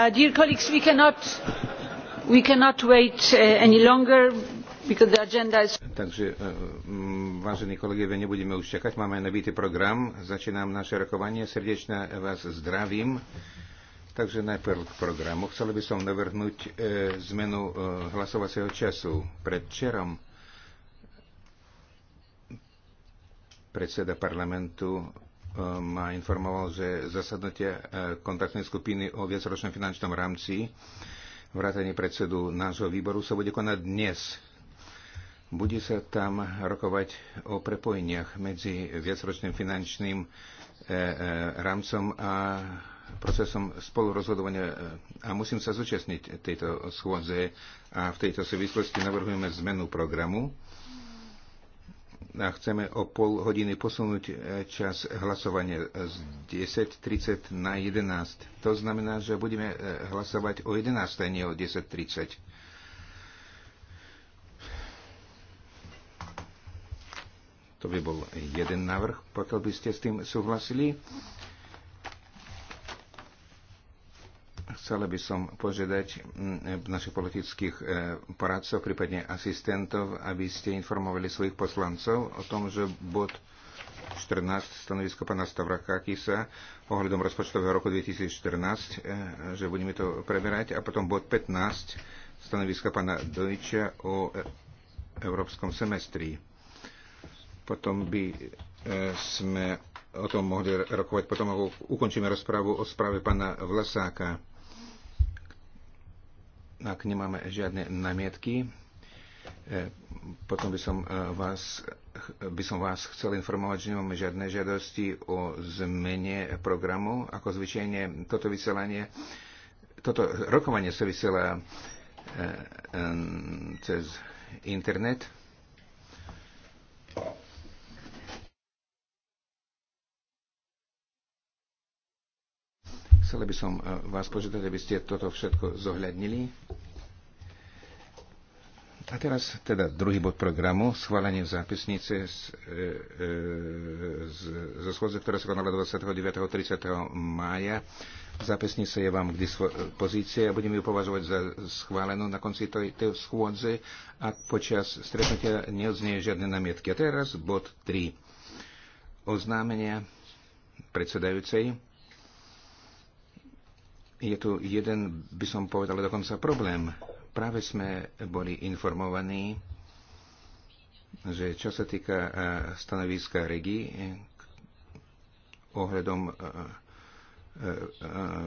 Uh, dear colleagues, we cannot, wait uh, any longer because the agenda is... Takže, uh, mm, vážení kolegovia, nebudeme už čakať, máme nabitý program. Začínam naše rokovanie. Srdečne vás zdravím. Takže najprv k programu. Chcel by som navrhnúť e, zmenu e, hlasovacieho času. Predčerom predseda parlamentu ma informoval, že zasadnutie e, kontaktnej skupiny o viacročnom finančnom rámci vrátanie predsedu nášho výboru sa bude konať dnes. Bude sa tam rokovať o prepojeniach medzi viacročným finančným e, e, rámcom a procesom spolurozhodovania a musím sa zúčastniť tejto schôdze a v tejto súvislosti navrhujeme zmenu programu a chceme o pol hodiny posunúť e, čas hlasovania z 10.30 na 11. To znamená, že budeme e, hlasovať o 11. nie o 10.30. To by bol jeden návrh, pokiaľ by ste s tým súhlasili. Chcela by som požiadať mm, našich politických e, poradcov, prípadne asistentov, aby ste informovali svojich poslancov o tom, že bod 14 stanovisko pána Stavrakakisa ohľadom rozpočtového roku 2014, e, že budeme to preberať, a potom bod 15 stanoviska pána Dojča o európskom semestri. Potom by e, sme o tom mohli rokovať, potom ako ukončíme rozprávu o správe pána Vlasáka. Ak nemáme žiadne namietky, e, potom by som e, vás, by som vás chcel informovať, že nemáme žiadne žiadosti o zmene programu. Ako zvyčajne toto vysielanie, toto rokovanie sa vysiela e, cez internet. chcel by som eh, vás požiadať, aby ste toto všetko zohľadnili. A teraz teda druhý bod programu, schválenie zápisnice z, e, z, zo schôdze, ktorá sa konala 29. 30. mája. Zápisnice je vám k dispozícii a budeme ju považovať za schválenú na konci tej, tej schôdze, ak počas stretnutia neodznie žiadne namietky. A teraz bod 3. Oznámenia predsedajúcej je tu jeden, by som povedal, dokonca problém. Práve sme boli informovaní, že čo sa týka eh, stanoviska regi eh, ohľadom eh,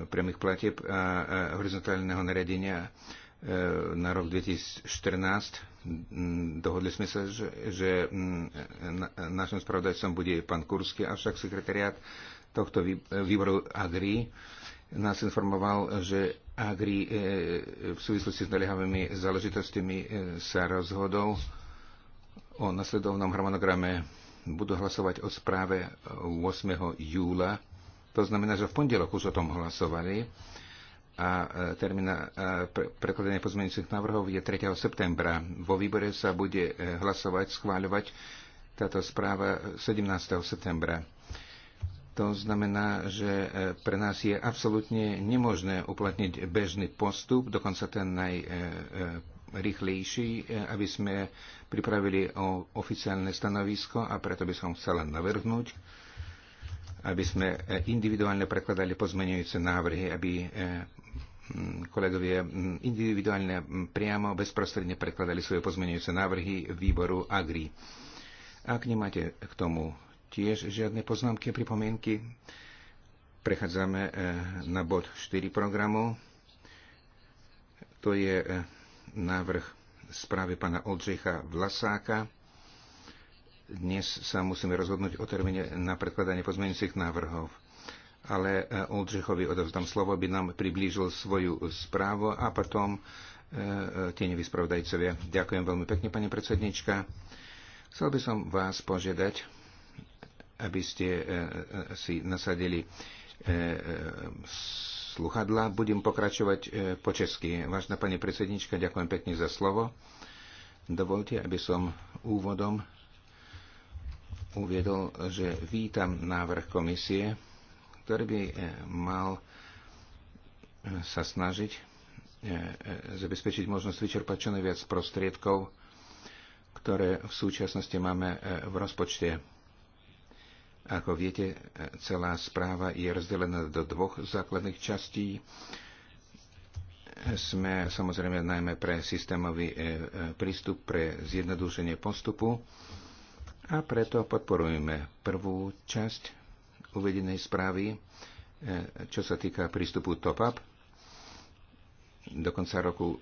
priamých platieb a horizontálneho naredenia na rok 2014 hm, dohodli sme sa, že, že hm, našim spravodajcom bude pán Kurský, avšak sekretariát tohto výboru Agri nás informoval, že Agri e, v súvislosti s naliehavými záležitostiami e, sa rozhodol o nasledovnom harmonograme. Budú hlasovať o správe 8. júla. To znamená, že v pondelok už o tom hlasovali a e, termín prekladania pozmeňujúcich návrhov je 3. septembra. Vo výbore sa bude hlasovať, schváľovať táto správa 17. septembra. To znamená, že e, pre nás je absolútne nemožné uplatniť bežný postup, dokonca ten najrychlejší, e, e, aby sme pripravili o oficiálne stanovisko a preto by som chcela navrhnúť, aby sme individuálne prekladali pozmenujúce návrhy, aby kolegovia individuálne priamo bezprostredne prekladali svoje pozmenujúce návrhy výboru AGRI. Ak nemáte k tomu tiež žiadne poznámky a pripomienky. Prechádzame eh, na bod 4 programu. To je eh, návrh správy pana Oldřicha Vlasáka. Dnes sa musíme rozhodnúť o termíne na predkladanie pozmeňujúcich návrhov. Ale eh, Oldřichovi odovzdám slovo, aby nám priblížil svoju správu a potom tie spravodajcovia. Ďakujem veľmi pekne, pani predsednička. Chcel by som vás požiadať, aby ste e, e, si nasadili e, sluchadla. Budem pokračovať po česky. Vážna pani predsednička, ďakujem pekne za slovo. Dovolte, aby som úvodom uviedol, že vítam návrh komisie, ktorý by mal sa snažiť zabezpečiť možnosť vyčerpať čo najviac prostriedkov, ktoré v súčasnosti máme v rozpočte ako viete, celá správa je rozdelená do dvoch základných častí. Sme samozrejme najmä pre systémový e, e, prístup, pre zjednodušenie postupu a preto podporujeme prvú časť uvedenej správy, e, čo sa týka prístupu top-up. Do konca roku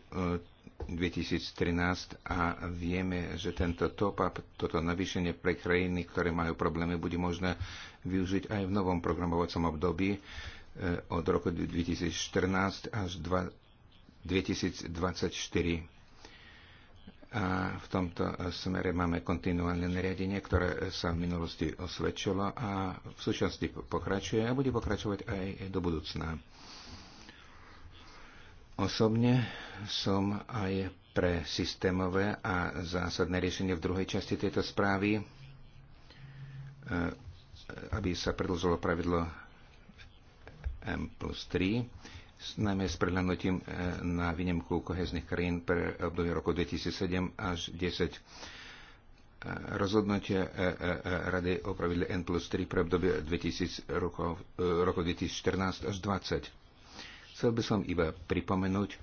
2013 a vieme, že tento top-up, toto navýšenie pre krajiny, ktoré majú problémy, bude možné využiť aj v novom programovacom období e, od roku 2014 až 2024. A v tomto smere máme kontinuálne nariadenie, ktoré sa v minulosti osvedčilo a v súčasnosti pokračuje a bude pokračovať aj do budúcna. Osobne som aj pre systémové a zásadné riešenie v druhej časti tejto správy, e, aby sa predlžilo pravidlo M plus 3, najmä s prehľadnutím e, na výnimku kohezných krajín pre obdobie roku 2007 až 10 e, rozhodnutie Rady o pravidle N plus 3 pre obdobie 2000 rokov, roku 2014 až 20. Chcel by som iba pripomenúť,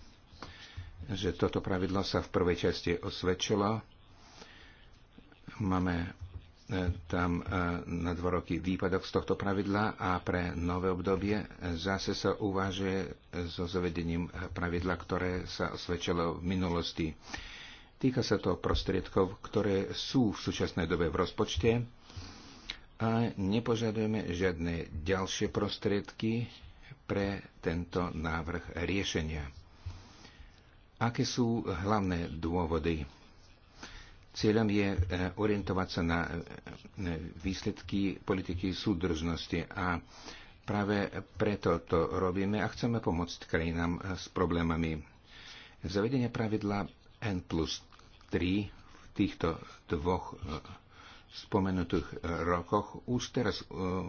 že toto pravidlo sa v prvej časti osvedčilo. Máme e, tam e, na dva roky výpadok z tohto pravidla a pre nové obdobie zase sa uvažuje so zavedením pravidla, ktoré sa osvedčilo v minulosti. Týka sa to prostriedkov, ktoré sú v súčasnej dobe v rozpočte a nepožadujeme žiadne ďalšie prostriedky pre tento návrh riešenia. Aké sú hlavné dôvody? Cieľom je eh, orientovať sa na eh, výsledky politiky súdržnosti a práve preto to robíme a chceme pomôcť krajinám eh, s problémami. Zavedenie pravidla N plus 3 v týchto dvoch spomenutých rokoch už teraz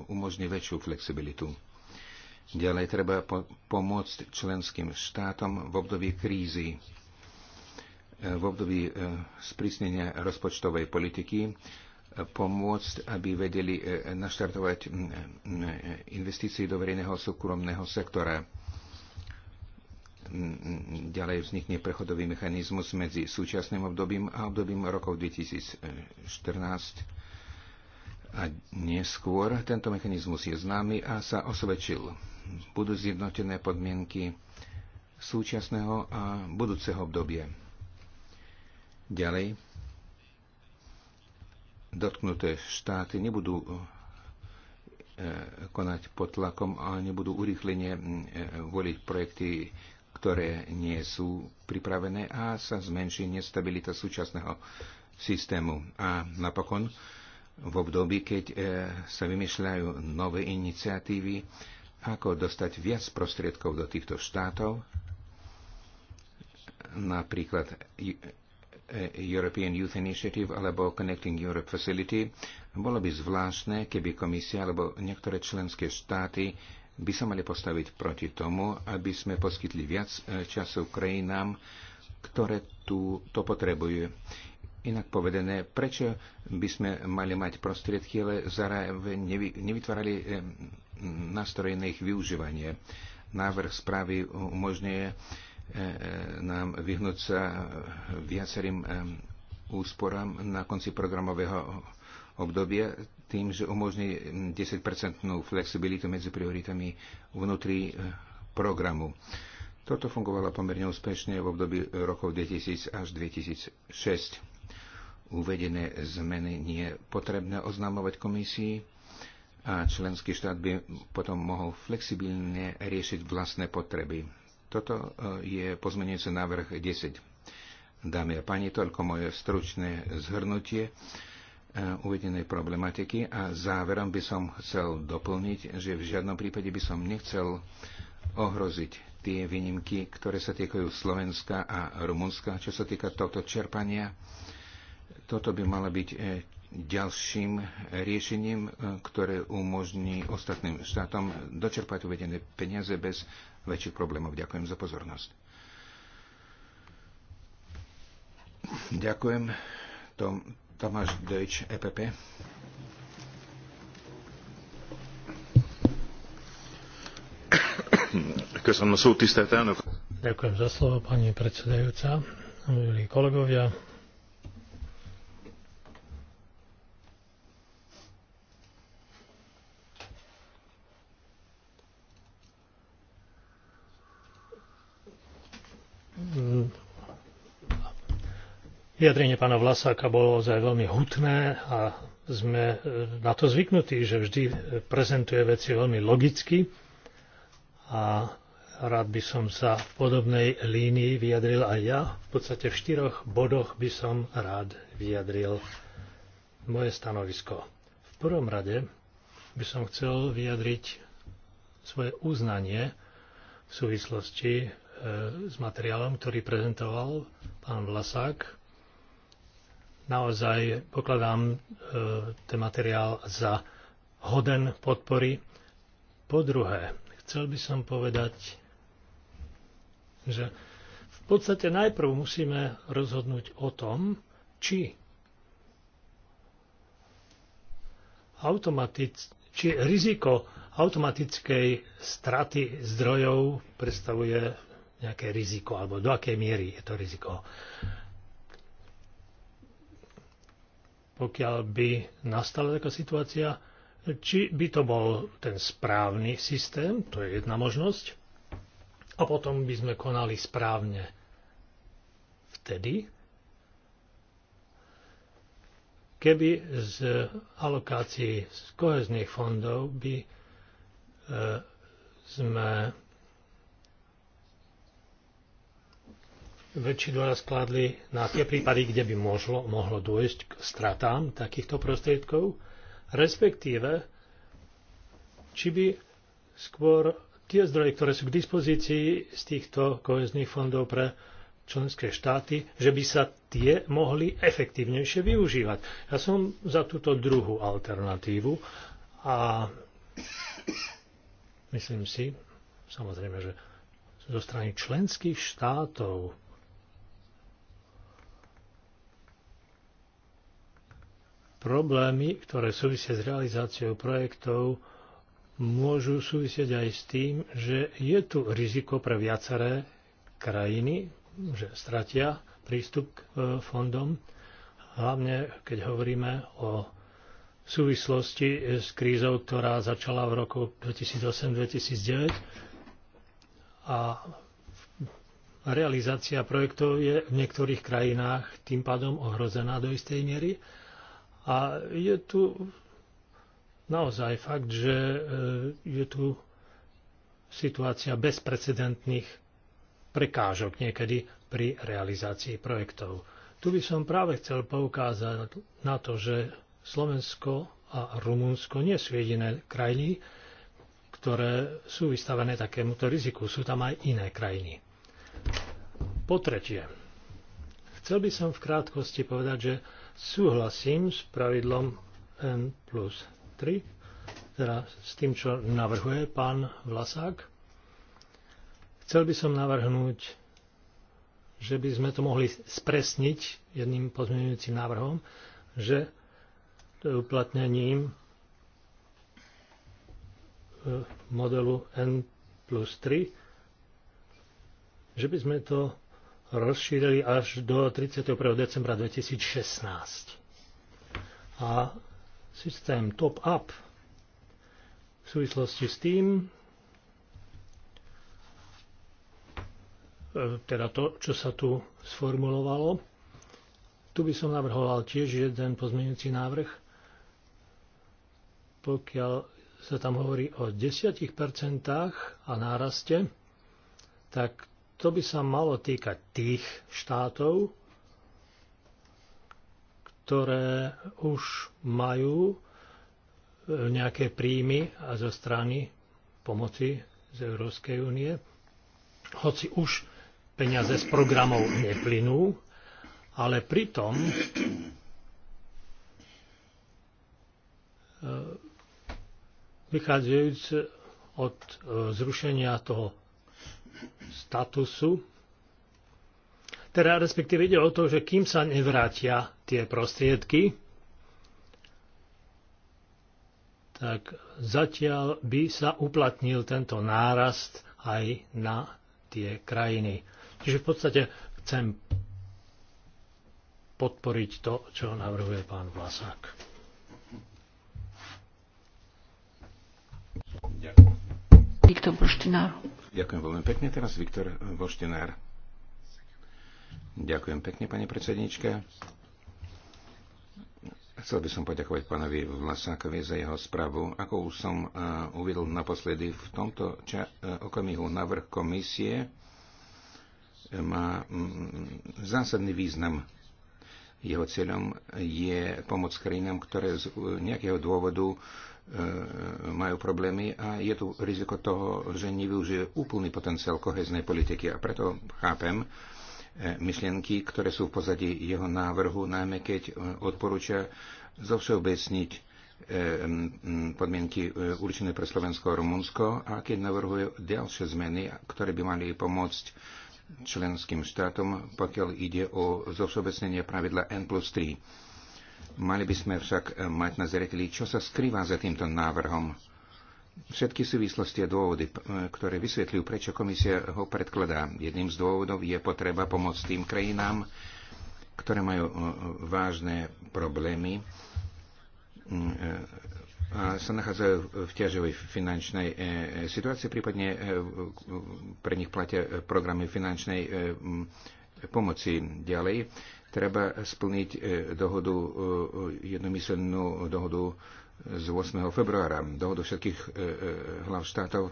umožní väčšiu flexibilitu. Ďalej treba po- pomôcť členským štátom v období krízy, e, v období e, sprísnenia rozpočtovej politiky, e, pomôcť, aby vedeli naštartovať investície do verejného súkromného sektora. Ďalej vznikne prechodový mechanizmus medzi súčasným obdobím a obdobím rokov 2014 a neskôr tento mechanizmus je známy a sa osvedčil budú zjednotené podmienky súčasného a budúceho obdobia. Ďalej, dotknuté štáty nebudú e, konať pod tlakom a nebudú urýchlenie e, voliť projekty, ktoré nie sú pripravené a sa zmenší nestabilita súčasného systému. A napokon, v období, keď e, sa vymýšľajú nové iniciatívy, ako dostať viac prostriedkov do týchto štátov, napríklad European Youth Initiative alebo Connecting Europe Facility, bolo by zvláštne, keby komisia alebo niektoré členské štáty by sa mali postaviť proti tomu, aby sme poskytli viac e, času krajinám, ktoré tu to potrebujú. Inak povedané, prečo by sme mali mať prostriedky, ale zároveň nevytvárali eh, nástroje na ich využívanie. Návrh správy umožňuje eh, eh, nám vyhnúť sa viacerým úsporám na konci programového obdobia tým, že umožní 10-percentnú flexibilitu medzi prioritami vnútri programu. Toto fungovalo pomerne úspešne v období rokov 2000 až 2006 uvedené zmeny nie je potrebné oznamovať komisii a členský štát by potom mohol flexibilne riešiť vlastné potreby. Toto e, je pozmenujúci návrh 10. Dámy a páni, toľko moje stručné zhrnutie e, uvedenej problematiky a záverom by som chcel doplniť, že v žiadnom prípade by som nechcel ohroziť tie výnimky, ktoré sa týkajú Slovenska a Rumunska, čo sa týka tohto čerpania toto by mala byť e, ďalším e, riešením, e, ktoré umožní ostatným štátom dočerpať uvedené peniaze bez väčších problémov. Ďakujem za pozornosť. Ďakujem. Tom, Tomáš Deutsch, EPP. Ďakujem za slovo, pani predsedajúca, milí kolegovia. Mm. Vyjadrenie pána Vlasáka bolo ozaj veľmi hutné a sme e, na to zvyknutí, že vždy e, prezentuje veci veľmi logicky a rád by som sa v podobnej línii vyjadril aj ja. V podstate v štyroch bodoch by som rád vyjadril moje stanovisko. V prvom rade by som chcel vyjadriť svoje uznanie v súvislosti s materiálom, ktorý prezentoval pán Vlasák. Naozaj pokladám e, ten materiál za hoden podpory. Po druhé, chcel by som povedať, že v podstate najprv musíme rozhodnúť o tom, či automatic, či riziko automatickej straty zdrojov predstavuje nejaké riziko, alebo do akej miery je to riziko. Pokiaľ by nastala taká situácia, či by to bol ten správny systém, to je jedna možnosť, a potom by sme konali správne vtedy, keby z alokácií z kohezných fondov by e, sme väčší dôraz kladli na tie prípady, kde by možlo, mohlo dôjsť k stratám takýchto prostriedkov, respektíve či by skôr tie zdroje, ktoré sú k dispozícii z týchto kohezných fondov pre členské štáty, že by sa tie mohli efektívnejšie využívať. Ja som za túto druhú alternatívu a myslím si, samozrejme, že zo strany členských štátov problémy, ktoré súvisia s realizáciou projektov, môžu súvisieť aj s tým, že je tu riziko pre viaceré krajiny, že stratia prístup k e, fondom, hlavne keď hovoríme o súvislosti s krízou, ktorá začala v roku 2008-2009 a realizácia projektov je v niektorých krajinách tým pádom ohrozená do istej miery a je tu naozaj fakt, že e, je tu situácia bezprecedentných prekážok niekedy pri realizácii projektov. Tu by som práve chcel poukázať na to, že Slovensko a Rumunsko nie sú jediné krajiny, ktoré sú vystavené takémuto riziku. Sú tam aj iné krajiny. Po tretie, chcel by som v krátkosti povedať, že súhlasím s pravidlom N plus 3, teda s tým, čo navrhuje pán Vlasák. Chcel by som navrhnúť, že by sme to mohli spresniť jedným pozmeňujúcim návrhom, že to je uplatnením e, modelu N plus 3, že by sme to rozšírili až do 31. decembra 2016. A systém top-up v súvislosti s tým, e, teda to, čo sa tu sformulovalo, tu by som navrhoval tiež jeden pozmeňujúci návrh, pokiaľ sa tam hovorí o 10% a náraste, tak to by sa malo týkať tých štátov, ktoré už majú e, nejaké príjmy zo strany pomoci z Európskej únie, hoci už peniaze z programov neplynú, ale pritom e, vychádzajúc od e, zrušenia toho statusu. Teda respektíve ide o to, že kým sa nevrátia tie prostriedky, tak zatiaľ by sa uplatnil tento nárast aj na tie krajiny. Čiže v podstate chcem podporiť to, čo navrhuje pán Vlasák. Ďakujem. Viktor Boštinár. Ďakujem veľmi pekne. Teraz Viktor Boštinár. Ďakujem pekne, pani predsednička. Chcel by som poďakovať pánovi Vlasákovi za jeho správu. Ako už som uh, eh, uvidel naposledy, v tomto ča- uh, okamihu návrh komisie eh, má um, zásadný význam. Jeho cieľom je pomôcť krajinám, ktoré z uh, nejakého dôvodu uh, E, majú problémy a je tu riziko toho, že nevyužije úplný potenciál koheznej politiky. A preto chápem e, myšlienky, ktoré sú v pozadí jeho návrhu, najmä keď e, odporúča zovšeobecniť podmienky určené pre Slovensko a Rumunsko a keď navrhuje ďalšie zmeny, ktoré by mali pomôcť členským štátom, pokiaľ ide o zovšeobecnenie pravidla N plus 3 Mali by sme však e, mať na zreteli, čo sa skrýva za týmto návrhom. Všetky súvislosti a dôvody, e, ktoré vysvetľujú, prečo komisia ho predkladá. Jedným z dôvodov je potreba pomôcť tým krajinám, ktoré majú e, vážne problémy a sa nachádzajú v ťažovej finančnej situácii, prípadne pre nich platia programy finančnej pomoci ďalej Treba splniť e, dohodu, e, e, jednomyselnú dohodu z 8. februára, dohodu všetkých hlav štátov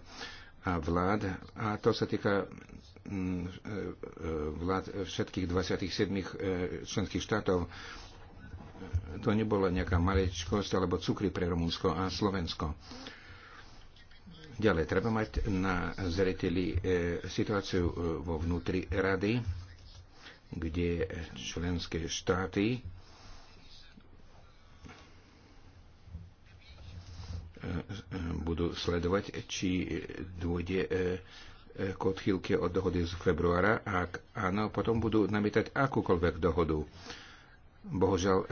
a vlád. A to sa týka mm, vlád všetkých 27 členských štátov. To nebola nejaká maličkosť alebo cukry pre Rumunsko a Slovensko. Ďalej, treba mať na zreteli e, situáciu e, vo vnútri rady kde členské štáty budú sledovať, či dôjde e, e, k odchýlke od dohody z februára. Ak áno, potom budú namietať akúkoľvek dohodu. Bohužiaľ, e,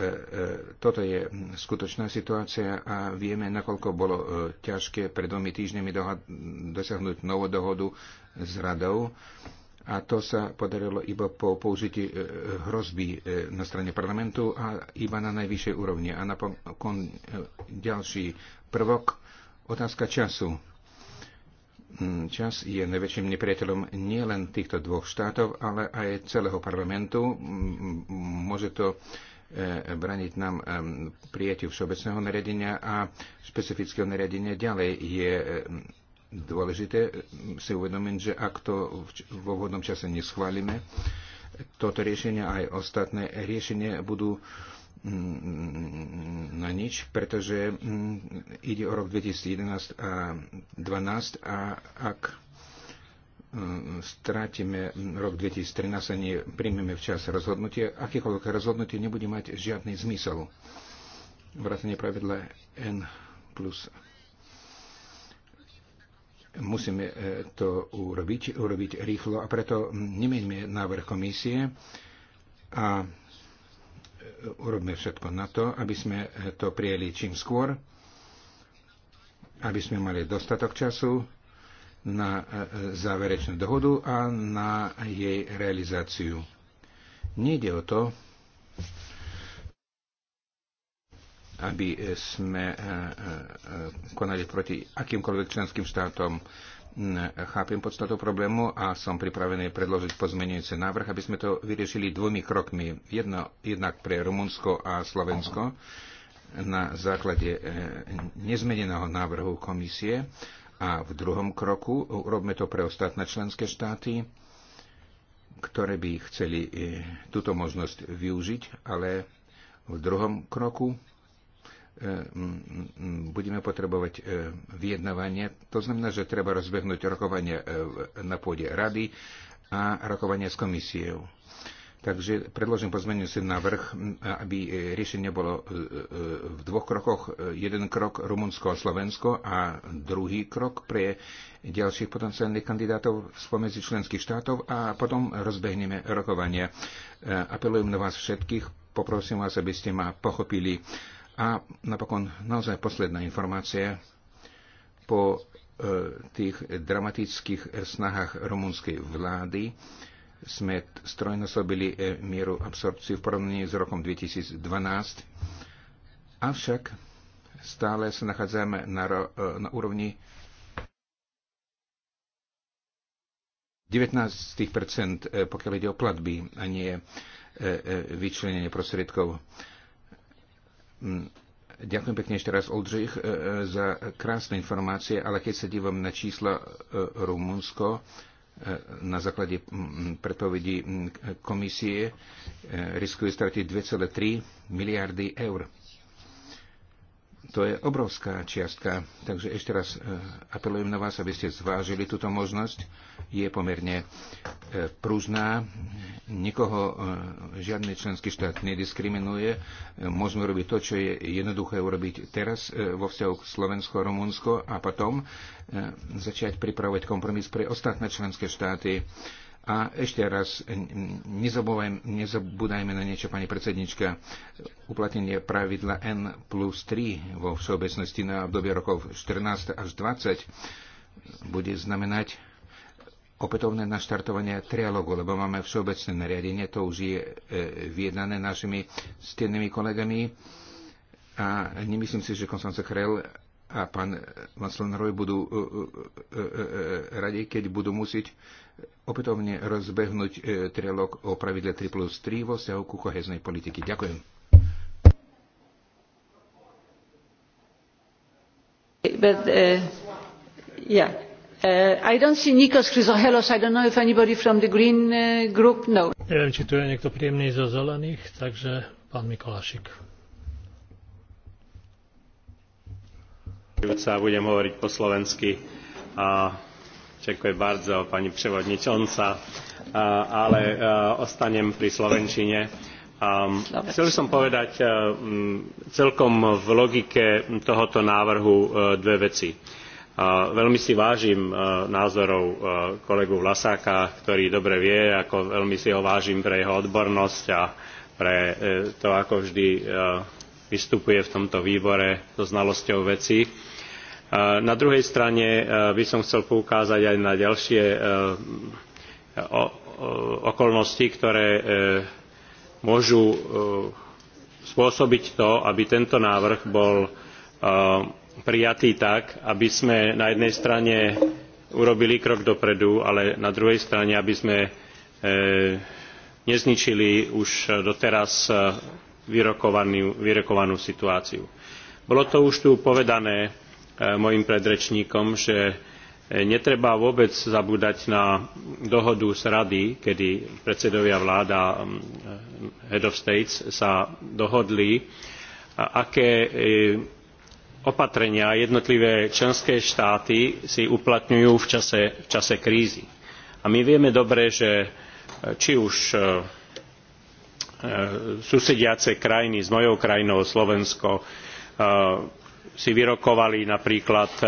toto je skutočná situácia a vieme, nakoľko bolo ťažké pred dvomi týždňami dosiahnuť novú dohodu s radou a to sa podarilo iba po použití e, hrozby e, na strane parlamentu a iba na najvyššej úrovni. A napokon e, ďalší prvok, otázka času. Mm, čas je najväčším nepriateľom nielen týchto dvoch štátov, ale aj celého parlamentu. Môže to braniť nám prijatiu všeobecného nariadenia a špecifického nariadenia ďalej je dôležité eh, si uvedomiť, že ak to vo vhodnom čase neschválime, toto riešenie aj ostatné riešenie budú mm, na nič, pretože mm, ide o rok 2011 a 2012 a ak mm, strátime rok 2013 a nepríjmeme včas rozhodnutie, akékoľvek rozhodnutie nebude mať žiadny zmysel. Vrátanie pravidla N plus Musíme e, to urobiť, urobiť rýchlo a preto nemeňme návrh komisie a e, urobme všetko na to, aby sme e, to prijeli čím skôr, aby sme mali dostatok času na záverečnú dohodu a na jej realizáciu. Nejde o to, aby eh, sme eh, eh, konali proti akýmkoľvek členským štátom. Mm, chápem podstatu problému a som pripravený predložiť pozmenujúce návrh, aby sme to vyriešili dvomi krokmi. Jedno, jednak pre Rumunsko a Slovensko na základe nezmeneného návrhu komisie a v druhom kroku urobme to pre ostatné členské štáty, ktoré by chceli túto možnosť využiť, ale v druhom kroku E, budeme potrebovať e, vyjednávanie. To znamená, že treba rozbehnúť rokovanie e, na pôde rady a rokovanie s komisiou. Takže predložím pozmeňujúci návrh, aby riešenie bolo v dvoch krokoch. Jeden krok Rumunsko a Slovensko a druhý krok pre ďalších potenciálnych kandidátov spomedzi členských štátov a potom rozbehneme rokovanie. Apelujem na vás všetkých, poprosím vás, aby ste ma pochopili. A napokon naozaj posledná informácia po e, tých dramatických snahách rumunskej vlády sme strojnosobili e, mieru absorpciu v porovnaní s rokom 2012, avšak stále sa nachádzame na, e, na úrovni 19%, pokiaľ ide o platby a nie vyčlenenie prostriedkov. Hm. Ďakujem pekne ešte raz, Oldřich, e, e, za krásne informácie, ale keď sa dívam na čísla e, Rumunsko, na základe hm, predpovedí hm, komisie riskuje stratiť 2,3 miliardy eur. To je obrovská čiastka, takže ešte raz e, apelujem na vás, aby ste zvážili túto možnosť. Je pomerne e, prúzná, nikoho e, žiadny členský štát nediskriminuje. Môžeme robiť to, čo je jednoduché urobiť teraz vo vzťahu k Slovensko, Rumunsko a potom začať pripravovať kompromis pre ostatné členské štáty a ešte raz, nezabúdajme na niečo, pani predsednička, uplatnenie pravidla N plus 3 vo všeobecnosti na obdobie rokov 14 až 20 bude znamenať opätovné naštartovanie trialogu, lebo máme všeobecné nariadenie, to už je e, vyjednané našimi stennými kolegami a nemyslím si, že Konstanca Krell a pán Václav Roj budú e, e, radi, keď budú musieť opätovne rozbehnúť e, trilog o pravidle 3 plus 3 vo vzťahu ku koheznej politiky. Ďakujem. But, uh, yeah. Uh, I don't see Nikos Chrysohelos. I don't know if anybody from the Green uh, group knows. Neviem, či tu je niekto príjemný zo zelených, takže pán Mikolášik. Budem hovoriť po slovensky. A Ďakujem bardzo, pani przewodnicząca, ale e, ostanem pri slovenčine. Chcel som povedať e, celkom v logike tohoto návrhu e, dve veci. Veľmi si vážim názorov kolegu Vlasáka, ktorý dobre vie, ako veľmi si ho vážim pre jeho odbornosť a pre to, ako vždy vystupuje v tomto výbore so znalosťou vecí na druhej strane e, by som chcel poukázať aj na ďalšie e, okolnosti ktoré e, môžu spôsobiť to aby tento návrh bol prijatý tak aby sme na jednej strane urobili krok dopredu ale na druhej strane aby sme nezničili už doteraz vyrokovanú situáciu. bolo to už tu povedané E, mojim predrečníkom že e, netreba vôbec zabúdať na dohodu z rady kedy predsedovia vlád a e, heads of states sa dohodli aké opatrenia jednotlivé členské štáty si uplatňujú v čase, v čase krízy. a my vieme dobre že či už susediace krajiny s mojou krajinou slovensko si vyrokovali napríklad e,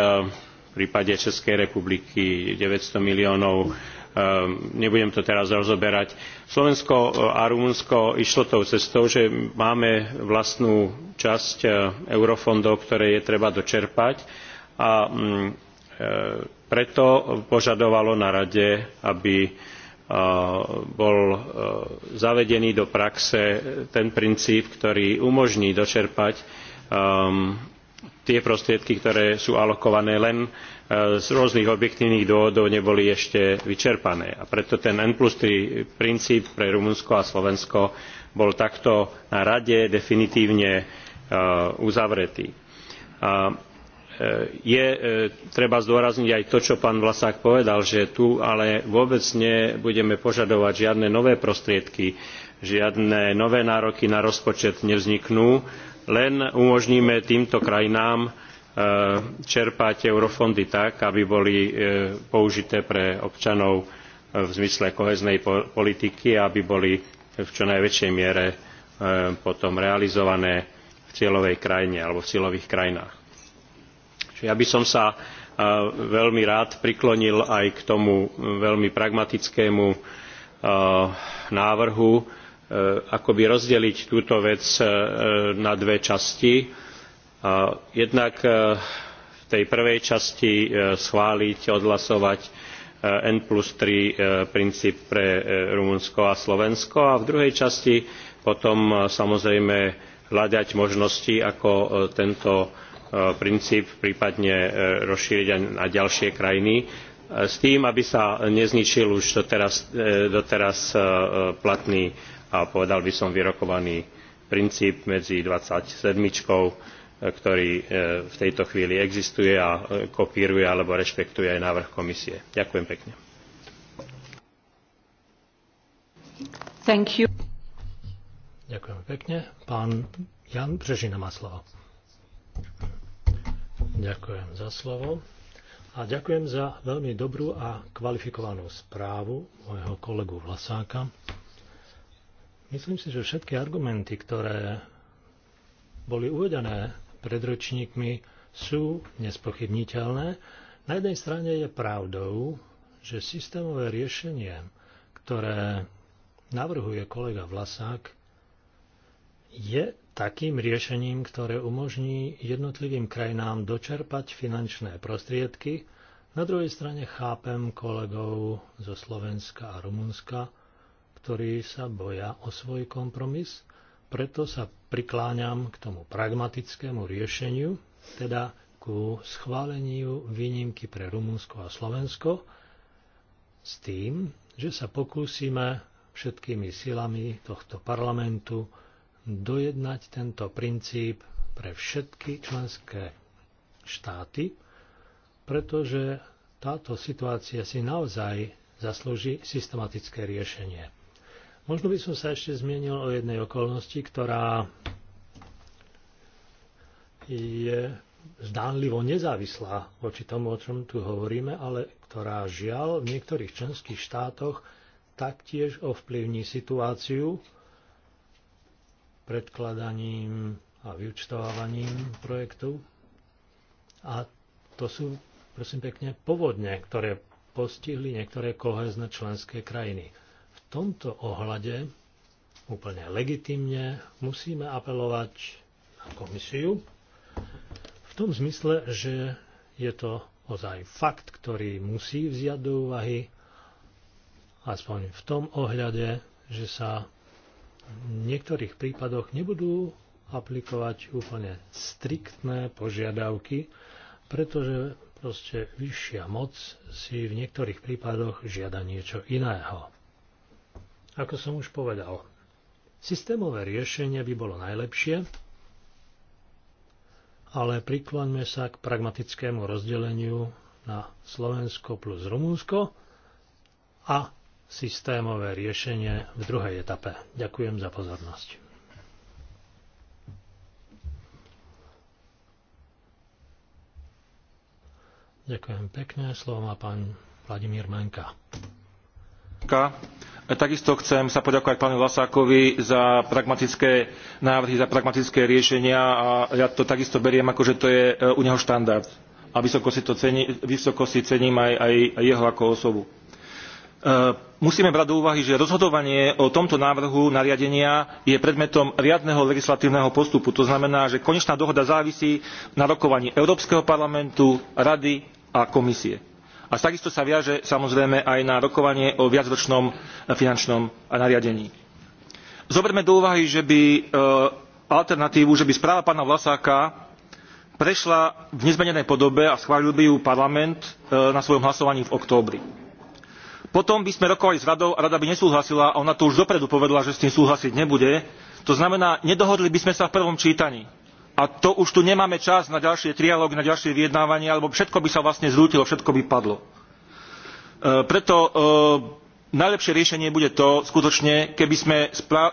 v prípade Českej republiky 900 miliónov e, nebudem to teraz rozoberať. Slovensko e, a Rumunsko išlo tou cestou, že máme vlastnú časť eurofondov, ktoré je treba dočerpať a mm, preto požadovalo na rade, aby bol zavedený do praxe ten princíp, ktorý umožní dočerpať tie prostriedky ktoré sú alokované len e, z rôznych objektívnych dôvodov neboli ešte vyčerpané a preto ten n three princíp pre rumunsko a slovensko bol takto na rade definitívne e, uzavretý. E, je treba zdôrazniť aj to čo pán vlasák povedal že tu ale vôbec nebudeme požadovať žiadne nové prostriedky žiadne nové nároky na rozpočet nevzniknú len umožníme týmto krajinám e, čerpať eurofondy tak aby boli e, použité pre občanov e, v zmysle kohéznej politiky a aby boli v čo najväčšej miere potom realizované v cieľovej krajine alebo v cieľových krajinách. Čiže ja by som sa veľmi rád priklonil aj k tomu veľmi pragmatickému návrhu Eh, akoby rozdeliť túto vec eh, eh, na dve časti. Jednak v tej prvej časti schváliť, odhlasovať N three 3 princíp pre Rumunsko a Slovensko a v druhej časti potom samozrejme hľadať možnosti, ako tento princíp prípadne rozšíriť aj na ďalšie krajiny s tým, aby sa nezničil už doteraz, doteraz platný a povedal by som vyrokovaný princíp medzi 27 e, ktorý e, v tejto chvíli existuje a e, kopíruje alebo rešpektuje aj návrh komisie. Ďakujem pekne. Thank you. Ďakujem pekne. Pán Jan Břežina má slovo. Ďakujem za slovo. A ďakujem za veľmi dobrú a kvalifikovanú správu môjho kolegu Vlasáka. Myslím si, že všetky argumenty, ktoré boli uvedené pred ročníkmi, sú nespochybniteľné. Na jednej strane je pravdou, že systémové riešenie, ktoré navrhuje kolega Vlasák, je takým riešením, ktoré umožní jednotlivým krajinám dočerpať finančné prostriedky. Na druhej strane chápem kolegov zo Slovenska a Rumunska, ktorí sa boja o svoj kompromis, preto sa prikláňam k tomu pragmatickému riešeniu, teda ku schváleniu výnimky pre Rumunsko a Slovensko s tým, že sa pokúsime všetkými silami tohto parlamentu dojednať tento princíp pre všetky členské štáty, pretože táto situácia si naozaj zaslúži systematické riešenie. Možno by som sa ešte zmienil o jednej okolnosti, ktorá je zdánlivo nezávislá voči tomu, o čom tu hovoríme, ale ktorá žiaľ v niektorých členských štátoch taktiež ovplyvní situáciu predkladaním a vyučtovávaním projektu. A to sú, prosím pekne, povodne, ktoré postihli niektoré kohezné členské krajiny tomto ohľade úplne legitimne musíme apelovať na komisiu v tom zmysle, že je to ozaj fakt, ktorý musí vziať do úvahy, aspoň v tom ohľade, že sa v niektorých prípadoch nebudú aplikovať úplne striktné požiadavky, pretože proste vyššia moc si v niektorých prípadoch žiada niečo iného. Ako som už povedal, systémové riešenie by bolo najlepšie, ale prikloňme sa k pragmatickému rozdeleniu na Slovensko plus Rumunsko a systémové riešenie v druhej etape. Ďakujem za pozornosť. Ďakujem pekne. Slovo má pán Vladimír Menka. Takisto chcem sa poďakovať pánu Lasákovi za pragmatické návrhy, za pragmatické riešenia a ja to takisto beriem ako, že to je e, u neho štandard. A vysoko si, to cení, vysoko si cením aj, aj jeho ako osobu. E, musíme brať do úvahy, že rozhodovanie o tomto návrhu nariadenia je predmetom riadneho legislatívneho postupu. To znamená, že konečná dohoda závisí na rokovaní Európskeho parlamentu, Rady a komisie a takisto sa viaže samozrejme aj na rokovanie o viacročnom e, finančnom nariadení. Zoberme do úvahy, že by e, alternatívu, že by správa pána Vlasáka prešla v nezmenenej podobe a schválil by ju parlament e, na svojom hlasovaní v októbri. Potom by sme rokovali s radou a rada by nesúhlasila a ona to už dopredu povedala, že s tým súhlasiť nebude. To znamená, nedohodli by sme sa v prvom čítaní a to už tu nemáme čas na ďalšie trialógy, na ďalšie vyjednávanie, alebo všetko by sa vlastne zrútilo, všetko by padlo. E, preto e, najlepšie riešenie bude to skutočne, keby sme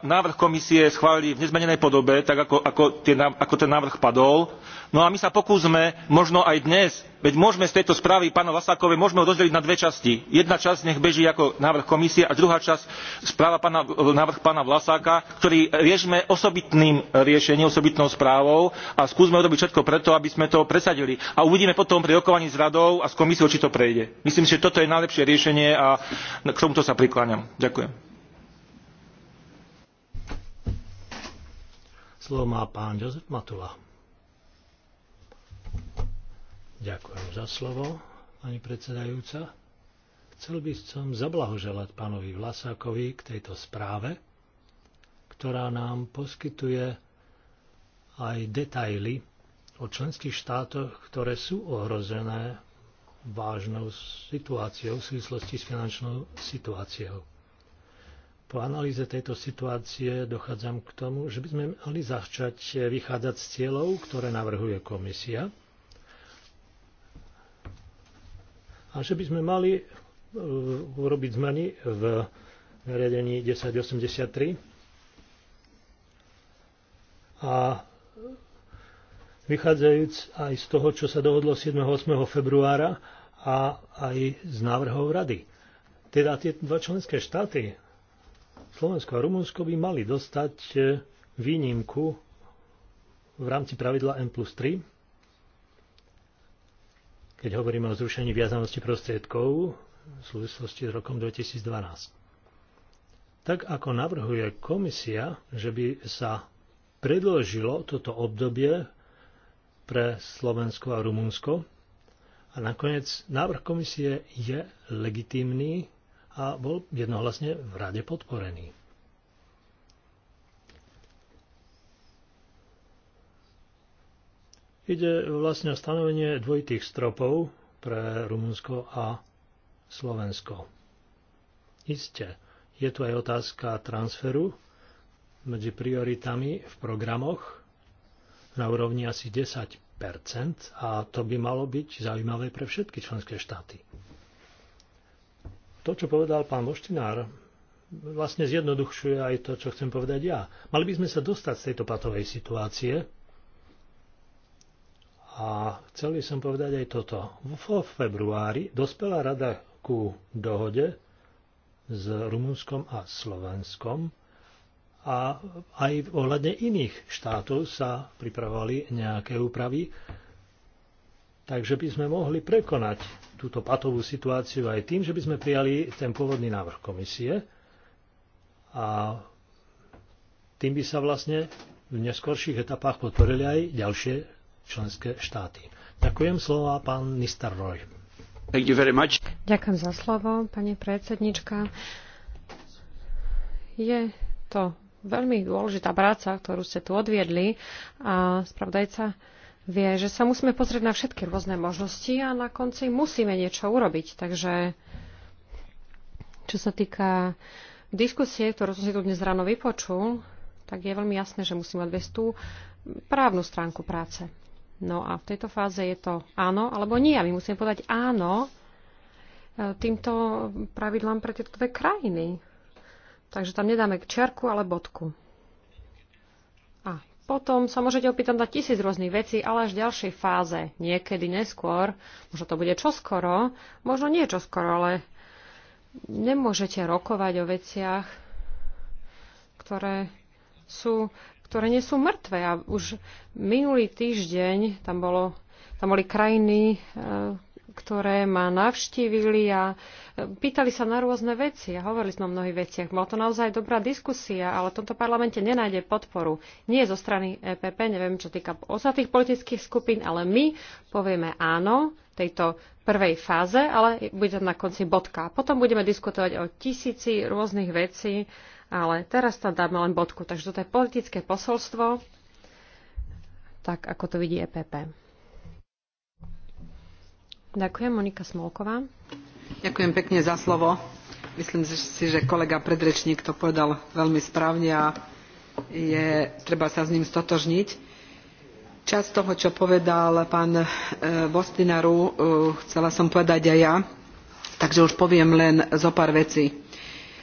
návrh komisie schválili v nezmenenej podobe, tak ako, ako, tie, ako ten návrh padol, no a my sa pokúsme možno aj dnes veď môžeme z tejto správy pána vlasákovej môžeme ju rozdeliť na dve časti jedna časť nech beží ako návrh komisie a druhá časť správa pána, návrh pána vlasáka ktorý riešme osobitným riešením osobitnou správou a skúsme urobiť všetko preto aby sme to presadili a uvidíme potom pri rokovaní s radou a s komisiou či to prejde myslím si že toto je najlepšie riešenie a k tomuto sa prikláňam ďakujem Slovo má pán Jozef Matula. Ďakujem za slovo, pani predsedajúca. Chcel by som zablahoželať pánovi Vlasákovi k tejto správe, ktorá nám poskytuje aj detaily o členských štátoch, ktoré sú ohrozené vážnou situáciou v súvislosti s finančnou situáciou. Po analýze tejto situácie dochádzam k tomu, že by sme mali začať vychádzať z cieľov, ktoré navrhuje komisia a že by sme mali e, urobiť zmeny v nariadení 1083 a vychádzajúc aj z toho, čo sa dohodlo 7. 8. februára a aj z návrhov rady. Teda tie dva členské štáty, Slovensko a Rumunsko, by mali dostať e, výnimku v rámci pravidla N plus 3 keď hovoríme o zrušení viazanosti prostriedkov v súvislosti s rokom 2012. Tak ako navrhuje komisia, že by sa predložilo toto obdobie pre Slovensko a Rumunsko. A nakoniec návrh komisie je legitímny a bol jednohlasne v rade podporený. Ide vlastne o stanovenie dvojitých stropov pre Rumunsko a Slovensko. Isté, je tu aj otázka transferu medzi prioritami v programoch na úrovni asi 10 a to by malo byť zaujímavé pre všetky členské štáty. To, čo povedal pán Moštinár, vlastne zjednodušuje aj to, čo chcem povedať ja. Mali by sme sa dostať z tejto patovej situácie, a chcel by som povedať aj toto. V februári dospela rada ku dohode s Rumunskom a Slovenskom a aj ohľadne iných štátov sa pripravovali nejaké úpravy, takže by sme mohli prekonať túto patovú situáciu aj tým, že by sme prijali ten pôvodný návrh komisie a tým by sa vlastne v neskorších etapách podporili aj ďalšie členské štáty. Ďakujem slova pán much. Ďakujem za slovo, pani predsednička. Je to veľmi dôležitá práca, ktorú ste tu odviedli a spravodajca vie, že sa musíme pozrieť na všetky rôzne možnosti a na konci musíme niečo urobiť. Takže čo sa týka diskusie, ktorú som si tu dnes ráno vypočul, tak je veľmi jasné, že musíme odviesť tú právnu stránku práce. No a v tejto fáze je to áno alebo nie. A my musíme povedať áno e, týmto pravidlám pre tieto dve krajiny. Takže tam nedáme čerku ale bodku. A potom sa môžete opýtať na tisíc rôznych vecí, ale až v ďalšej fáze, niekedy neskôr, možno to bude čoskoro, možno nie čoskoro, ale nemôžete rokovať o veciach, ktoré sú ktoré nie sú mŕtve. A už minulý týždeň tam, bolo, tam boli krajiny, e, ktoré ma navštívili a e, pýtali sa na rôzne veci a hovorili sme o mnohých veciach. Bola to naozaj dobrá diskusia, ale v tomto parlamente nenájde podporu. Nie zo strany EPP, neviem, čo týka ostatných politických skupín, ale my povieme áno tejto prvej fáze, ale bude na konci bodka. Potom budeme diskutovať o tisíci rôznych vecí, ale teraz tam dáme len bodku. Takže toto je politické posolstvo, tak ako to vidí EPP. Ďakujem, Monika Smolková. Ďakujem pekne za slovo. Myslím si, že kolega predrečník to povedal veľmi správne a je, treba sa s ním stotožniť. Časť toho, čo povedal pán Bostinaru, e, e, chcela som povedať aj ja, takže už poviem len zo pár vecí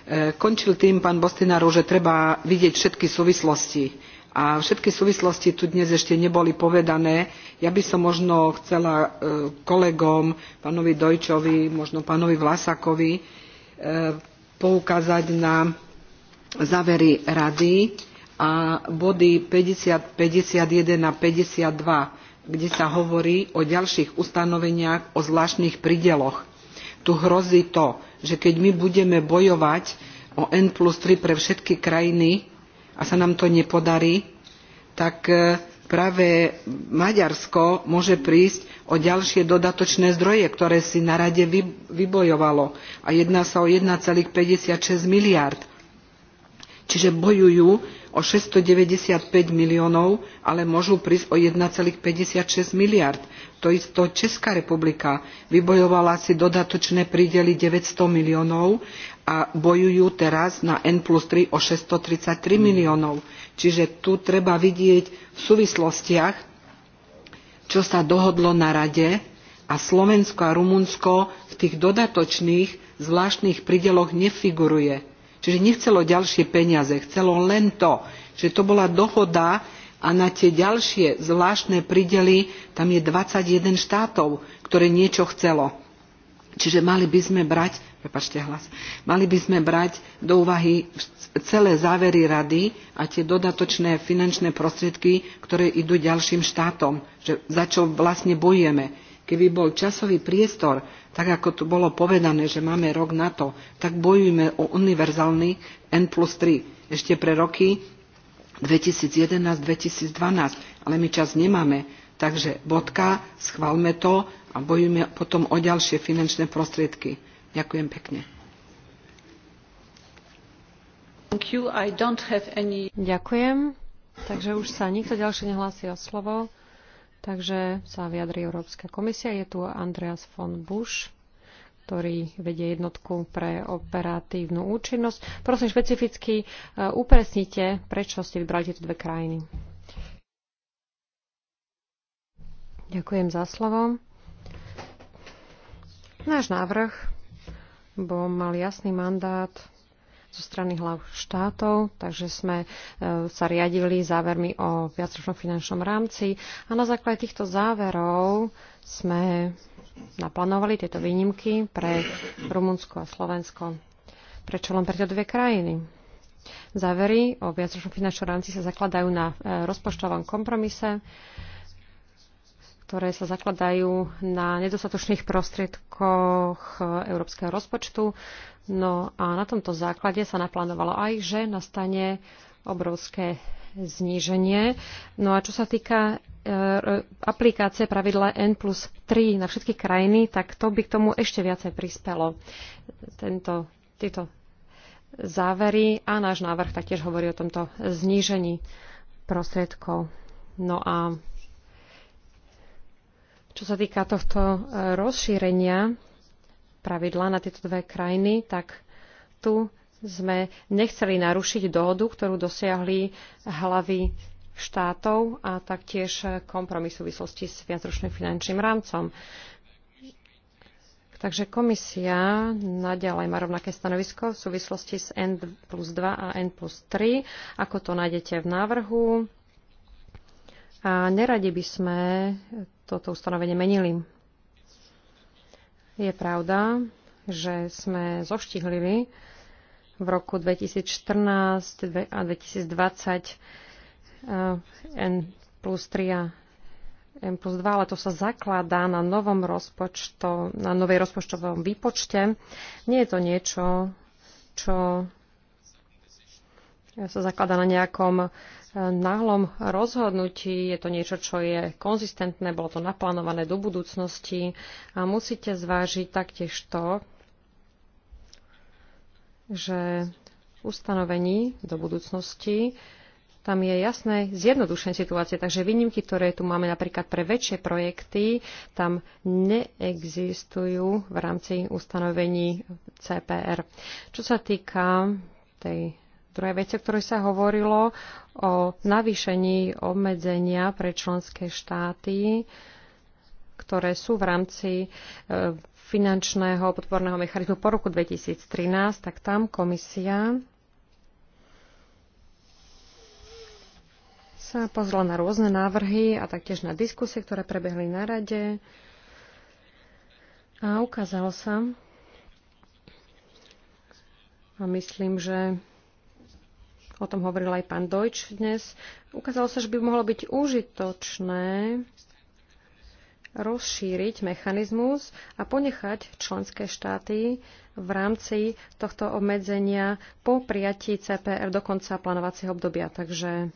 E, končil tým pán botinaru že treba vidieť všetky súvislosti a všetky súvislosti tu dnes ešte neboli povedané. Ja by som možno chcela e, kolegom, pánovi deutschovi možno pánovi Vlasakovi e, poukázať na závery rady a body fifty one a two kde sa hovorí o ďalších ustanoveniach o zvláštnych prídeloch tu hrozí to, že keď my budeme bojovať o N plus 3 pre všetky krajiny a sa nám to nepodarí, tak e, práve Maďarsko môže prísť o ďalšie dodatočné zdroje, ktoré si na rade vybojovalo. A jedná sa o 1,56 miliard. Čiže bojujú o six hundred and ninety five miliónov ale môžu prísť o one fifty six miliárd toisto česká republika vybojovala si dodatočné prídely nine hundred miliónov a bojujú teraz na n three o six hundred and thirty three miliónov čiže tu treba vidieť v súvislostiach čo sa dohodlo na rade a slovensko a rumunsko v tých dodatočných zvláštnych prídeloch nefiguruje Čiže nechcelo ďalšie peniaze, chcelo len to, že to bola dohoda a na tie ďalšie zvláštne pridely tam je 21 štátov, ktoré niečo chcelo. Čiže mali by sme brať, prepačte hlas, mali by sme brať do úvahy celé závery rady a tie dodatočné finančné prostriedky, ktoré idú ďalším štátom, že za čo vlastne bojujeme keby bol časový priestor, tak ako tu bolo povedané, že máme rok na to, tak bojujme o univerzálny N plus 3 ešte pre roky 2011-2012, ale my čas nemáme. Takže bodka, schválme to a bojujme potom o ďalšie finančné prostriedky. Ďakujem pekne. Any... Ďakujem. Takže už sa nikto ďalší nehlási o slovo. Takže sa vyjadrí Európska komisia. Je tu Andreas von Busch, ktorý vedie jednotku pre operatívnu účinnosť. Prosím špecificky e, upresnite, prečo ste vybrali tieto dve krajiny. Ďakujem za slovo. Náš návrh bol, mal jasný mandát zo strany hlav štátov, takže sme e, sa riadili závermi o viacročnom finančnom rámci a na základe týchto záverov sme naplánovali tieto výnimky pre Rumunsko a Slovensko. Prečo len pre tieto dve krajiny? Závery o viacročnom finančnom rámci sa zakladajú na e, rozpočtovom kompromise, ktoré sa zakladajú na nedostatočných prostriedkoch e, európskeho rozpočtu. No a na tomto základe sa naplánovalo aj, že nastane obrovské zníženie. No a čo sa týka e, e, aplikácie pravidla N plus 3 na všetky krajiny, tak to by k tomu ešte viacej prispelo. Tento, tieto závery a náš návrh taktiež hovorí o tomto znížení prostriedkov. No a čo sa týka tohto e, rozšírenia pravidla na tieto dve krajiny, tak tu sme nechceli narušiť dohodu, ktorú dosiahli hlavy štátov a taktiež kompromis v súvislosti s viacročným finančným rámcom. Takže komisia naďalej má rovnaké stanovisko v súvislosti s N plus 2 a N plus 3, ako to nájdete v návrhu a neradi by sme toto ustanovenie menili. Je pravda, že sme zoštihlili v roku 2014 a 2020 eh, N plus 3 a N plus 2, ale to sa zakladá na novom rozpočto, na novej rozpočtovom výpočte. Nie je to niečo, čo sa zaklada na nejakom e, náhlom rozhodnutí, je to niečo, čo je konzistentné, bolo to naplánované do budúcnosti a musíte zvážiť taktiež to, že v ustanovení do budúcnosti tam je jasné zjednodušenie situácie. Takže výnimky, ktoré tu máme napríklad pre väčšie projekty, tam neexistujú v rámci ustanovení CPR. Čo sa týka tej Druhá vec, o ktorej sa hovorilo, o navýšení obmedzenia pre členské štáty, ktoré sú v rámci e, finančného podporného mechanizmu po roku 2013, tak tam komisia sa pozrela na rôzne návrhy a taktiež na diskusie, ktoré prebehli na rade. A ukázalo sa, a myslím, že o tom hovoril aj pán Dojč dnes, ukázalo sa, že by mohlo byť užitočné rozšíriť mechanizmus a ponechať členské štáty v rámci tohto obmedzenia po prijatí CPR do konca plánovacieho obdobia. Takže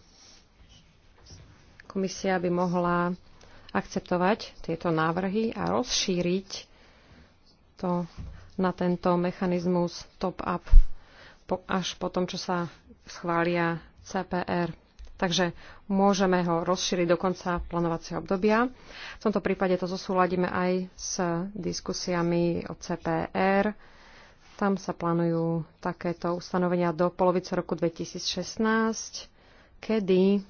komisia by mohla akceptovať tieto návrhy a rozšíriť to na tento mechanizmus top-up až po tom, čo sa schvália CPR. Takže môžeme ho rozšíriť do konca plánovacieho obdobia. V tomto prípade to zosúladíme aj s diskusiami o CPR. Tam sa plánujú takéto ustanovenia do polovice roku 2016, kedy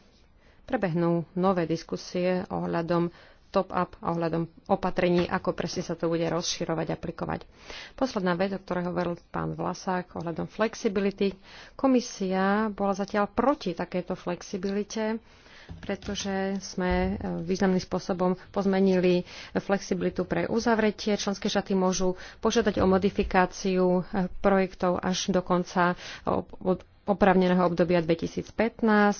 prebehnú nové diskusie ohľadom top-up ohľadom opatrení, ako presne sa to bude rozširovať, aplikovať. Posledná vec, o ktorej hovoril pán Vlasák, ohľadom flexibility. Komisia bola zatiaľ proti takéto flexibilite, pretože sme e, významným spôsobom pozmenili flexibilitu pre uzavretie. Členské štáty môžu požiadať o modifikáciu e, projektov až do konca opravneného obdobia 2015.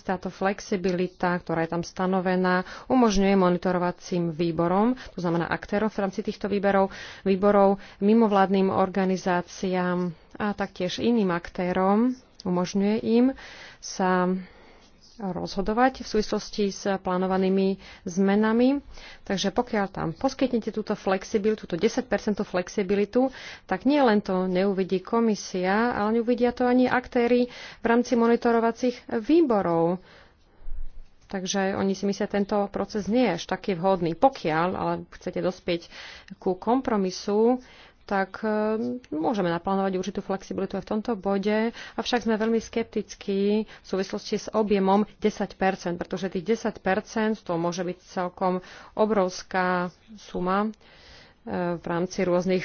Táto flexibilita, ktorá je tam stanovená, umožňuje monitorovacím výborom, to znamená aktérom v rámci týchto výberov, výborov, mimovládnym organizáciám a taktiež iným aktérom, umožňuje im sa rozhodovať v súvislosti s plánovanými zmenami. Takže pokiaľ tam poskytnete túto flexibilitu, túto 10% flexibilitu, tak nie len to neuvidí komisia, ale neuvidia to ani aktéry v rámci monitorovacích výborov. Takže oni si myslia, tento proces nie je až taký vhodný. Pokiaľ ale chcete dospieť ku kompromisu, tak eh, môžeme naplánovať určitú flexibilitu aj v tomto bode, avšak sme veľmi skeptickí v súvislosti s objemom 10%, pretože tých 10% to môže byť celkom obrovská suma eh, v rámci rôznych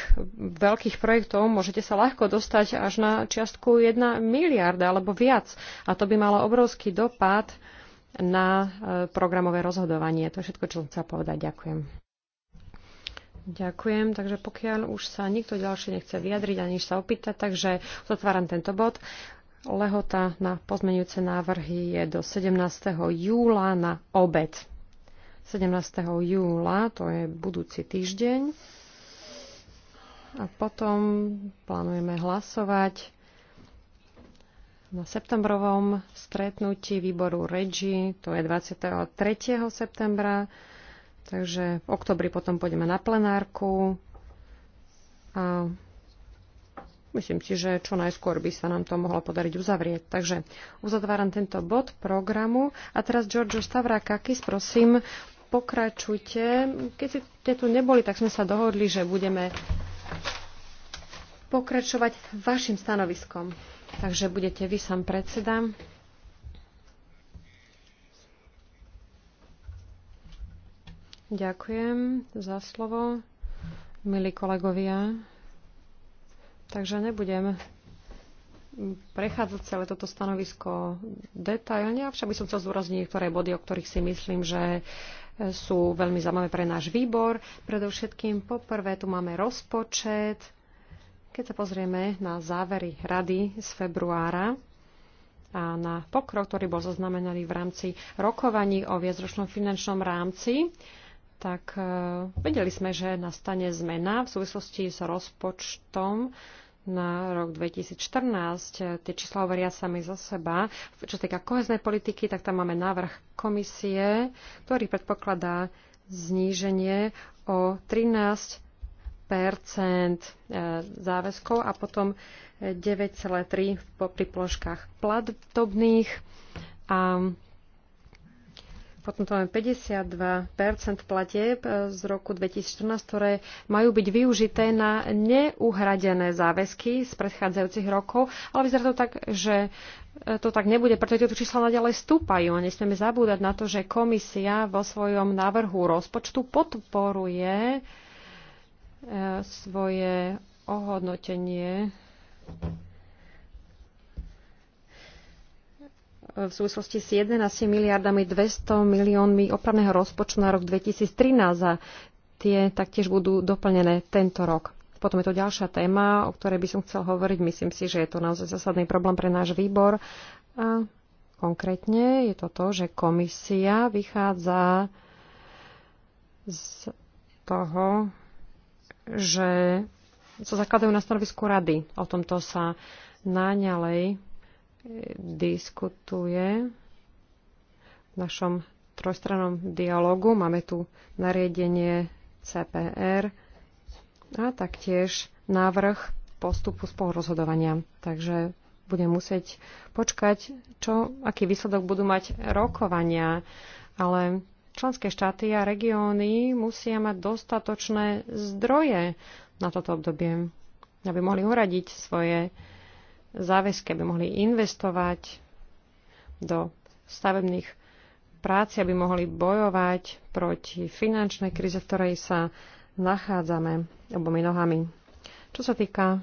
veľkých projektov môžete sa ľahko dostať až na čiastku 1 miliarda alebo viac. A to by malo obrovský dopad na eh, programové rozhodovanie. To je všetko, čo som chcela povedať. Ďakujem. Ďakujem. Takže pokiaľ už sa nikto ďalší nechce vyjadriť ani sa opýtať, takže zatváram tento bod. Lehota na pozmenujúce návrhy je do 17. júla na obed. 17. júla, to je budúci týždeň. A potom plánujeme hlasovať na septembrovom stretnutí výboru REGI, to je 23. septembra Takže v oktobri potom pôjdeme na plenárku a myslím si, že čo najskôr by sa nám to mohlo podariť uzavrieť. Takže uzatváram tento bod programu a teraz Giorgio Stavrakakis, prosím, pokračujte. Keď ste tu neboli, tak sme sa dohodli, že budeme pokračovať vašim stanoviskom. Takže budete vy sám predseda. Ďakujem za slovo, milí kolegovia. Takže nebudem prechádzať celé toto stanovisko detailne, avšak by som chcel zúrazniť niektoré body, o ktorých si myslím, že sú veľmi zaujímavé pre náš výbor. Predovšetkým poprvé tu máme rozpočet. Keď sa pozrieme na závery rady z februára, a na pokrok, ktorý bol zaznamenaný v rámci rokovaní o viacročnom finančnom rámci tak e, vedeli sme, že nastane zmena v súvislosti s rozpočtom na rok 2014. E, tie čísla hovoria sami za seba. Čo sa týka koheznej politiky, tak tam máme návrh komisie, ktorý predpokladá zníženie o 13 e, záväzkov a potom 9,3 pri ploškách platobných. A potom to máme 52 platieb e, z roku 2014, ktoré majú byť využité na neuhradené záväzky z predchádzajúcich rokov, ale vyzerá to tak, že e, to tak nebude, pretože tieto čísla naďalej stúpajú a nesmieme zabúdať na to, že komisia vo svojom návrhu rozpočtu podporuje e, svoje ohodnotenie v súvislosti s 11 miliardami 200 miliónmi opravného rozpočtu na rok 2013 a tie taktiež budú doplnené tento rok. Potom je to ďalšia téma, o ktorej by som chcel hovoriť. Myslím si, že je to naozaj zásadný problém pre náš výbor. A konkrétne je to to, že komisia vychádza z toho, že sa zakladajú na stanovisku rady. O tomto sa naňalej diskutuje v našom trojstrannom dialogu. Máme tu nariadenie CPR a taktiež návrh postupu spolurozhodovania. Takže budem musieť počkať, čo, aký výsledok budú mať rokovania, ale členské štáty a regióny musia mať dostatočné zdroje na toto obdobie, aby mohli uradiť svoje záväzky, aby mohli investovať do stavebných práci, aby mohli bojovať proti finančnej kríze, v ktorej sa nachádzame obomi nohami. Čo sa týka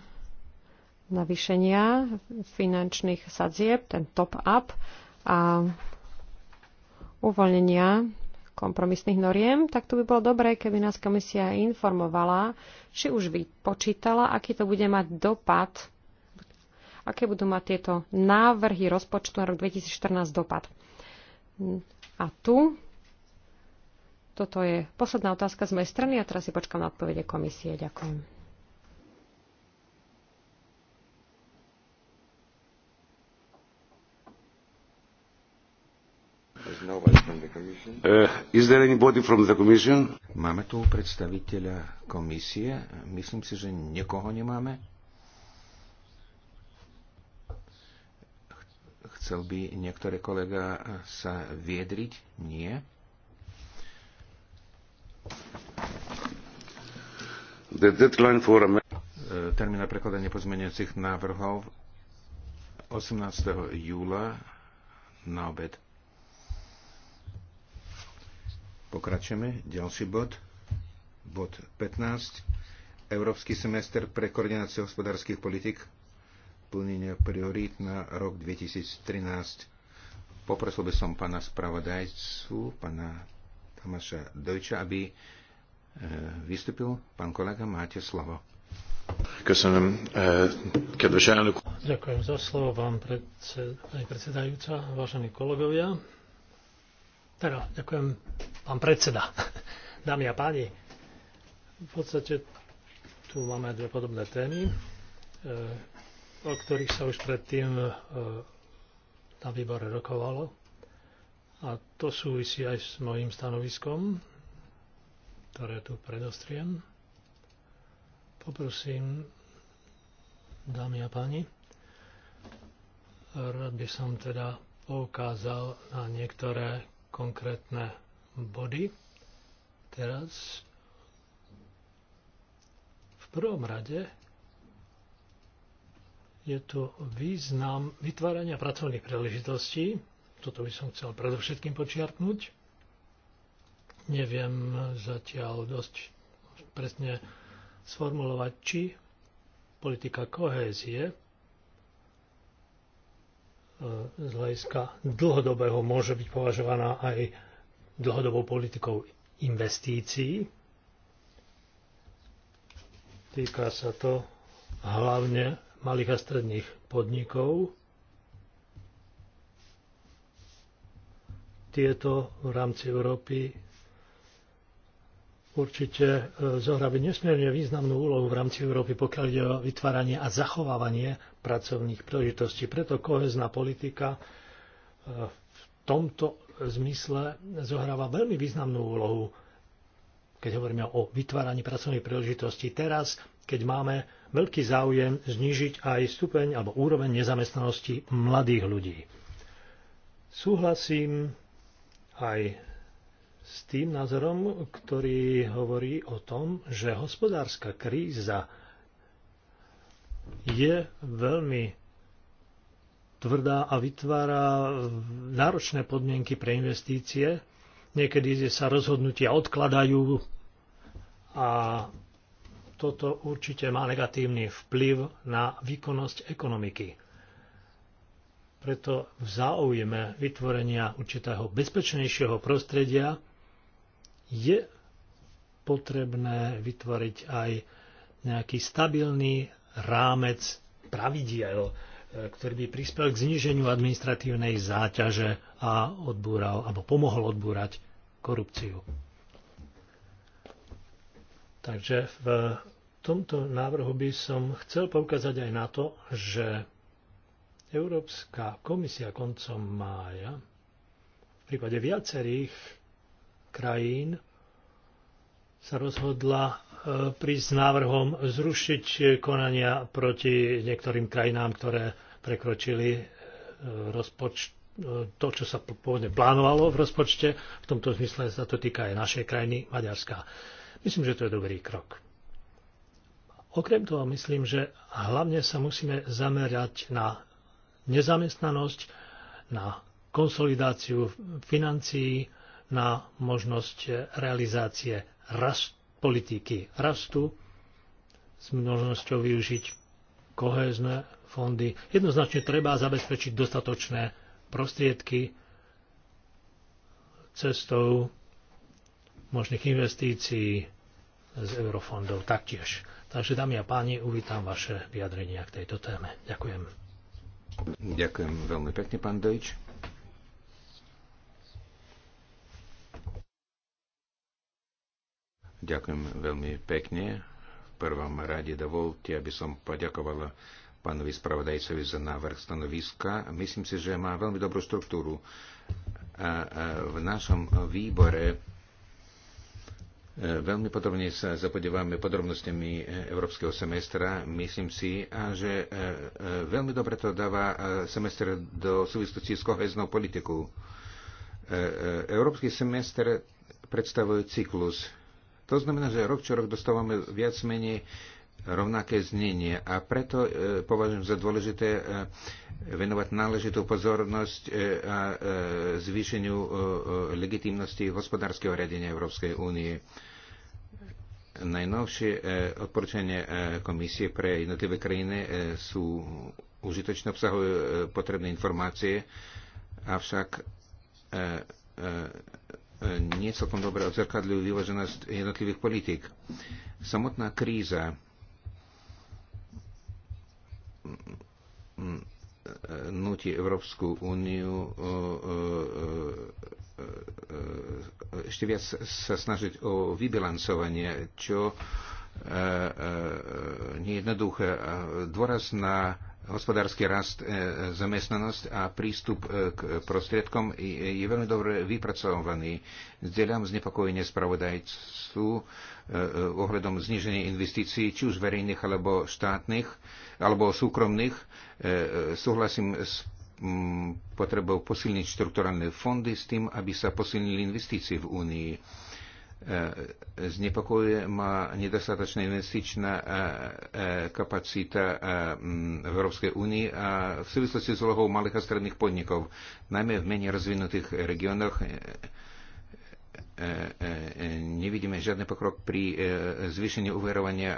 navýšenia finančných sadzieb, ten top-up a uvoľnenia kompromisných noriem, tak to by bolo dobré, keby nás komisia informovala, či už vypočítala, aký to bude mať dopad aké budú mať tieto návrhy rozpočtu na rok 2014 dopad. A tu, toto je posledná otázka z mojej strany a teraz si počkám na odpovede komisie. Ďakujem. No uh, Máme tu predstaviteľa komisie? Myslím si, že niekoho nemáme. Chcel by niektoré kolega eh, sa viedriť? Nie. The deadline for a... Eh, termín na prekladanie pozmeniacich návrhov 18. júla na obed. Pokračujeme. Ďalší bod. Bod 15. Európsky semester pre koordináciu hospodárskych politik plnenia priorít na rok 2013. Poprosil by som pána spravodajcu, pána Tamáša Dojča, aby e, vystúpil. Pán kolega, máte slovo. E, ďakujem za slovo, pán predsed, predsedajúca, vážení kolegovia. Teda, ďakujem, pán predseda, dámy a páni. V podstate tu máme dve podobné témy e, o ktorých sa už predtým e, na výbore rokovalo. A to súvisí aj s mojim stanoviskom, ktoré tu predostriem. Poprosím, dámy a páni, rád by som teda poukázal na niektoré konkrétne body. Teraz v prvom rade je tu význam vytvárania pracovných príležitostí. Toto by som chcel predovšetkým počiarknúť. Neviem zatiaľ dosť presne sformulovať, či politika kohézie e, z hľadiska dlhodobého môže byť považovaná aj dlhodobou politikou investícií. Týka sa to hlavne malých a stredných podnikov. Tieto v rámci Európy určite e, zohrávajú nesmierne významnú úlohu v rámci Európy, pokiaľ ide o vytváranie a zachovávanie pracovných príležitostí. Preto kohezná politika e, v tomto zmysle zohráva veľmi významnú úlohu keď hovoríme o vytváraní pracovných príležitostí teraz, keď máme veľký záujem znížiť aj stupeň alebo úroveň nezamestnanosti mladých ľudí. Súhlasím aj s tým názorom, ktorý hovorí o tom, že hospodárska kríza je veľmi tvrdá a vytvára náročné podmienky pre investície Niekedy sa rozhodnutia odkladajú a toto určite má negatívny vplyv na výkonnosť ekonomiky. Preto v záujme vytvorenia určitého bezpečnejšieho prostredia je potrebné vytvoriť aj nejaký stabilný rámec pravidiel, e, ktorý by prispel k zníženiu administratívnej záťaže a odbúral, alebo pomohol odbúrať korupciu. Takže v tomto návrhu by som chcel poukázať aj na to, že Európska komisia koncom mája v prípade viacerých krajín sa rozhodla e, prísť s návrhom zrušiť konania proti niektorým krajinám, ktoré prekročili e, rozpočt to, čo sa pôvodne plánovalo v rozpočte. V tomto zmysle sa to týka aj našej krajiny, Maďarska. Myslím, že to je dobrý krok. Okrem toho myslím, že hlavne sa musíme zamerať na nezamestnanosť, na konsolidáciu financií, na možnosť realizácie rast, politiky rastu s možnosťou využiť kohézne fondy. Jednoznačne treba zabezpečiť dostatočné prostriedky cestou možných investícií z eurofondov taktiež. Takže, dámy a páni, uvítam vaše vyjadrenia k tejto téme. Ďakujem. Ďakujem veľmi pekne, pán Dejč. Ďakujem veľmi pekne. V prvom rade dovolte, aby som poďakovala pánovi spravodajcovi za návrh stanoviska. Myslím si, že má veľmi dobrú štruktúru. A v našom výbore e, veľmi podrobne sa zapodívame podrobnostiami európskeho semestra, myslím si, že e, e, veľmi dobre to dáva semestr do súvislosti s koheznou politikou. Európsky semestr predstavuje cyklus. To znamená, že rok čo rok dostávame viac menej rovnaké znenie a preto e, považujem za dôležité e, venovať náležitú pozornosť e, a e, zvýšeniu e, e legitimnosti hospodárskeho riadenia Európskej únie. Najnovšie e, odporúčania e, komisie pre jednotlivé krajiny e, sú užitočné, obsahujú e, potrebné informácie, avšak e, e, e nie celkom dobre odzrkadľujú vyvoženosť jednotlivých politík. Samotná kríza nutí Európsku úniu e, e, e, ešte viac sa snažiť o vybilancovanie, čo nie jednoduché. Dôraz na hospodársky rast, e, zamestnanosť a prístup e, k prostriedkom je veľmi dobre vypracovaný. Zdieľam znepokojenie spravodajcu e, ohľadom zniženia investícií, či už verejných, alebo štátnych, alebo súkromných. Súhlasím s potrebou posilniť štrukturálne fondy s tým, aby sa posilnili investície v Únii Znepokojuje ma nedostatočná investičná e, e, kapacita e, Európskej únie a v súvislosti s úlohou malých a stredných podnikov, najmä v menej rozvinutých regiónoch nevidíme žiadny pokrok pri zvýšení uverovania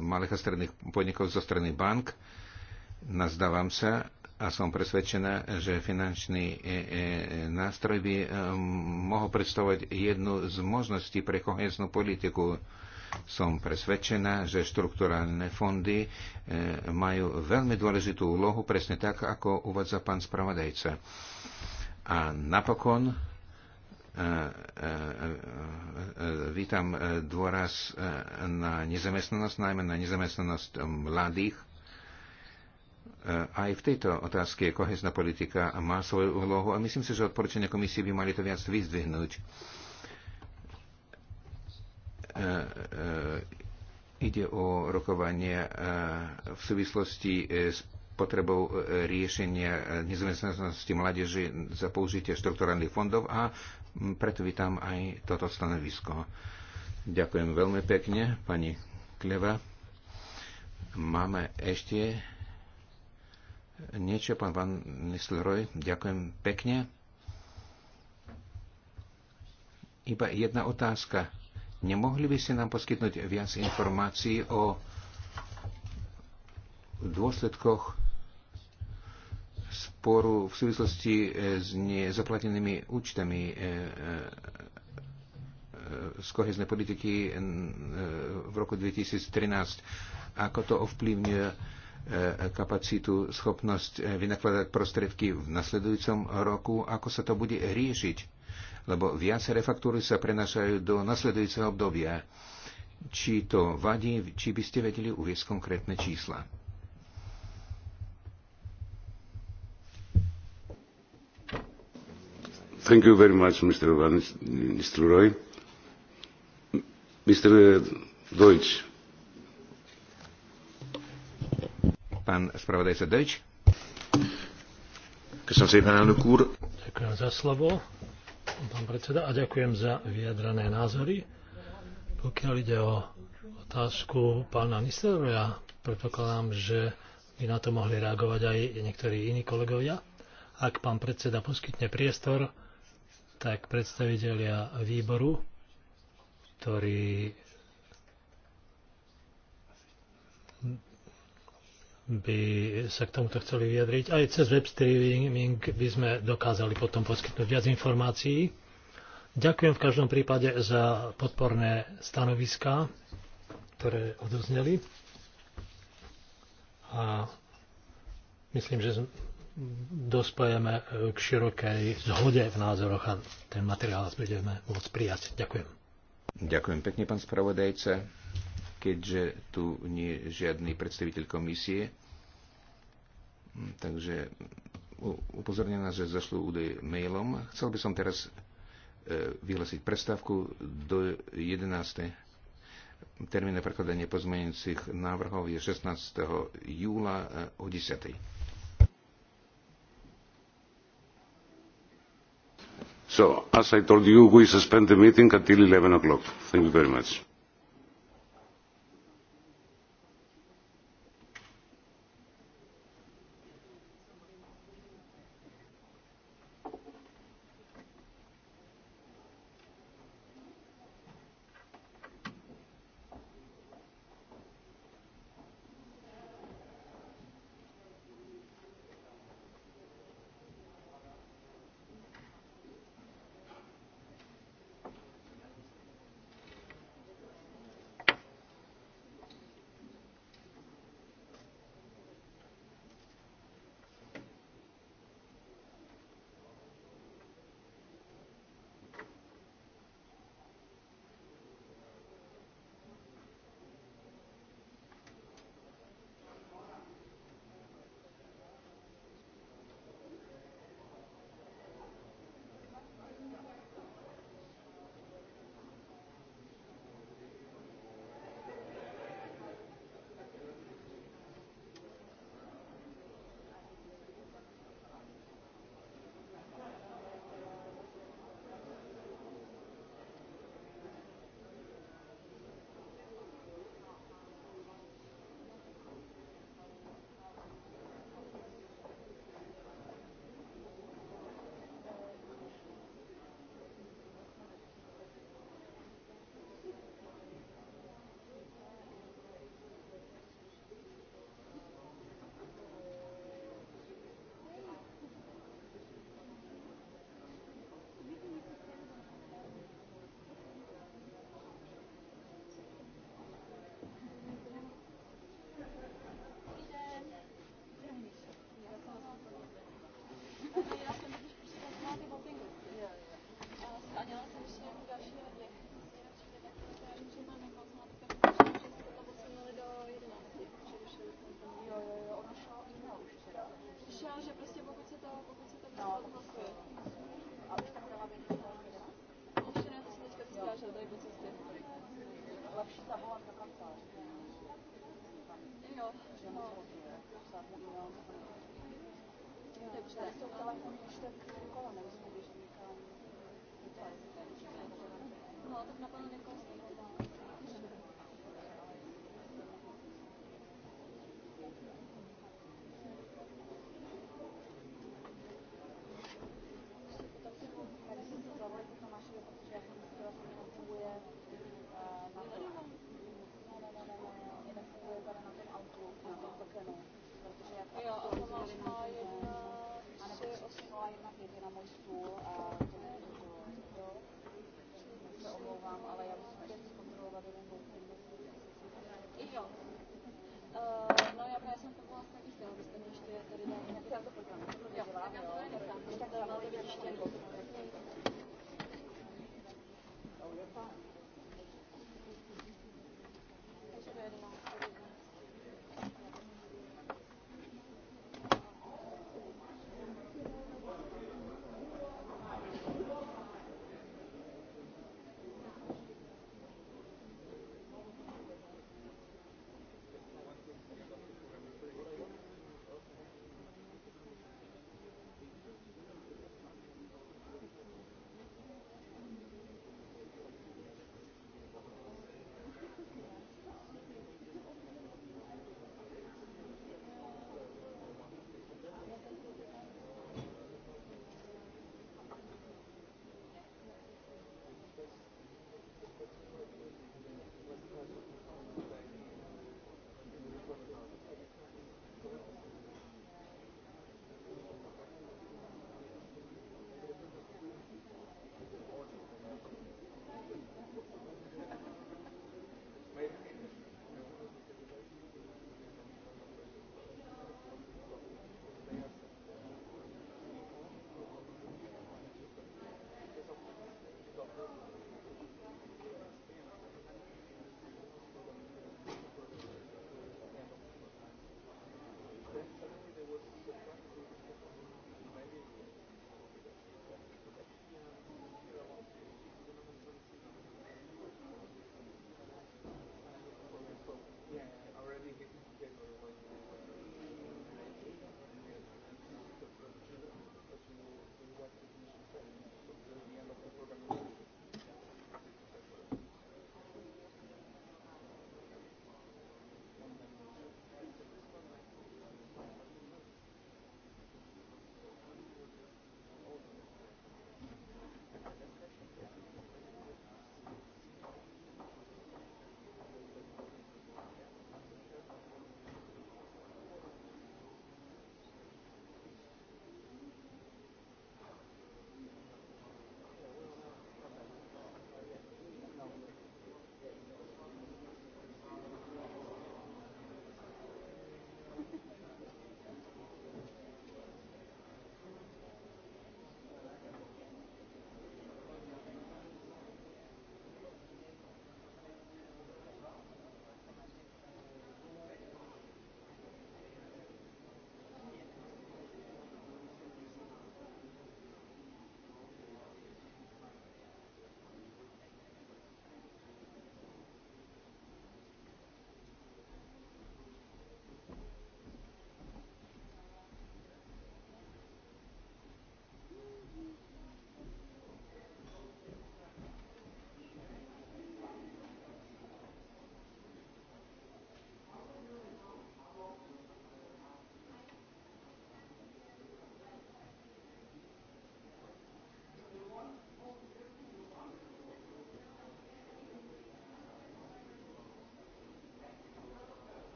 malých a stredných podnikov zo strany bank. Nazdávam sa, a som presvedčená, že finančný e, e, nástroj by e, mohol predstavovať jednu z možností pre koheznú politiku. Som presvedčená, že štrukturálne fondy majú veľmi dôležitú úlohu, presne tak, ako uvádza pán spravodajca. A napokon vítam dôraz na nezamestnanosť, najmä na nezamestnanosť mladých aj v tejto otázke kohezná politika má svoju úlohu a myslím si, že odporúčania komisie by mali to viac vyzdvihnúť. E, e, ide o rokovanie e, v súvislosti s potrebou riešenia nezamestnanosti mládeže za použitie štrukturálnych fondov a preto vítam aj toto stanovisko. Ďakujem veľmi pekne, pani Kleva. Máme ešte niečo, pán Van Nistelrooy. Ďakujem pekne. Iba jedna otázka. Nemohli by ste nám poskytnúť viac informácií o dôsledkoch sporu v súvislosti s nezaplatenými účtami e, e, e, z koheznej politiky v roku 2013? Ako to ovplyvňuje E, kapacitu, schopnosť e, vynakladať prostriedky v nasledujúcom roku, ako sa to bude riešiť, lebo viaceré faktúry sa prenašajú do nasledujúceho obdobia. Či to vadí, či by ste vedeli uviesť konkrétne čísla? Thank you very much, Mr. Van Nistelrooy. Mr. Deutsch, Pán spravodajca Ďakujem za slovo, pán predseda, a ďakujem za vyjadrané názory. Pokiaľ ide o otázku pána Nistelroja, predpokladám, že by na to mohli reagovať aj niektorí iní kolegovia. Ak pán predseda poskytne priestor, tak predstavitelia výboru, ktorí by sa k tomuto chceli vyjadriť. Aj cez web streaming by sme dokázali potom poskytnúť viac informácií. Ďakujem v každom prípade za podporné stanoviská, ktoré odozneli. A myslím, že dospojeme k širokej zhode v názoroch a ten materiál budeme môcť prijať. Ďakujem. Ďakujem pekne, pán spravodajca. Keďže tu nie je žiadny predstaviteľ komisie, Takže upozornená, že zašlo údaje mailom. Chcel by som teraz e, vyhlásiť prestávku do 11. Termín na prekladanie pozmeňujúcich návrhov je 16. júla e, o 10. So, as I told you, we suspend the meeting until 11 o'clock. Thank you very much. No, tak na pana Nikolského.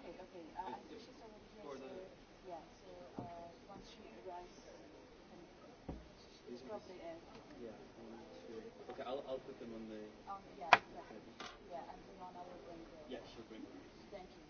Okay, okay. Uh, I think she's already here. For so, yeah, so uh, once she arrives, and she's probably uh, Yeah, I'm not Okay, I'll, I'll put them on the. Um, yeah, yeah. Yeah, and Ramona will bring the. Yeah, she'll bring them. Thank you.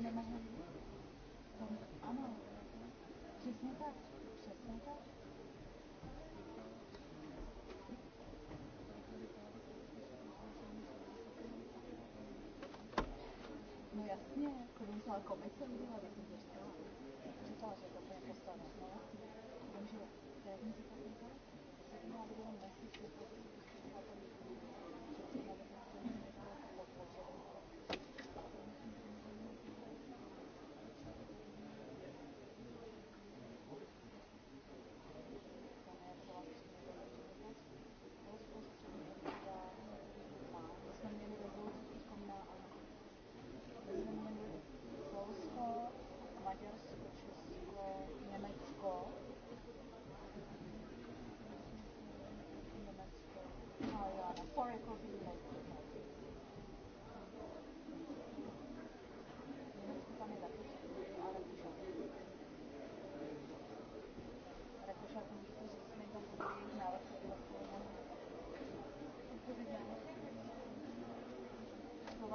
Wylemania tak, tak. No jasně, kdybym psala to že to no že to je to je to je to je to je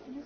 Thank you.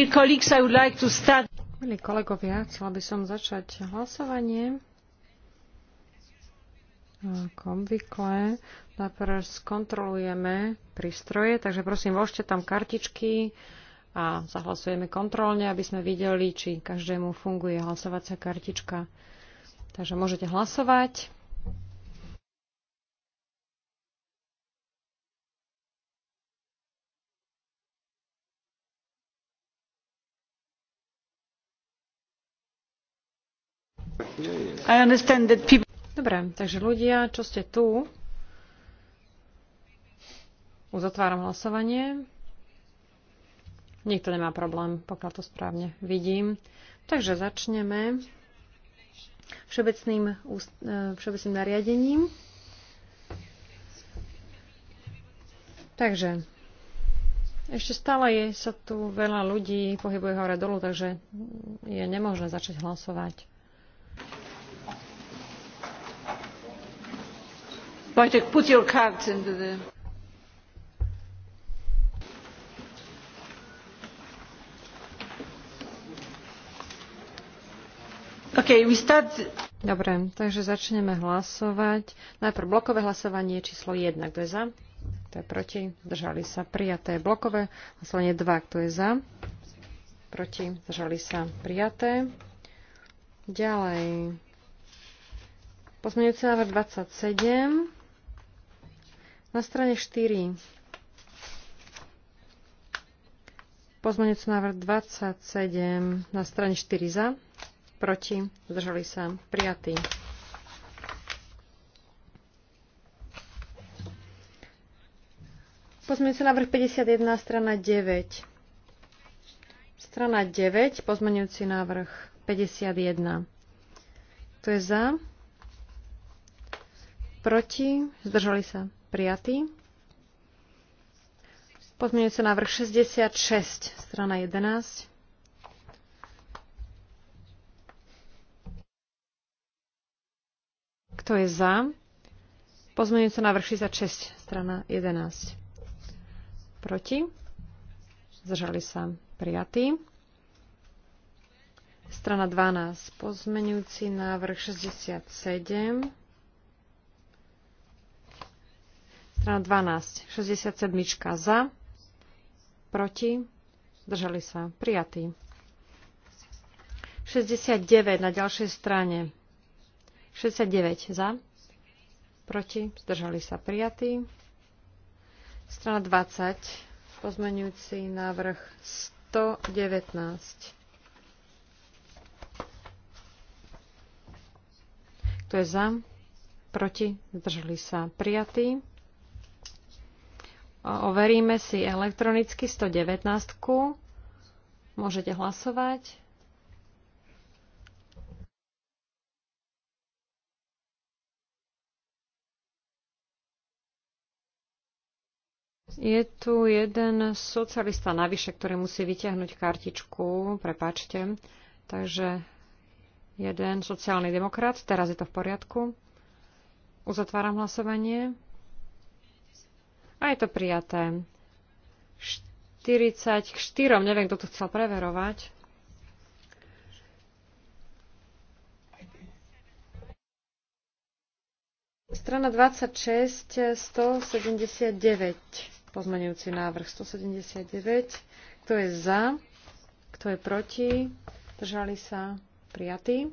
Milí kolegovia, chcela by som začať hlasovanie. Ako obvykle, najprv skontrolujeme prístroje, takže prosím, vložte tam kartičky a zahlasujeme kontrolne, aby sme videli, či každému funguje hlasovacia kartička. Takže môžete hlasovať. Dobre, takže ľudia, čo ste tu, uzatváram hlasovanie. Nikto nemá problém, pokiaľ to správne vidím. Takže začneme všeobecným, e, všeobecným nariadením. Takže ešte stále je, sa tu veľa ľudí pohybuje hore dolu, takže je nemožné začať hlasovať. Wojtek, put your cards into the... Okay, we start... Dobre, takže začneme hlasovať. Najprv blokové hlasovanie číslo 1, kto je za? Kto je proti? Držali sa prijaté blokové. Hlasovanie 2, kto je za? Proti? Držali sa prijaté. Ďalej. Pozmeňujúci návrh 27. Na strane 4 pozmeňujúci návrh 27 na strane 4 za, proti, zdržali sa, prijatý. Pozmeňujúci návrh 51, strana 9. Strana 9, pozmeňujúci návrh 51. To je za, proti, zdržali sa, Prijatý. Pozmeňujúci návrh 66, strana 11. Kto je za? Pozmeňujúci návrh 66, strana 11. Proti? Zdržali sa. Prijatý. Strana 12. Pozmeňujúci návrh 67. Strana 12, 67 za, proti, zdržali sa, prijatý. 69 na ďalšej strane, 69 za, proti, zdržali sa, prijatý. Strana 20, pozmenujúci návrh 119. Kto je za? Proti? Zdržali sa. Prijatý overíme si elektronicky 119. Môžete hlasovať. Je tu jeden socialista navyše, ktorý musí vyťahnuť kartičku, prepačte. Takže jeden sociálny demokrat, teraz je to v poriadku. Uzatváram hlasovanie. A je to prijaté. 40 k 4, neviem, kto to chcel preverovať. Strana 26, 179, pozmenujúci návrh 179. Kto je za? Kto je proti? Držali sa? Prijatý.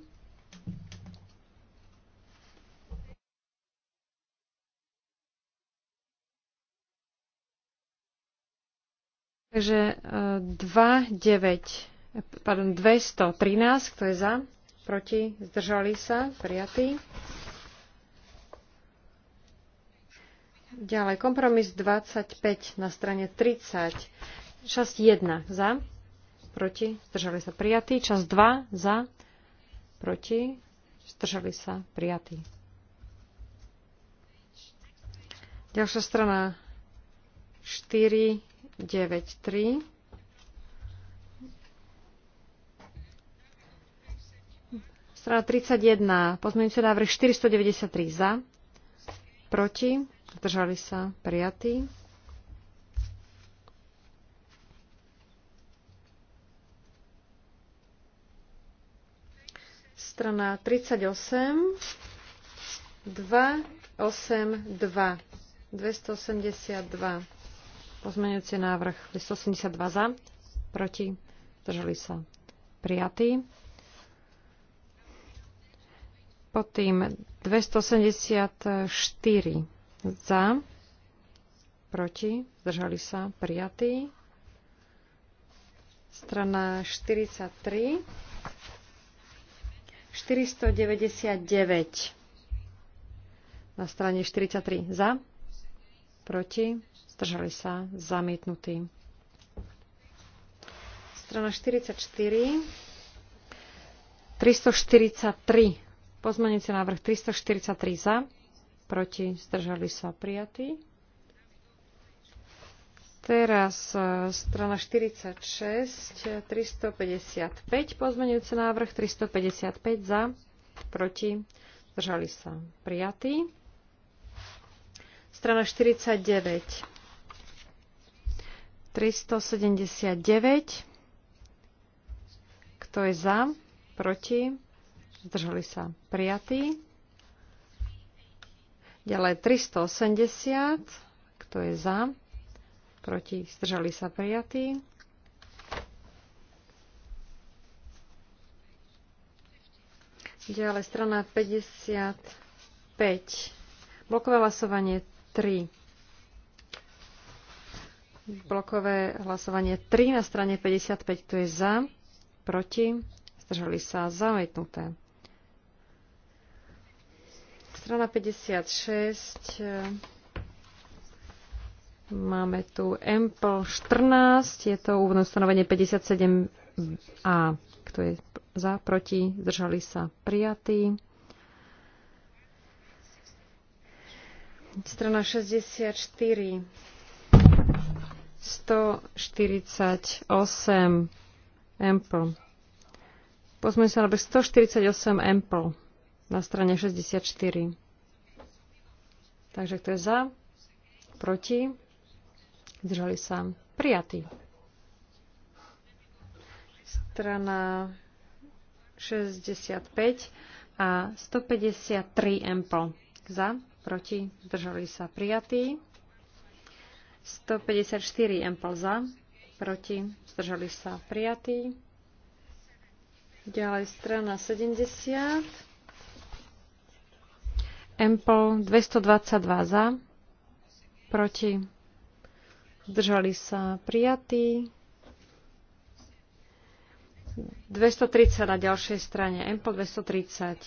Takže 2, e, 9, pardon, 213, kto je za, proti, zdržali sa, prijatý. Ďalej, kompromis 25 na strane 30. Časť 1 za, proti, zdržali sa prijatí. Časť 2 za, proti, zdržali sa prijatí. Ďalšia strana 4, 9.3. Strana 31, pozmeňujúci návrh 493 za, proti, zdržali sa, prijatí. Strana 38, 282 282. Pozmeňujúci návrh 182 za, proti, zdržali sa prijatí. Pod tým 274 za, proti, zdržali sa prijatí. Strana 43. 499 na strane 43 za, proti, zdržali sa, zamietnutí. Strana 44, 343, pozmenujúci návrh 343 za, proti, zdržali sa, prijatí. Teraz e, strana 46, 355, pozmenujúce návrh 355 za, proti, zdržali sa, prijatí, Strana 49, 379. Kto je za? Proti? Zdržali sa prijatí. Ďalej 380. Kto je za? Proti? Zdržali sa prijatí. Ďalej strana 55. Blokové hlasovanie 3. Blokové hlasovanie 3 na strane 55, kto je za, proti, zdržali sa, zamietnuté. Strana 56, máme tu MPL 14, je to úvodné stanovenie 57a, kto je za, proti, zdržali sa, prijatí. Strana 64. 148 ample. Pozme sa na 148 ample na strane 64. Takže kto je za? Proti? Zdržali sa. Prijatý. Strana 65 a 153 ample. Za? Proti? Zdržali sa. Prijatý. 154 empl za, proti, zdržali sa prijatí. Ďalej strana 70. Empl 222 za, proti, zdržali sa prijatí. 230 na ďalšej strane. Empl 230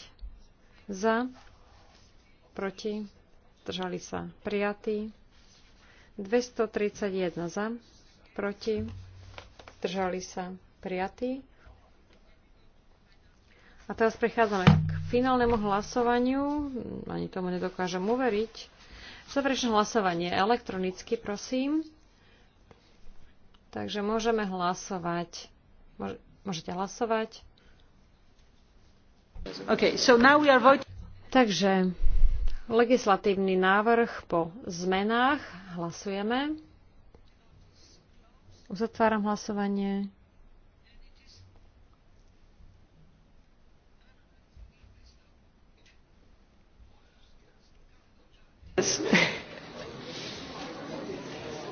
za, proti, zdržali sa prijatí. 231 za, proti, zdržali sa prijatí. A teraz prechádzame k finálnemu hlasovaniu. Ani tomu nedokážem uveriť. Záverečné hlasovanie elektronicky, prosím. Takže môžeme hlasovať. Môžete hlasovať. Okay, so now we are voting. Takže Legislatívny návrh po zmenách. Hlasujeme. Uzatváram hlasovanie.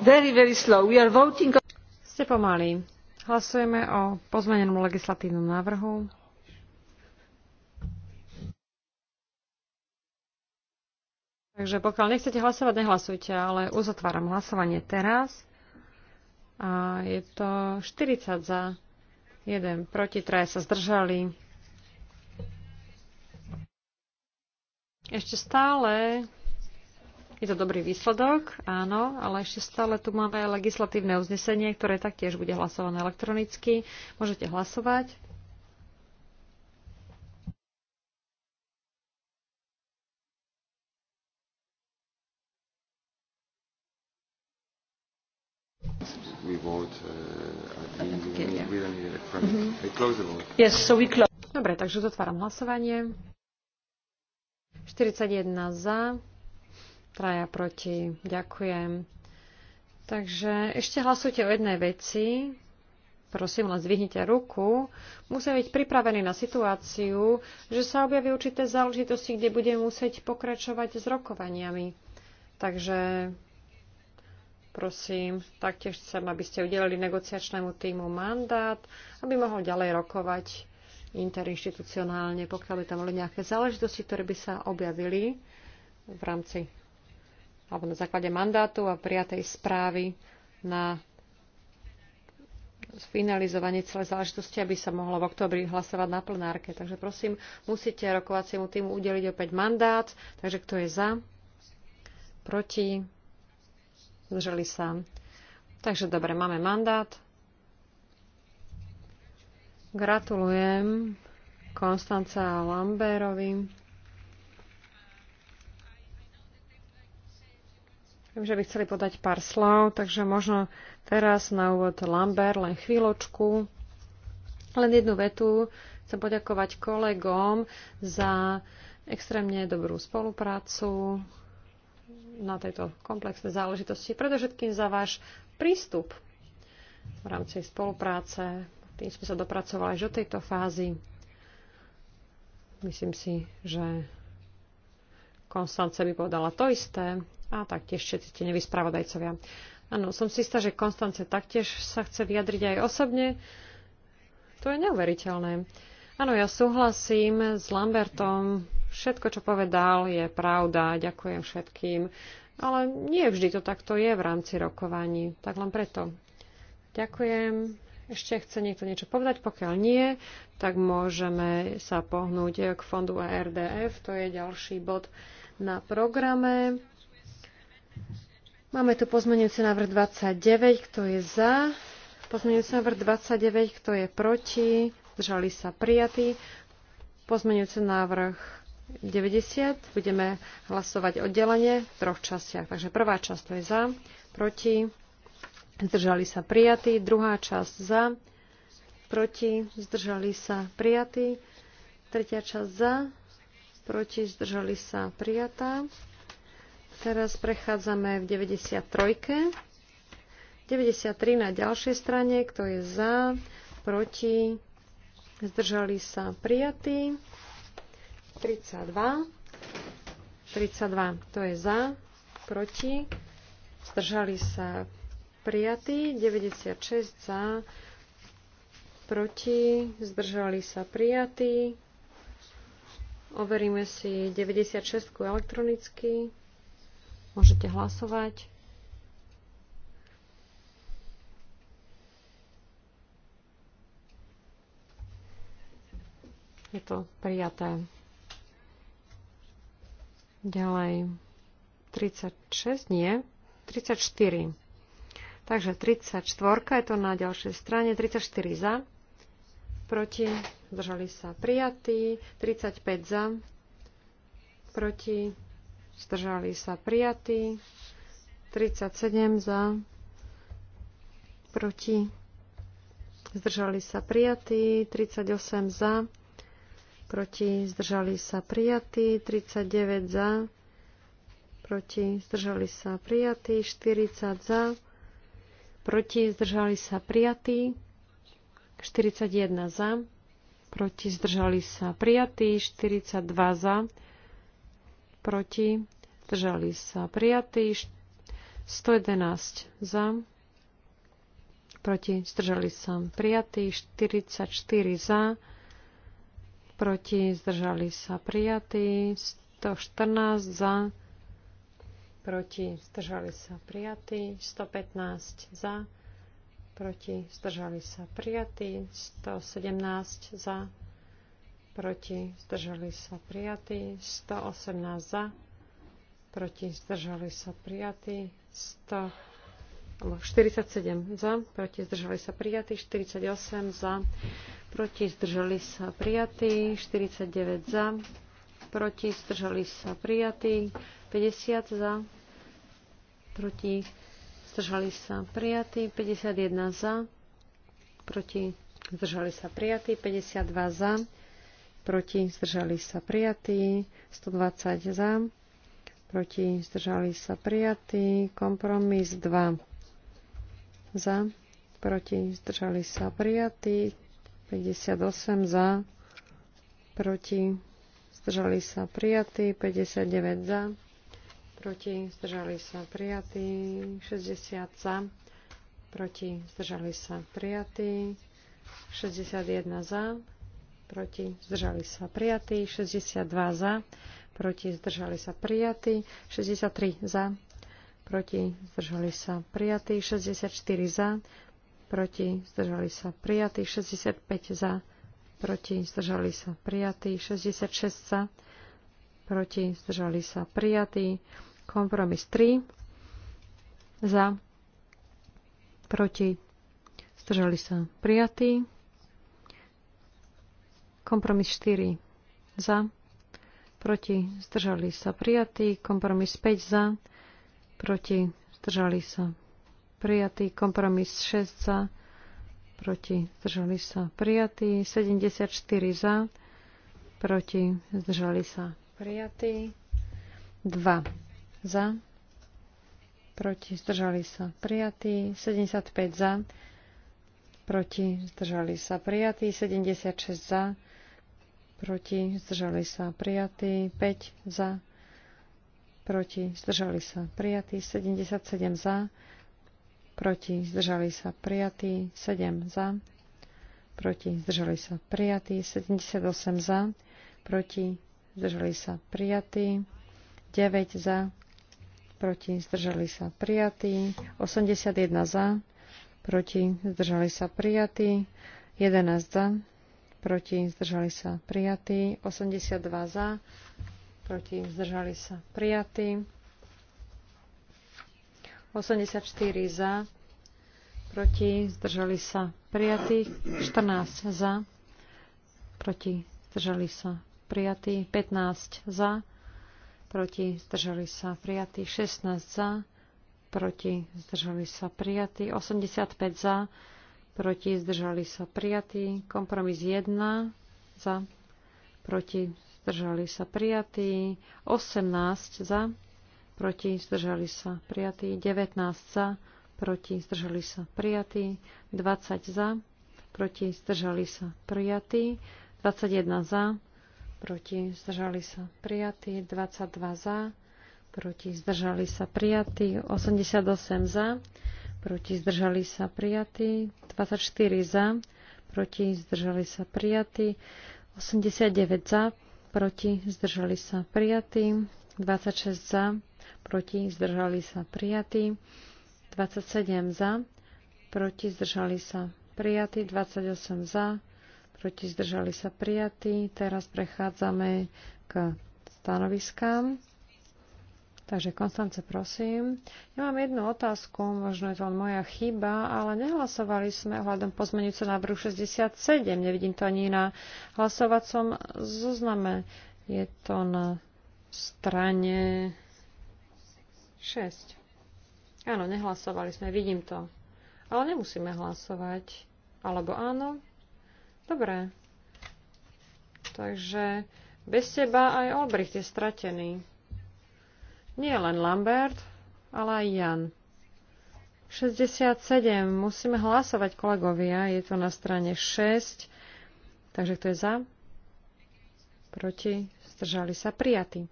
Very, very slow. We are voting... Ste pomalí. Hlasujeme o pozmenenom legislatívnom návrhu. Takže pokiaľ nechcete hlasovať, nehlasujte, ale uzatváram hlasovanie teraz. A je to 40 za, 1 proti, 3 sa zdržali. Ešte stále je to dobrý výsledok, áno, ale ešte stále tu máme legislatívne uznesenie, ktoré taktiež bude hlasované elektronicky. Môžete hlasovať. Dobre, takže zatváram hlasovanie. 41 za, traja proti. Ďakujem. Takže ešte hlasujte o jednej veci. Prosím, len zvihnite ruku. Musíme byť pripravení na situáciu, že sa objaví určité záležitosti, kde budeme musieť pokračovať s rokovaniami. Takže prosím, taktiež chcem, aby ste udelili negociačnému týmu mandát, aby mohol ďalej rokovať interinstitucionálne, pokiaľ by tam boli nejaké záležitosti, ktoré by sa objavili v rámci alebo na základe mandátu a prijatej správy na finalizovanie celej záležitosti, aby sa mohlo v oktobri hlasovať na plenárke. Takže prosím, musíte rokovaciemu týmu udeliť opäť mandát. Takže kto je za? Proti? Zdržali sa. Takže dobre, máme mandát. Gratulujem Konstanca Lamberovi. Viem, že by chceli podať pár slov, takže možno teraz na úvod Lambert len chvíľočku. Len jednu vetu. Chcem poďakovať kolegom za extrémne dobrú spoluprácu, na tejto komplexnej záležitosti, predovšetkým za váš prístup v rámci spolupráce. Tým sme sa dopracovali až do tejto fázy. Myslím si, že Konstance by povedala to isté a taktiež všetci tie nevyspravodajcovia. Áno, som si istá, že Konstance taktiež sa chce vyjadriť aj osobne. To je neuveriteľné. Áno, ja súhlasím s Lambertom Všetko, čo povedal, je pravda. Ďakujem všetkým. Ale nie vždy to takto je v rámci rokovaní. Tak len preto. Ďakujem. Ešte chce niekto niečo povedať? Pokiaľ nie, tak môžeme sa pohnúť k fondu ARDF. E to je ďalší bod na programe. Máme tu pozmenujúci návrh 29, kto je za. Pozmenujúci návrh 29, kto je proti. Zdržali sa prijatí. Pozmenujúci návrh 90. Budeme hlasovať oddelenie v troch častiach. Takže prvá časť to je za, proti, zdržali sa prijatí. Druhá časť za, proti, zdržali sa prijatí. Tretia časť za, proti, zdržali sa prijatá. Teraz prechádzame v 93. 93 na ďalšej strane, kto je za, proti, zdržali sa prijatí. 32. 32. To je za, proti. Zdržali sa prijatí. 96 za, proti. Zdržali sa prijatí. Overíme si 96 elektronicky. Môžete hlasovať. Je to prijaté. Ďalej. 36, nie. 34. Takže 34 je to na ďalšej strane. 34 za. Proti. Zdržali sa prijatí. 35 za. Proti. Zdržali sa prijatí. 37 za. Proti. Zdržali sa prijatí. 38 za proti, zdržali sa prijatí, 39 za, proti, zdržali sa prijatí, 40 za, proti, zdržali sa prijatí, 41 za, proti, zdržali sa prijatí, 42 za, proti, zdržali sa prijatí, 111 za, proti, zdržali sa prijatí, 44 za, proti, zdržali sa prijatí, 114 za, proti, zdržali sa prijatí, 115 za, proti, zdržali sa prijatí, 117 za, proti, zdržali sa prijatí, 118 za, proti, zdržali sa prijatí, 100, 47 za, proti, zdržali sa prijatí, 48 za, proti zdržali sa prijatí, 49 za, proti zdržali sa prijatí, 50 za, proti zdržali sa prijatí, 51 za, proti zdržali sa prijatí, 52 za, proti zdržali sa prijatí, 120 za, proti zdržali sa prijatí, kompromis 2 za, proti zdržali sa prijatí, 58 za, proti, zdržali sa prijatí, 59 za, proti, zdržali sa prijatí, 60 za, proti, zdržali sa prijatí, 61 za, proti, zdržali sa prijatí, 62 za, proti, zdržali sa prijatí, 63 za, proti, zdržali sa prijatí, 64 za, proti, zdržali sa prijatí, 65 za, proti, zdržali sa prijatí, 66 za, proti, zdržali sa prijatí, kompromis 3 za, proti, zdržali sa prijatí, kompromis 4 za, proti, zdržali sa prijatí, kompromis 5 za, proti, zdržali sa prijatý, kompromis 6 za, proti, zdržali sa prijatí, 74 za, proti, zdržali sa prijatí, 2 za, proti, zdržali sa prijatí, 75 za, proti, zdržali sa prijatý, 76 za, proti, zdržali sa prijatí, 5 za, proti, zdržali sa prijatí, 77 za, proti, zdržali sa prijatí, 7 za, proti, zdržali sa prijatí, 78 za, proti, zdržali sa prijatí, 9 za, proti, zdržali sa prijatí, 81 za, proti, zdržali sa prijatí, 11 za, proti, zdržali sa prijatí, 82 za, proti, zdržali sa prijatí, 84 za, proti, zdržali sa prijatí, 14 za, proti, zdržali sa prijatí, 15 za, proti, zdržali sa prijatí, 16 za, proti, zdržali sa prijatí, 85 za, proti, zdržali sa prijatí, kompromis 1 za, proti, zdržali sa prijatí, 18 za, proti, zdržali sa, prijatí. 19 za, proti, zdržali sa, prijatí. 20 za, proti, zdržali sa, prijatí. 21 za, proti, zdržali sa, prijatí. 22 za, proti, zdržali sa, prijatí. 88 za, proti, zdržali sa, prijatí. 24 za, proti, zdržali sa, prijatí. 89 za, proti, zdržali sa, prijatí. 26 za, proti, zdržali sa prijatí. 27 za, proti, zdržali sa prijatí. 28 za, proti, zdržali sa prijatí. Teraz prechádzame k stanoviskám. Takže Konstance, prosím. Ja mám jednu otázku, možno je to moja chyba, ale nehlasovali sme ohľadom pozmenujúceho návrhu 67. Nevidím to ani na hlasovacom zozname. Je to na strane 6. Áno, nehlasovali sme, vidím to. Ale nemusíme hlasovať. Alebo áno? Dobre. Takže bez teba aj Olbricht je stratený. Nie len Lambert, ale aj Jan. 67. Musíme hlasovať, kolegovia. Je to na strane 6. Takže kto je za? Proti? Zdržali sa prijatí.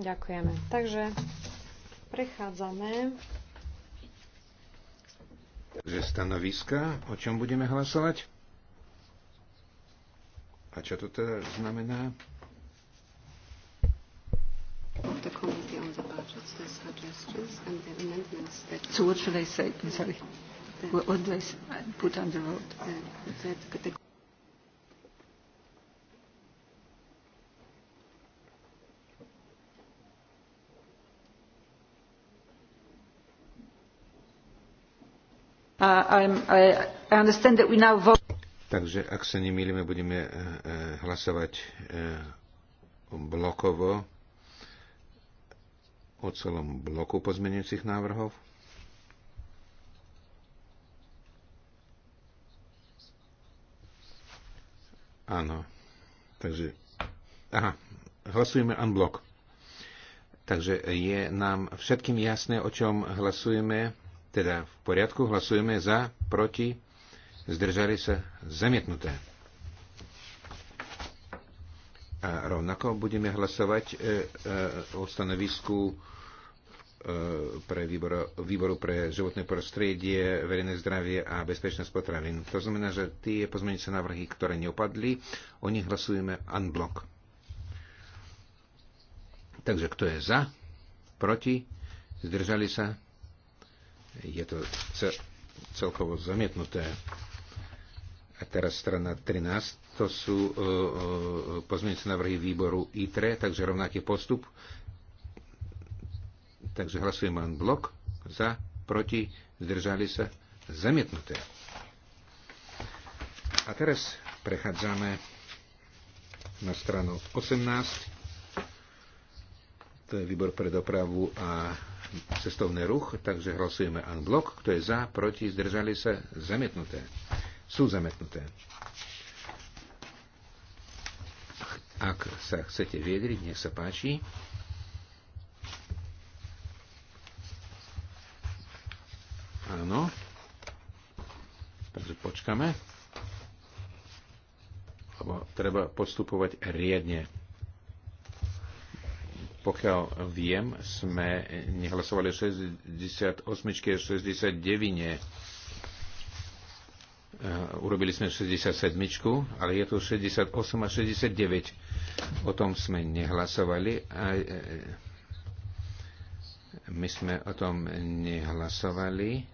Ďakujeme. Takže prechádzame. Takže stanoviska, o čom budeme hlasovať? A čo to teda znamená? the committee on the budget, the suggestions and the amendments that... So what should I say? Sorry. What, what do I put on the vote? Uh, that the Uh, Takže ak sa nemýlime, budeme eh, eh, hlasovať eh, blokovo o celom bloku pozmenujúcich návrhov. Áno. Takže, aha, hlasujeme unblock. Takže je nám všetkým jasné, o čom hlasujeme. Teda v poriadku hlasujeme za, proti, zdržali sa zamietnuté. A rovnako budeme hlasovať e, e, o stanovisku e, pre výbor, výboru pre životné prostredie, verejné zdravie a bezpečnosť potravín. To znamená, že tie pozmeňujúce návrhy, ktoré neopadli, o nich hlasujeme unblock. Takže kto je za, proti, zdržali sa, je to celkovo zamietnuté. A teraz strana 13, to sú e, e, pozmeňujúce návrhy výboru ITRE, takže rovnaký postup. Takže hlasujem len blok za, proti, zdržali sa, zamietnuté. A teraz prechádzame na stranu 18 to je výbor pre dopravu a cestovný ruch, takže hlasujeme blok. Kto je za, proti, zdržali sa, zamietnuté. Sú zamietnuté. Ak sa chcete viedriť, nech sa páči. Áno. Takže počkame. Lebo treba postupovať riadne. Pokiaľ viem, sme nehlasovali 68 a 69. E, urobili sme 67, ale je tu 68 a 69. O tom sme nehlasovali. A, e, my sme o tom nehlasovali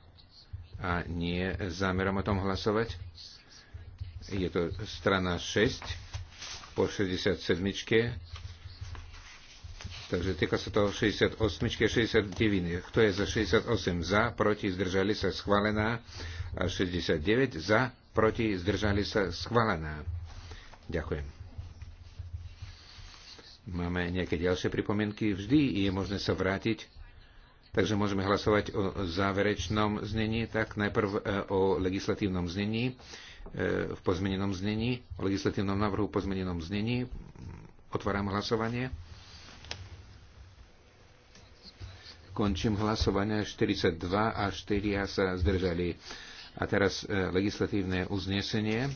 a nie zámerom o tom hlasovať. Je to strana 6 po 67. Takže týka sa to 68 a 69. Kto je za 68 za, proti, zdržali sa schválená. A 69 za, proti, zdržali sa schválená. Ďakujem. Máme nejaké ďalšie pripomienky? Vždy je možné sa vrátiť. Takže môžeme hlasovať o záverečnom znení, tak najprv e, o legislatívnom znení, e, v pozmenenom znení, o legislatívnom návrhu v pozmenenom znení. Otváram hlasovanie. Končím hlasovania 42 a 4 sa zdržali. A teraz e, legislatívne uznesenie. E,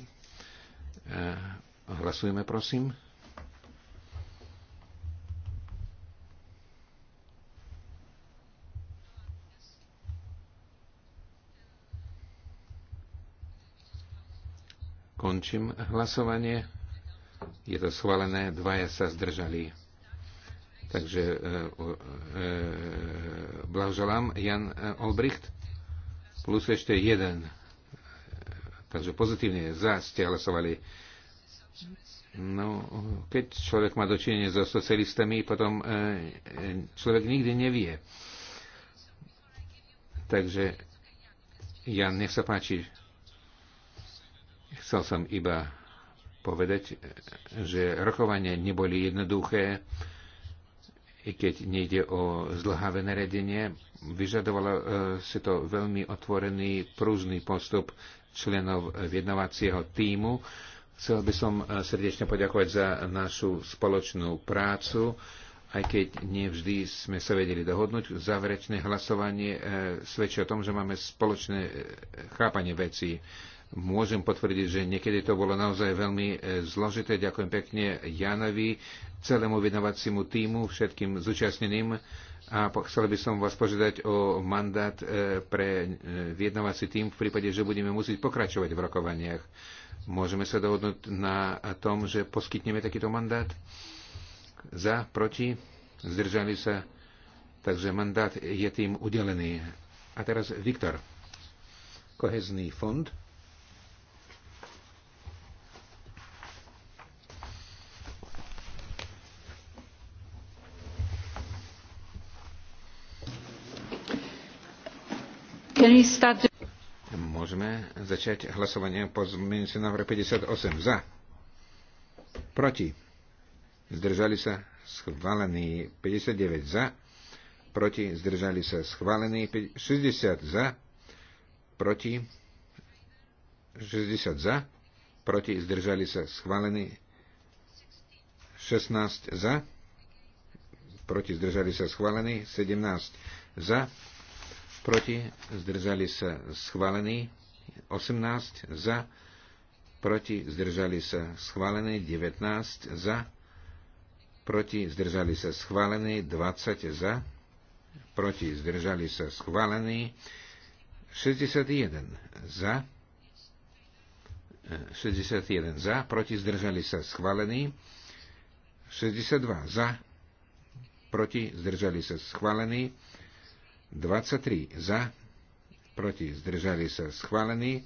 Hlasujeme, prosím. Končím hlasovanie. Je to schválené, dvaja sa zdržali. Takže e, e, blahoželám Jan e, Olbricht plus ešte jeden. Takže pozitívne za ste hlasovali. No, keď človek má dočinenie so socialistami, potom e, e človek nikdy nevie. Takže, Jan, nech sa páči. Chcel som iba povedať, že rokovanie neboli jednoduché keď nejde o zdlhavé naredenie, vyžadovalo e, si to veľmi otvorený, prúzný postup členov viednovacieho týmu. Chcel by som e, srdečne poďakovať za našu spoločnú prácu, aj keď nevždy sme sa vedeli dohodnúť. Záverečné hlasovanie e, svedčí o tom, že máme spoločné chápanie vecí môžem potvrdiť, že niekedy to bolo naozaj veľmi e, zložité. Ďakujem pekne Janovi, celému vynovaciemu týmu, všetkým zúčastneným a chcel by som vás požiadať o mandát e, pre e, vyjednávací tým v prípade, že budeme musieť pokračovať v rokovaniach. Môžeme sa dohodnúť na tom, že poskytneme takýto mandát? Za, proti, zdržali sa. Takže mandát je tým udelený. A teraz Viktor. Kohezný fond. Môžeme začať hlasovanie po zmenici návrh 58. Za. Proti. Zdržali sa schválení 59 za. Proti. Zdržali sa schválení 60 za. Proti. 60 za. Proti. Zdržali sa schválení 16 za. Proti. Zdržali sa schválení 17 za proti, zdržali sa schválení, 18 za, proti, zdržali sa schválení, 19 za, proti, zdržali sa schválení, 20 za, proti, zdržali sa schválení, 61 za, 61 e, za, proti, zdržali sa schválení, 62 za, proti, zdržali sa schválení, 23 za, proti zdržali sa schválení,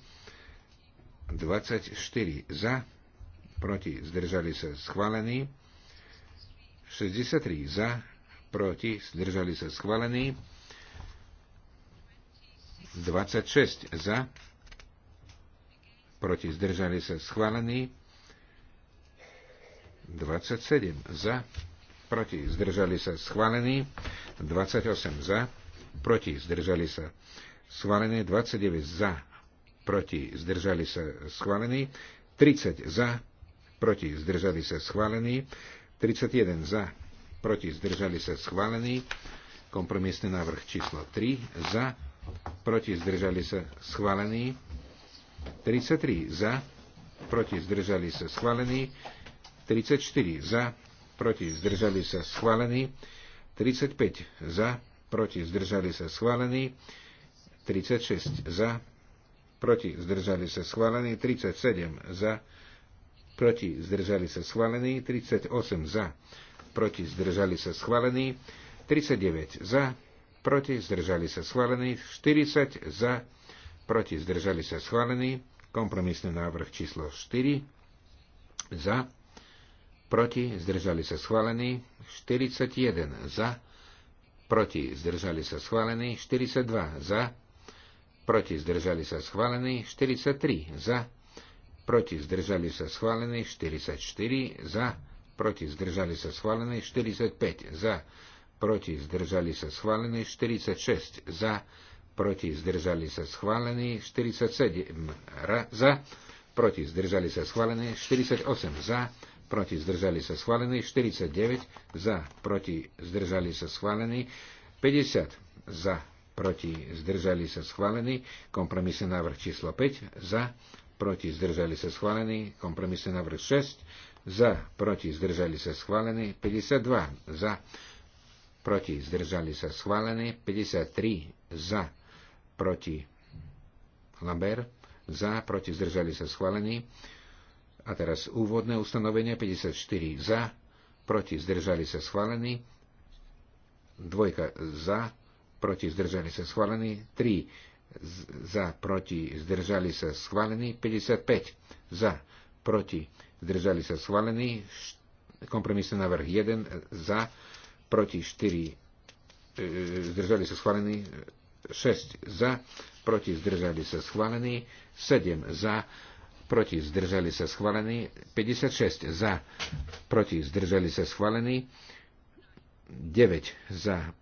24 za, proti zdržali sa schválení, 63 za, proti zdržali sa schválení, 26 za, proti zdržali sa schválení, 27 za, proti zdržali sa schválení, 28 za, proti, zdržali sa. Schválené 29 za, proti, zdržali sa. Schválený 30 za, proti, zdržali sa. Schválený 31 za, proti, zdržali sa. Schválený kompromisný návrh číslo 3 za, proti, zdržali sa. Schválený 33 za, proti, zdržali sa. Schválený 34 za, proti, zdržali sa. Schválený 35 za, proti, zdržali sa schválení, 36 za, proti, zdržali sa schválení, 37 za, proti, zdržali sa schválení, 38 za, proti, zdržali sa schválení, 39 za, proti, zdržali sa schválení, 40 za, proti, zdržali sa schválení, kompromisný návrh číslo 4 za, proti, zdržali sa schválení, 41 za, proti zdržali sa schválení 42 za, proti zdržali sa schválení 43 za, proti zdržali sa schválení 44 za, proti zdržali sa schválení 45 za, proti zdržali sa schválení 46 za, proti zdržali sa schválení 47 ra, za, proti zdržali sa schválení 48 za, proti zdržali sa schválený, 49 za, proti zdržali sa schválený, 50 za, proti zdržali sa schválený, kompromisný návrh číslo 5 za, proti zdržali sa schválený, kompromisný návrh 6 za, proti zdržali sa schválený, 52 za, proti zdržali sa schválený, 53 za, proti Lambert, za, proti zdržali sa schválený, a teraz úvodné ustanovenia 54 za, proti zdržali sa schválení, dvojka za, proti zdržali sa schválení, 3 za, proti zdržali sa schválení, 55 za, proti zdržali sa schválení, kompromisný návrh 1 za, proti 4 e, zdržali sa schválení, 6 za, proti zdržali sa schválení, 7 za, proti zdržali sa schválení, 56 za, proti zdržali sa schválení, 9 za,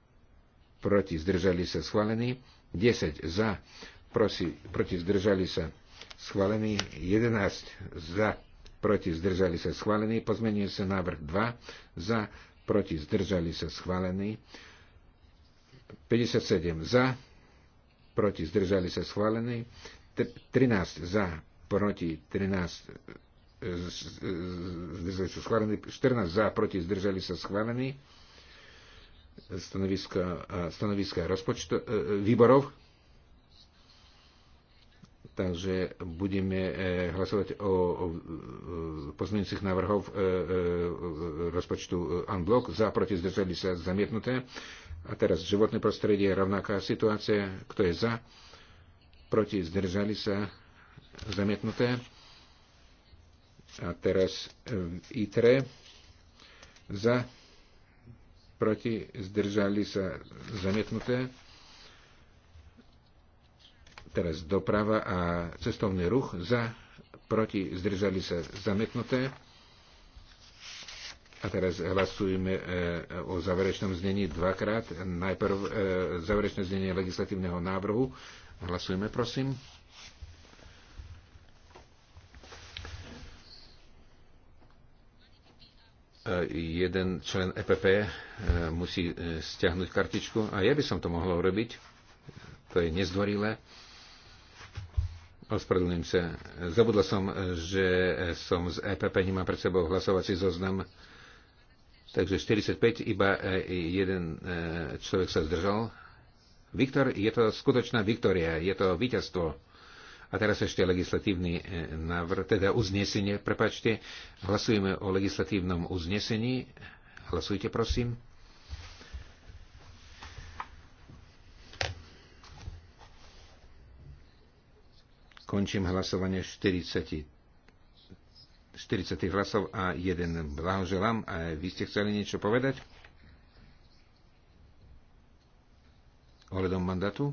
proti zdržali sa schválení, 10 za, prosi, proti zdržali sa schválení, 11 za, proti zdržali sa schválení, pozmenil sa návrh 2 za, proti zdržali sa schválení, 57 za, proti zdržali sa schválení, 13 za, proti 13 e, zdržali sa schválení, 14 za, proti zdržali sa schválení stanoviska, stanoviska rozpočto, e, e, výborov. Takže budeme hlasovať o, o pozmeňujúcich návrhov rozpočtu unblock. Za, proti, zdržali sa zamietnuté. A teraz životné prostredie, rovnaká situácia. Kto je za? Proti, zdržali sa zamietnuté. A teraz v eh, ITRE za, proti, zdržali sa zamietnuté. Teraz doprava a cestovný ruch za, proti, zdržali sa zamietnuté. A teraz hlasujeme eh, o záverečnom znení dvakrát. Najprv eh, záverečné znenie legislatívneho návrhu. Hlasujeme, prosím. jeden člen EPP eh, musí eh, stiahnuť kartičku a ja by som to mohol urobiť. To je nezdvorilé. Ospravedlňujem sa. Zabudla som, že som z EPP, nemám pred sebou hlasovací zoznam. Takže 45, iba eh, jeden človek sa zdržal. Viktor, je to skutočná Viktória, je to víťazstvo. A teraz ešte legislatívny e, návrh, teda uznesenie, prepačte. Hlasujeme o legislatívnom uznesení. Hlasujte, prosím. Končím hlasovanie 40, 40 hlasov a jeden blahoželám. A vy ste chceli niečo povedať? Ohľadom mandátu?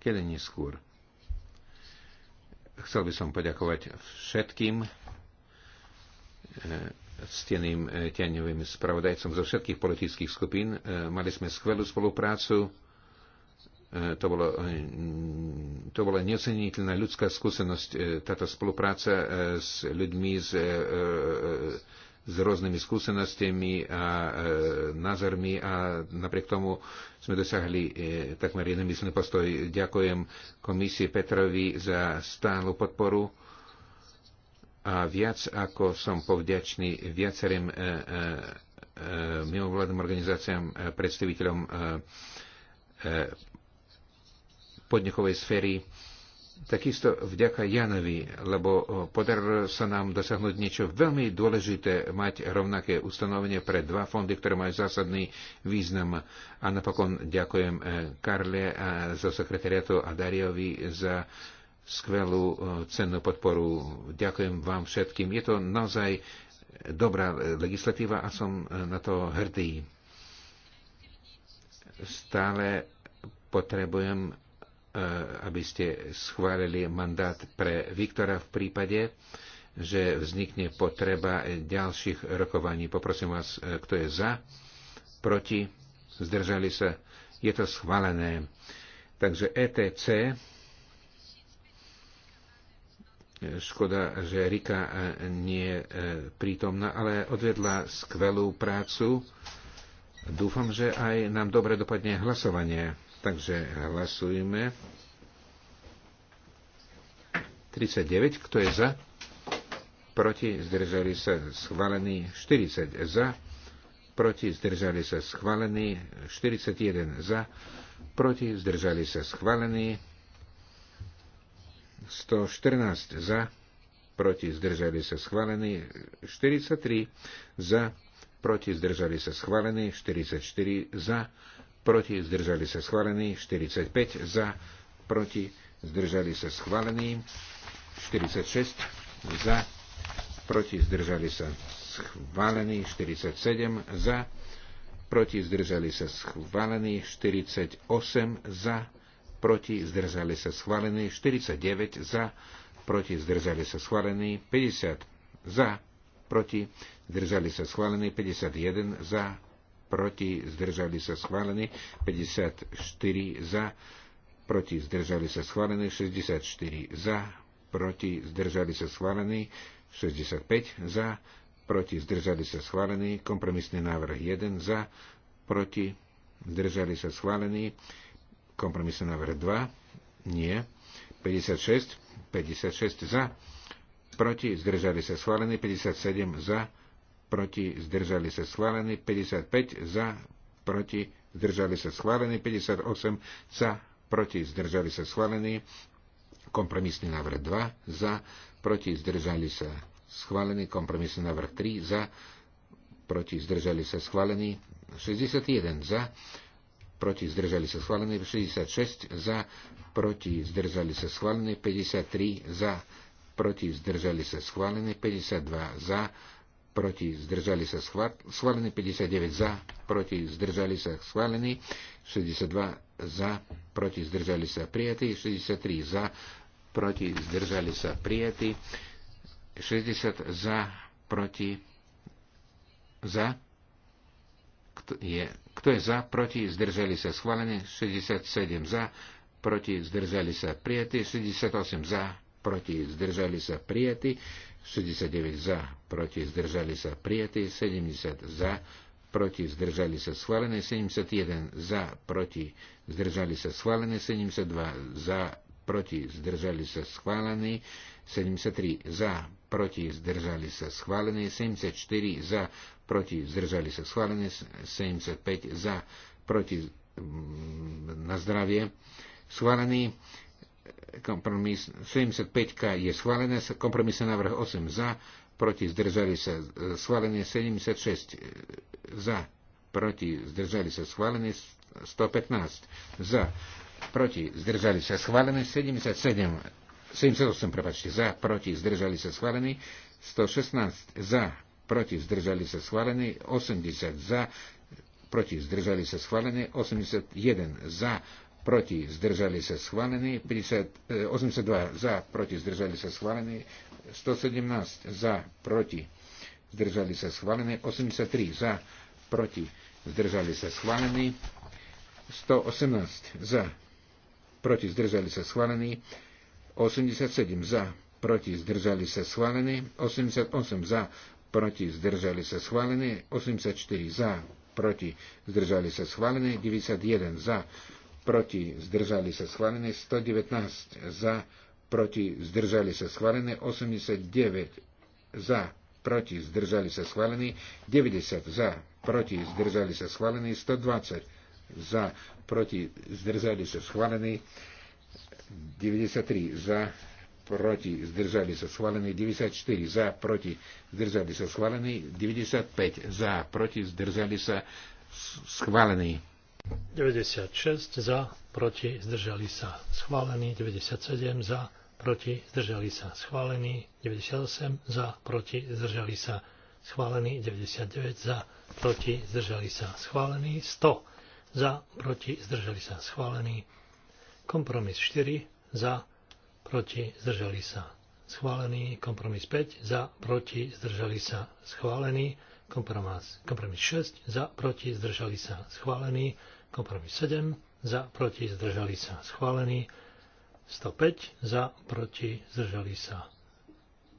Kedy neskôr? Chcel by som poďakovať všetkým steným e, e, tieňovým spravodajcom zo všetkých politických skupín. E, mali sme skvelú spoluprácu. To, bolo, to bola neoceniteľná ľudská skúsenosť, táto spolupráca s ľuďmi z s rôznymi skúsenostiami a e, názormi a napriek tomu sme dosiahli e, takmer jednomyslný postoj. Ďakujem komisii Petrovi za stálu podporu a viac ako som povďačný viacerým e, mimovládnym organizáciám, predstaviteľom podnikovej sféry, takisto vďaka Janovi, lebo podarilo sa nám dosiahnuť niečo veľmi dôležité, mať rovnaké ustanovenie pre dva fondy, ktoré majú zásadný význam. A napokon ďakujem e, Karle a zo sekretariatu a Dariovi za skvelú cennú podporu. Ďakujem vám všetkým. Je to naozaj dobrá legislatíva a som e, na to hrdý. Stále potrebujem aby ste schválili mandát pre Viktora v prípade, že vznikne potreba ďalších rokovaní. Poprosím vás, e, kto je za, proti, zdržali sa. Je to schválené. Takže ETC. Škoda, že Rika e, nie je prítomná, ale odvedla skvelú prácu. Dúfam, že aj nám dobre dopadne hlasovanie. Takže hlasujeme. 39, kto je za? Proti, zdržali sa schválení 40 za. Proti, zdržali sa schválení 41 za. Proti, zdržali sa schválení 114 za. Proti, zdržali sa schválení 43 za. Proti, zdržali sa schválení 44 za proti, zdržali sa schválení, 45 za, proti, zdržali sa schválení, 46 za, proti, zdržali sa schválení, 47 za, proti, zdržali sa schválení, 48 za, proti, zdržali sa schválení, 49 za, proti, zdržali sa schválení, 50 za, proti, zdržali sa schválení, 51 za, proti, zdržali sa schválení, 54 za, proti, zdržali sa schválení, 64 za, proti, zdržali sa schválení, 65 za, proti, zdržali sa schválení, kompromisný návrh 1 za, proti, zdržali sa schválení, kompromisný návrh 2, nie, 56, 56 za, proti, zdržali sa schválení, 57 za, proti, zdržali sa schválení, 55 za, proti, zdržali sa schválení, 58 za, proti, zdržali sa schválení, kompromisný návrh 2 za, proti, zdržali sa schválený, kompromisný návrh 3 za, proti, zdržali sa schválený, 61 za, proti, zdržali sa schválený, 66 za, proti, zdržali sa schválený, 53 za, proti, zdržali sa schválený, 52 za, proti zdržali sa schválení, 59 za, proti zdržali sa schválení, 62 za, proti zdržali sa prijatí, 63 za, proti zdržali sa prijatí, 60 za, proti za, kto je, kto je za, proti zdržali sa schválení, 67 za, proti zdržali sa prijatí, 68 za, proti zdržali sa prijatí, 69 za, proti zdržali sa prijatí, 70 za, proti zdržali sa schválené, 71 za, proti zdržali sa schválené, 72 za, proti zdržali sa schválený, 73 za, proti zdržali sa schválený, 74 za, proti zdržali sa schválený, 75 za, proti mm, na zdravie schválený, kompromis 75K je schválené, kompromisný návrh 8 e, e, za, proti zdržali sa schválené 76 za, proti zdržali sa schválené 115 za, proti zdržali sa schválené 77 78, prepačte, za, proti, zdržali sa schválení, 116 za, proti, zdržali sa schválení, 80 za, proti, zdržali sa schválení, 81 za, proti, zdržali sa schválení, 50, 82 za, proti, zdržali sa schválení, 117 za, proti, zdržali sa schválení, 83 za, proti, zdržali sa schválení, 118 za, proti, zdržali sa schválení, 87 za, proti, zdržali sa schválení, 88 za, proti, zdržali sa schválení, 84 za, proti, zdržali sa schválení, 91 za, proti, zdržali sa schválené, 119 za, proti, zdržali sa schválené, 89 za, proti, zdržali sa schválený, 90 za, proti, zdržali sa schválený, 120 za, proti, zdržali sa schválený, 93 za, proti, zdržali sa schválení, 94 za, proti, zdržali sa schválení, 95 za, proti, zdržali sa schválení. 96 za, proti, zdržali sa schválení, 97 za, proti, zdržali sa schválení, 98 za, proti, zdržali sa schválení, 99 za, proti, zdržali sa schválení, 100 za, proti, zdržali sa schválení, kompromis 4 za, proti, zdržali sa schválený, kompromis 5 za, proti, zdržali sa schválený, kompromis, kompromis 6 za, proti, zdržali sa schválený, kompromis 7 za, proti, zdržali sa schválený, 105 za, proti, zdržali sa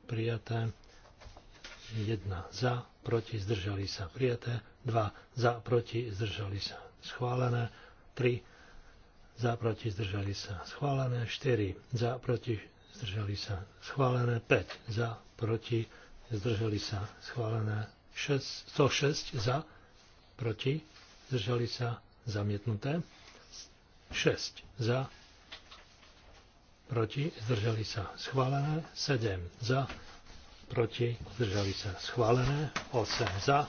prijaté, 1 za, proti, zdržali sa prijaté, 2 za, proti, zdržali sa schválené, 3 za, proti, zdržali sa schválené, 4 za, proti, zdržali sa schválené, 5 za, proti, zdržali sa schválené, 6, 106 za, proti, zdržali sa zamietnuté. 6 za, proti, zdržali sa schválené. 7 za, proti, zdržali sa schválené. 8 za,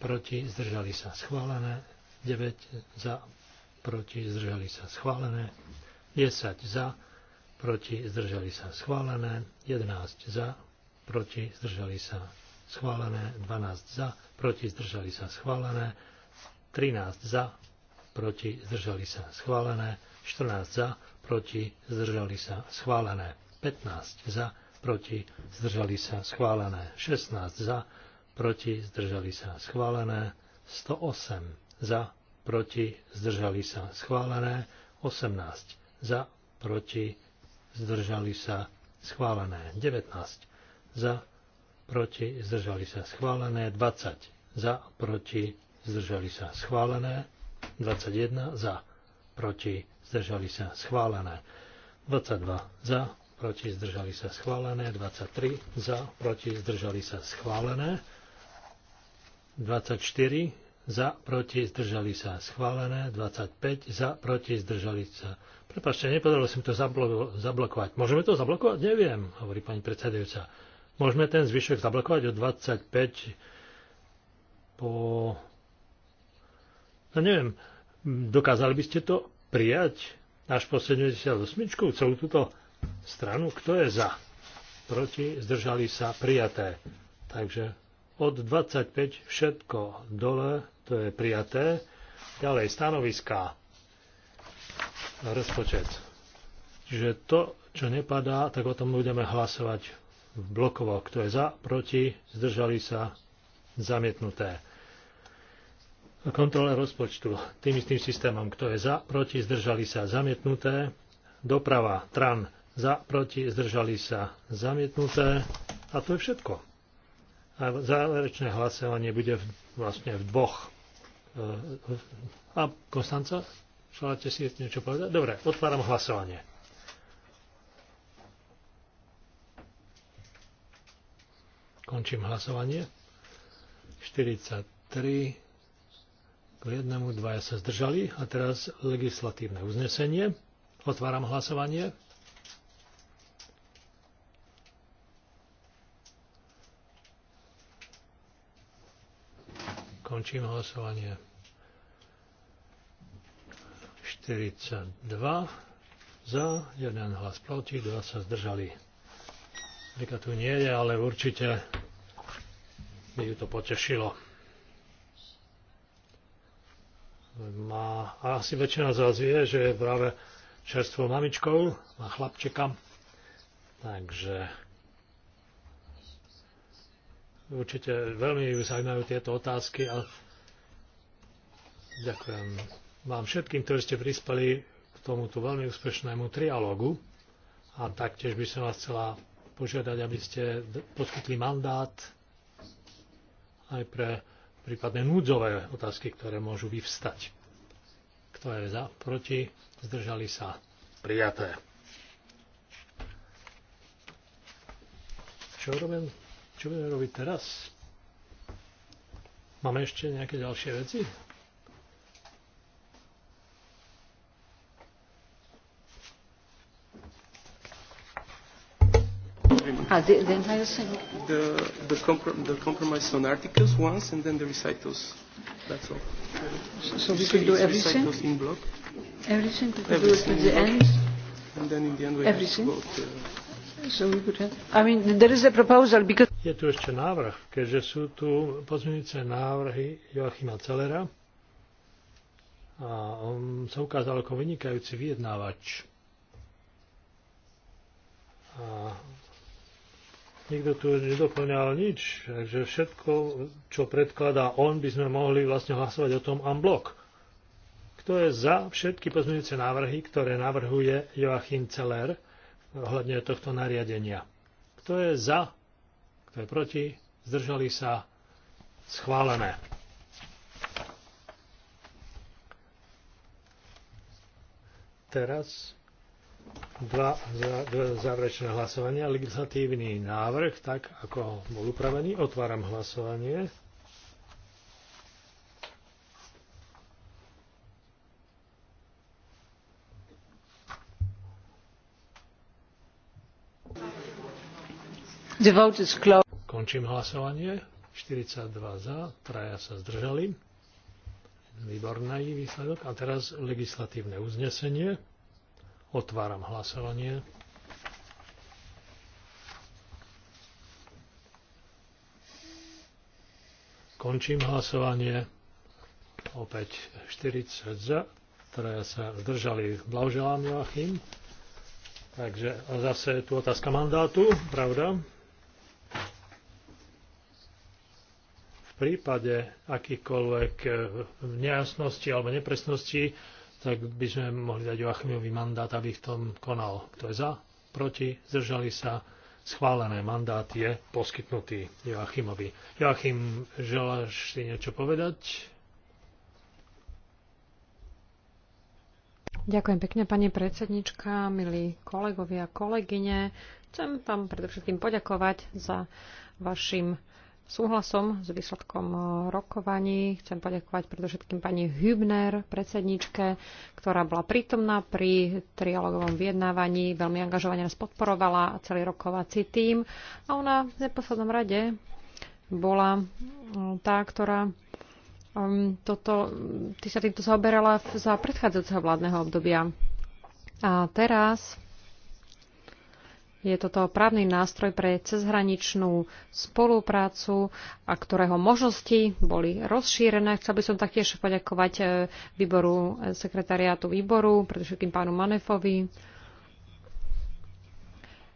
proti, zdržali sa schválené. 9 za, proti, zdržali sa schválené. 10 za, proti, zdržali sa schválené. 11 za, proti, zdržali sa schválené, 12 za, proti zdržali sa schválené, 13 za, proti zdržali sa schválené, 14 za, proti zdržali sa schválené, 15 za, proti zdržali sa schválené, 16 za, proti zdržali sa schválené, 108 za, proti zdržali sa schválené, 18 za, proti zdržali sa schválené, 19 za, proti, zdržali sa schválené, 20 za, proti, zdržali sa schválené, 21 za, proti, zdržali sa schválené, 22 za, proti, zdržali sa schválené, 23 za, proti, zdržali sa schválené, 24 za, proti, zdržali sa schválené, 25 za, proti, zdržali sa. Prepačte, nepodarilo som to zablo- zablokovať. Môžeme to zablokovať? Neviem, hovorí pani predsedajúca. Môžeme ten zvyšok zablokovať o 25 po... No neviem, dokázali by ste to prijať až po 78, celú túto stranu, kto je za? Proti, zdržali sa, prijaté. Takže od 25 všetko dole, to je prijaté. Ďalej stanoviská, rozpočet. Čiže to, čo nepadá, tak o tom budeme hlasovať v blokovoch. Kto je za, proti, zdržali sa, zamietnuté. Kontrola rozpočtu tým istým systémom. Kto je za, proti, zdržali sa, zamietnuté. Doprava, tran, za, proti, zdržali sa, zamietnuté. A to je všetko. A záverečné hlasovanie bude v, vlastne v dvoch. E, a Konstanca, želáte si niečo povedať? Dobre, otváram hlasovanie. Končím hlasovanie. 43 k jednému, dvaja sa zdržali. A teraz legislatívne uznesenie. Otváram hlasovanie. Končím hlasovanie. 42 za, 1 hlas proti, 2 sa zdržali. Rika tu nie je, ale určite by ju to potešilo. Má, a asi väčšina z vás vie, že je práve čerstvou mamičkou, má chlapčeka, takže určite veľmi ju zaujímajú tieto otázky a ďakujem vám všetkým, ktorí ste prispeli k tomuto veľmi úspešnému trialógu a taktiež by som vás chcela požiadať, aby ste poskytli mandát aj pre prípadne núdzové otázky, ktoré môžu vyvstať. Kto je za, proti, zdržali sa, prijaté. Čo, robím, čo budeme robiť teraz? Máme ešte nejaké ďalšie veci? agreement. Ah, the, the entire thing? The, the, comprom the compromise on articles once and then the recitals. That's all. So, so we could do everything? Recitals in block. Everything? We could everything do it at the end? And then in the end we everything? have to vote. Uh, Je tu ešte návrh, keďže sú tu pozmeňujúce návrhy Joachima Celera a on sa ukázal ako vynikajúci vyjednávač. A Nikto tu nedoplňal nič, takže všetko, čo predkladá on, by sme mohli vlastne hlasovať o tom en blok. Kto je za všetky pozmeňujúce návrhy, ktoré navrhuje Joachim Celer ohľadne tohto nariadenia? Kto je za? Kto je proti? Zdržali sa? Schválené. Teraz dva, záverečné hlasovania. Legislatívny návrh, tak ako bol upravený. Otváram hlasovanie. The vote is Končím hlasovanie. 42 za, traja sa zdržali. Výborný výsledok. A teraz legislatívne uznesenie. Otváram hlasovanie. Končím hlasovanie. Opäť 40 za, ktoré sa zdržali. Blahoželám Joachim. Takže zase je tu otázka mandátu, pravda? V prípade akýkoľvek nejasnosti alebo nepresnosti tak by sme mohli dať Joachimovi mandát, aby v tom konal. Kto je za, proti, zdržali sa, schválené mandát je poskytnutý Joachimovi. Joachim, želáš si niečo povedať? Ďakujem pekne, pani predsednička, milí kolegovia a kolegyne. Chcem vám predovšetkým poďakovať za vašim súhlasom s výsledkom e, rokovaní. Chcem poďakovať predovšetkým pani Hübner, predsedničke, ktorá bola prítomná pri trialogovom vyjednávaní, veľmi angažovane nás podporovala celý rokovací tím a ona v neposlednom rade bola tá, ktorá toto, ty sa týmto zaoberala za predchádzajúceho vládneho obdobia. A teraz je toto právny nástroj pre cezhraničnú spoluprácu a ktorého možnosti boli rozšírené. Chcel by som taktiež poďakovať e, výboru, e, sekretariátu výboru, tým pánu Manefovi,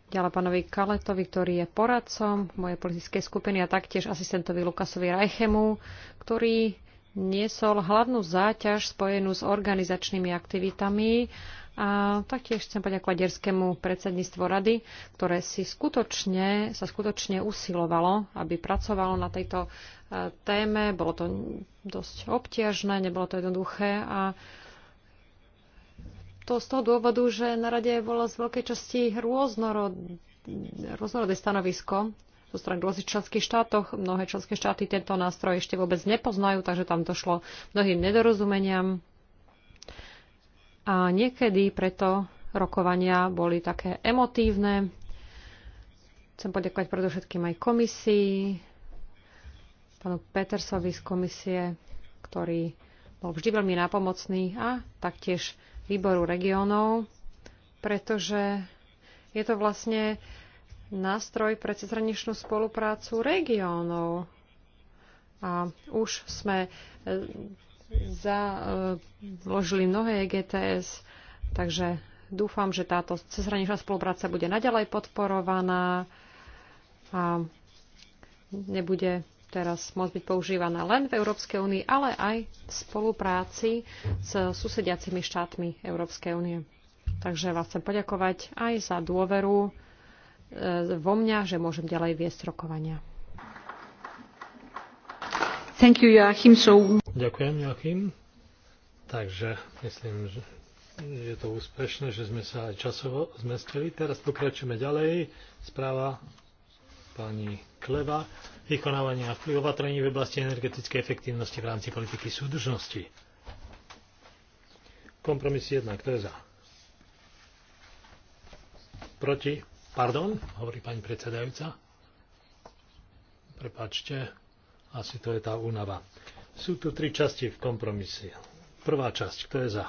ďalej pánovi Kaletovi, ktorý je poradcom mojej politickej skupiny a taktiež asistentovi Lukasovi Rajchemu, ktorý niesol hlavnú záťaž spojenú s organizačnými aktivitami a taktiež chcem poďakovať jerskému predsedníctvu rady, ktoré si skutočne, sa skutočne usilovalo, aby pracovalo na tejto e, téme. Bolo to dosť obťažné, nebolo to jednoduché a to z toho dôvodu, že na rade bolo z veľkej časti rôznorodné rôznorodé stanovisko zo strany rôznych členských štátoch. Mnohé členské štáty tento nástroj ešte vôbec nepoznajú, takže tam došlo mnohým nedorozumeniam. A niekedy preto rokovania boli také emotívne. Chcem poďakovať predovšetkým aj komisii, pánu Petersovi z komisie, ktorý bol vždy veľmi nápomocný a taktiež výboru regiónov, pretože je to vlastne nástroj pre cezhraničnú spoluprácu regiónov. A už sme e, založili e, mnohé EGTS, takže dúfam, že táto cezhraničná spolupráca bude naďalej podporovaná a nebude teraz môcť byť používaná len v Európskej únii, ale aj v spolupráci s susediacimi štátmi Európskej únie. Takže vás chcem poďakovať aj za dôveru, E, vo mňa, že môžem ďalej viesť rokovania. Thank you, Joachim. So... Ďakujem, Joachim. Takže myslím, že je to úspešné, že sme sa aj časovo zmestili. Teraz pokračujeme ďalej. Správa pani Kleva. Vykonávanie a vplyv opatrení v oblasti energetickej efektívnosti v rámci politiky súdržnosti. Kompromis 1. Kto je za? Proti? Pardon, hovorí pani predsedajúca. Prepačte, asi to je tá únava. Sú tu tri časti v kompromise. Prvá časť, kto je za?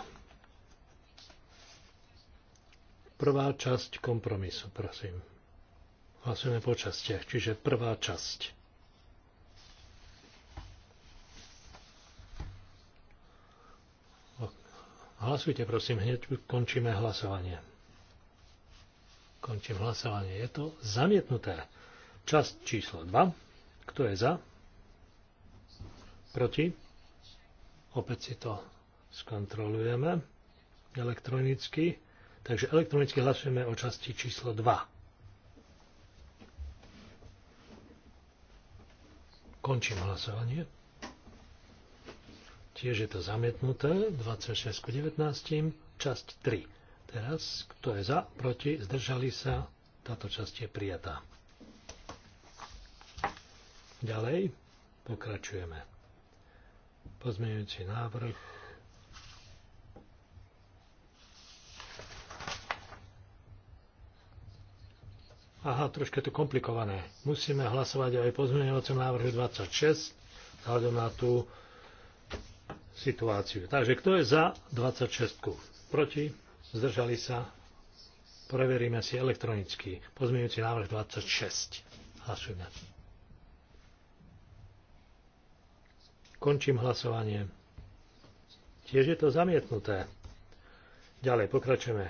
Prvá časť kompromisu, prosím. Hlasujeme po častiach, čiže prvá časť. Hlasujte, prosím, hneď končíme hlasovanie. Končím hlasovanie. Je to zamietnuté. Časť číslo 2. Kto je za? Proti? Opäť si to skontrolujeme elektronicky. Takže elektronicky hlasujeme o časti číslo 2. Končím hlasovanie. Tiež je to zamietnuté. 26 ku 19. Časť 3 teraz, kto je za, proti, zdržali sa, táto časť je prijatá. Ďalej pokračujeme. Pozmeňujúci návrh. Aha, trošku je to komplikované. Musíme hlasovať aj pozmeňovacom návrhu 26, vzhľadom na tú situáciu. Takže kto je za 26? Proti? zdržali sa, preveríme si elektronicky. Pozmeňujúci návrh 26. Hlasujme. Končím hlasovanie. Tiež je to zamietnuté. Ďalej pokračujeme.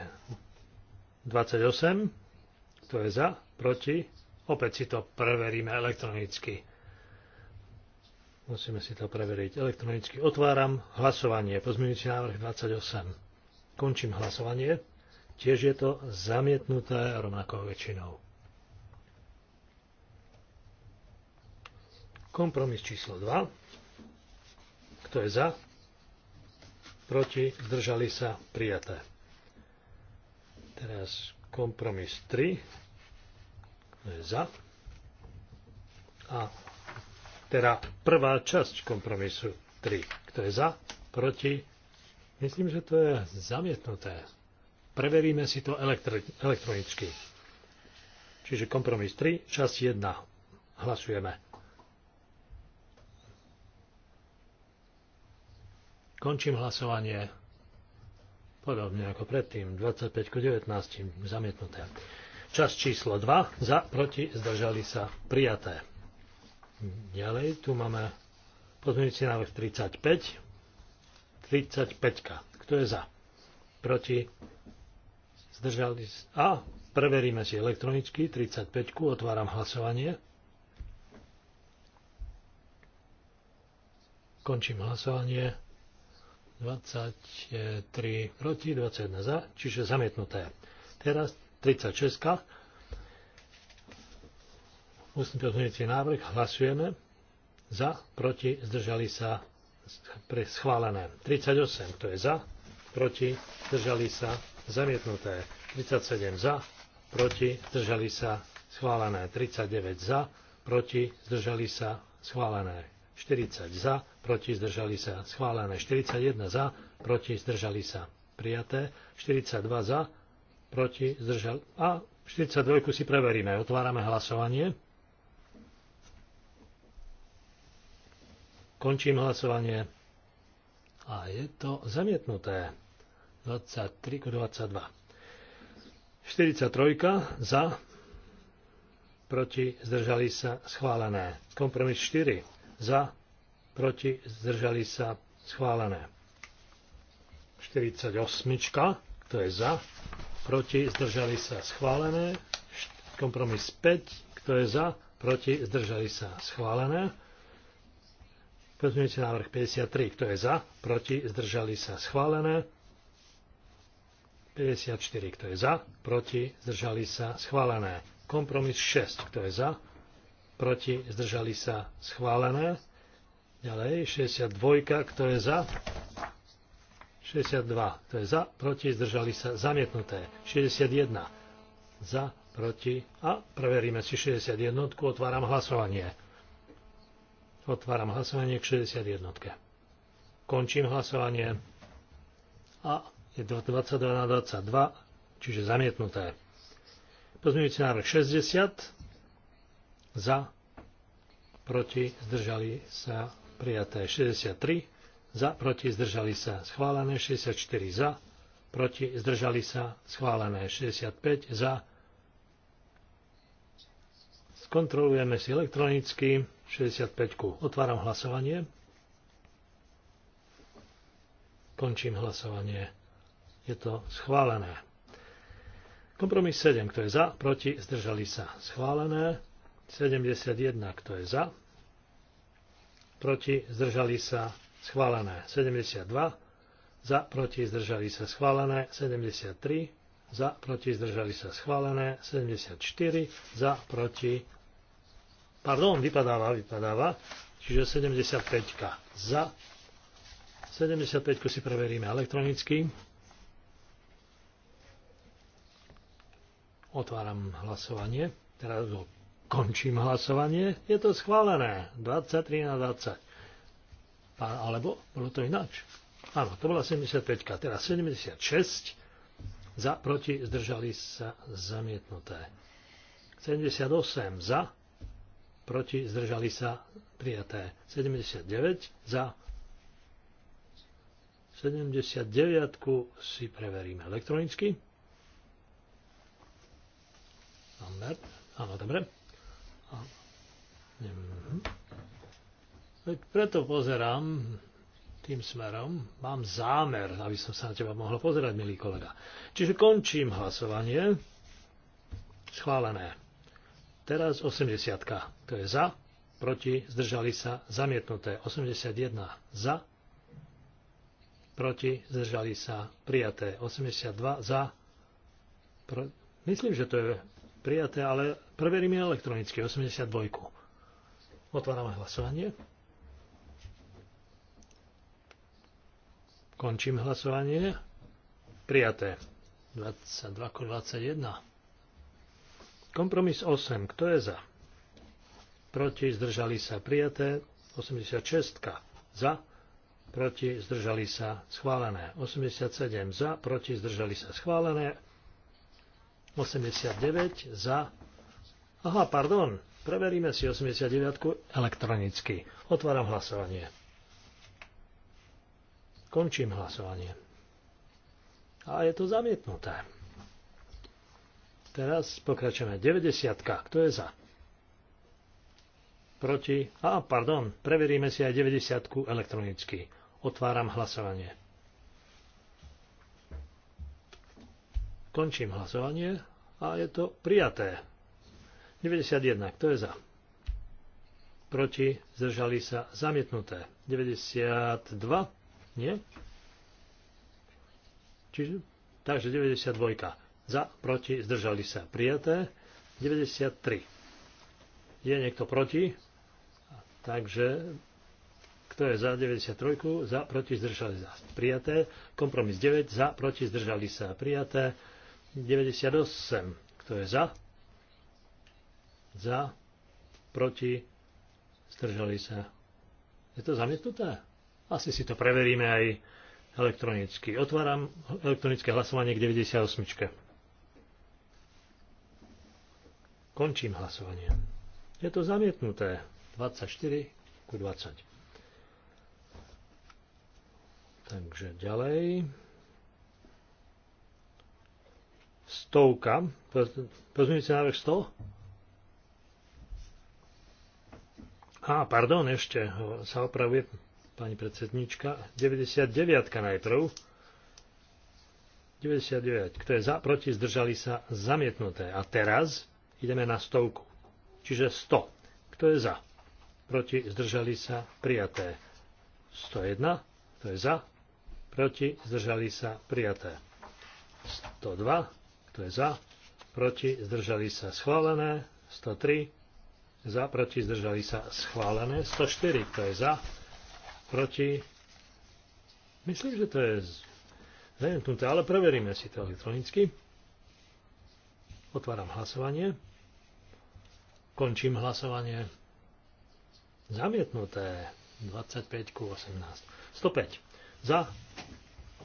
28. Kto je za? Proti? Opäť si to preveríme elektronicky. Musíme si to preveriť elektronicky. Otváram hlasovanie. Pozmeňujúci návrh 28. Končím hlasovanie. Tiež je to zamietnuté rovnakou väčšinou. Kompromis číslo 2. Kto je za? Proti? Zdržali sa? Prijaté. Teraz kompromis 3. Kto je za? A teda prvá časť kompromisu 3. Kto je za? Proti? Myslím, že to je zamietnuté. Preveríme si to elektri- elektronicky. Čiže kompromis 3, časť 1. Hlasujeme. Končím hlasovanie podobne ako predtým, 25 ku 19, zamietnuté. Čas číslo 2, za, proti, zdržali sa, prijaté. Ďalej, tu máme pozmeňujúci návrh 35, 35. Kto je za? Proti? Zdržali A. Preveríme si elektronicky 35. Otváram hlasovanie. Končím hlasovanie. 23 proti, 21 za, čiže zamietnuté. Teraz 36. Ústny pozmeňujúci návrh. Hlasujeme. Za, proti, zdržali sa pre schválené. 38, to je za, proti, zdržali sa, zamietnuté. 37 za, proti, zdržali sa, schválené. 39 za, proti, zdržali sa, schválené. 40 za, proti, zdržali sa, schválené. 41 za, proti, zdržali sa, prijaté. 42 za, proti, zdržali... A 42 si preveríme. Otvárame hlasovanie. Končím hlasovanie. A je to zamietnuté. 23 k 22. 43 za, proti, zdržali sa, schválené. Kompromis 4 za, proti, zdržali sa, schválené. 48, kto je za, proti, zdržali sa, schválené. Kompromis 5, kto je za, proti, zdržali sa, schválené. Pozmeňujúci návrh 53. Kto je za? Proti? Zdržali sa? Schválené. 54. Kto je za? Proti? Zdržali sa? Schválené. Kompromis 6. Kto je za? Proti? Zdržali sa? Schválené. Ďalej. 62. Kto je za? 62. Kto je za? Proti? Zdržali sa? Zamietnuté. 61. Za? Proti? A preveríme si 61. Otváram hlasovanie. Otváram hlasovanie k 61. Končím hlasovanie. A je 22 na 22, čiže zamietnuté. Pozmeňujúci návrh 60. Za. Proti. Zdržali sa. Prijaté 63 za, proti, zdržali sa, schválené 64 za, proti, zdržali sa, schválené 65 za. Skontrolujeme si elektronicky. 65. Otváram hlasovanie. Končím hlasovanie. Je to schválené. Kompromis 7, kto je za, proti, zdržali sa. Schválené. 71, kto je za, proti, zdržali sa. Schválené. 72, za, proti, zdržali sa. Schválené. 73, za, proti, zdržali sa. Schválené. 74, za, proti, Pardon, vypadáva, vypadáva. Čiže 75 za. 75 si preveríme elektronicky. Otváram hlasovanie. Teraz ho končím hlasovanie. Je to schválené. 23 na 20. A, alebo bolo to ináč. Áno, to bola 75. Teraz 76. Za, proti, zdržali sa zamietnuté. 78 za, proti, zdržali sa, prijaté. 79 za. 79 si preveríme elektronicky. Lambert. Áno, dobre. Veď mhm. preto pozerám tým smerom. Mám zámer, aby som sa na teba mohol pozerať, milý kolega. Čiže končím hlasovanie. Schválené. Teraz 80. To je za, proti, zdržali sa, zamietnuté. 81 za, proti, zdržali sa, prijaté. 82 za, pro... myslím, že to je prijaté, ale preveríme elektronicky. 82. Otvárame hlasovanie. Končím hlasovanie. Prijaté. 22 21. Kompromis 8. Kto je za? proti, zdržali sa prijaté, 86 za, proti, zdržali sa schválené, 87 za, proti, zdržali sa schválené, 89 za, aha, pardon, preveríme si 89 elektronicky. Otváram hlasovanie. Končím hlasovanie. A je to zamietnuté. Teraz pokračujeme. 90. Kto je za? proti, a pardon, preveríme si aj 90 elektronicky. Otváram hlasovanie. Končím hlasovanie a je to prijaté. 91. Kto je za? Proti, zdržali sa, zamietnuté. 92? Nie? Čiže, takže 92. Za, proti, zdržali sa, prijaté. 93. Je niekto proti? Takže kto je za 93, za, proti, zdržali sa prijaté. Kompromis 9, za, proti, zdržali sa prijaté. 98, kto je za? Za, proti, zdržali sa. Je to zamietnuté? Asi si to preveríme aj elektronicky. Otváram elektronické hlasovanie k 98. Končím hlasovanie. Je to zamietnuté. 24 ku 20. Takže ďalej. Stovka. Pozmite návrh 100. Á, pardon, ešte sa opravuje pani predsednička. 99 najprv. 99. Kto je za, proti, zdržali sa, zamietnuté. A teraz ideme na stovku. Čiže 100. Kto je za? proti, zdržali sa, prijaté. 101, to je za, proti, zdržali sa, prijaté. 102, to je za, proti, zdržali sa, schválené. 103, za, proti, zdržali sa, schválené. 104, to je za, proti, myslím, že to je zamietnuté, ale preveríme si to elektronicky. Otváram hlasovanie. Končím hlasovanie. Zamietnuté. 25 ku 18. 105. Za.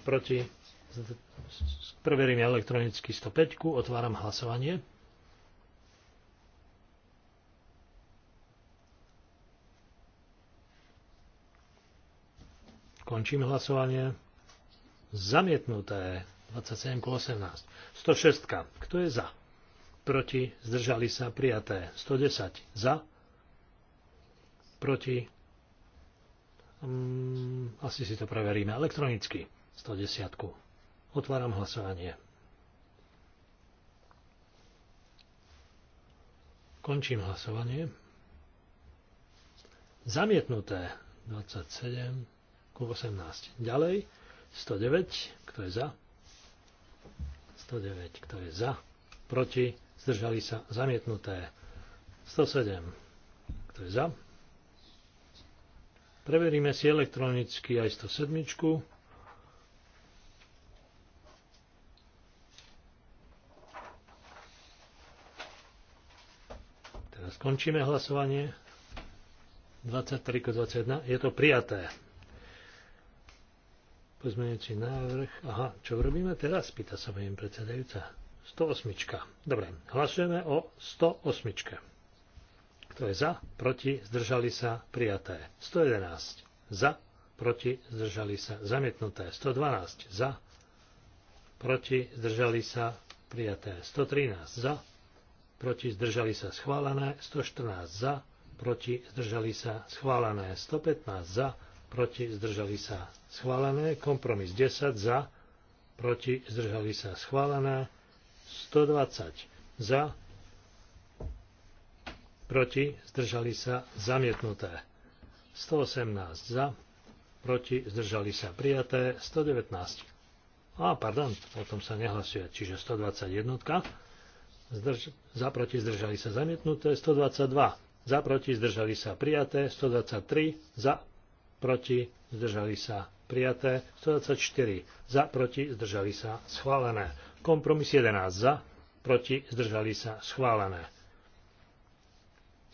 Proti. Preveríme elektronicky 105. Otváram hlasovanie. Končím hlasovanie. Zamietnuté. 27 ku 18. 106. Kto je za? Proti. Zdržali sa. Prijaté. 110. Za proti, um, asi si to preveríme elektronicky, 110. Otváram hlasovanie. Končím hlasovanie. Zamietnuté 27 ku 18. Ďalej 109, kto je za? 109, kto je za? Proti? Zdržali sa zamietnuté. 107, kto je za? Preveríme si elektronicky aj 107. Teraz skončíme hlasovanie. 23.21. Je to prijaté. Pozmeňujúci návrh. Aha, čo robíme teraz? Pýta sa mojim predsedajúca. 108. Dobre, hlasujeme o 108. To je za, proti, zdržali sa, prijaté. 111. Za, proti, zdržali sa, zamietnuté. 112. Za, proti, zdržali sa, prijaté. 113. Za, proti, zdržali sa, schválené. 114. Za, proti, zdržali sa, schválené. 115. Za, proti, zdržali sa, schválené. Kompromis 10. Za, proti, zdržali sa, schválené. 120. Za, proti, zdržali sa, zamietnuté. 118 za, proti, zdržali sa, prijaté, 119. A, pardon, o tom sa nehlasuje, čiže 121. Zdrž, za, proti, zdržali sa, zamietnuté, 122. Za, proti, zdržali sa, prijaté, 123. Za, proti, zdržali sa, prijaté, 124. Za, proti, zdržali sa, schválené. Kompromis 11 za, proti, zdržali sa, schválené.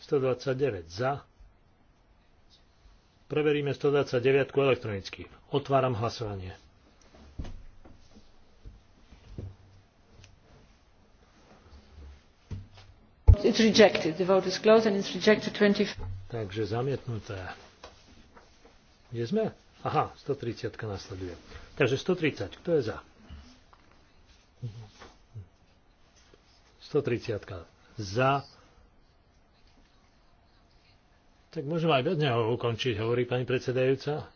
129 za. Preveríme 129 elektronicky. Otváram hlasovanie. It's rejected. The vote is closed and it's rejected 20... Takže zamietnuté. Kde sme? Aha, 130 nasleduje. Takže 130, kto je za? 130 za, tak môžeme aj bez neho ukončiť, hovorí pani predsedajúca.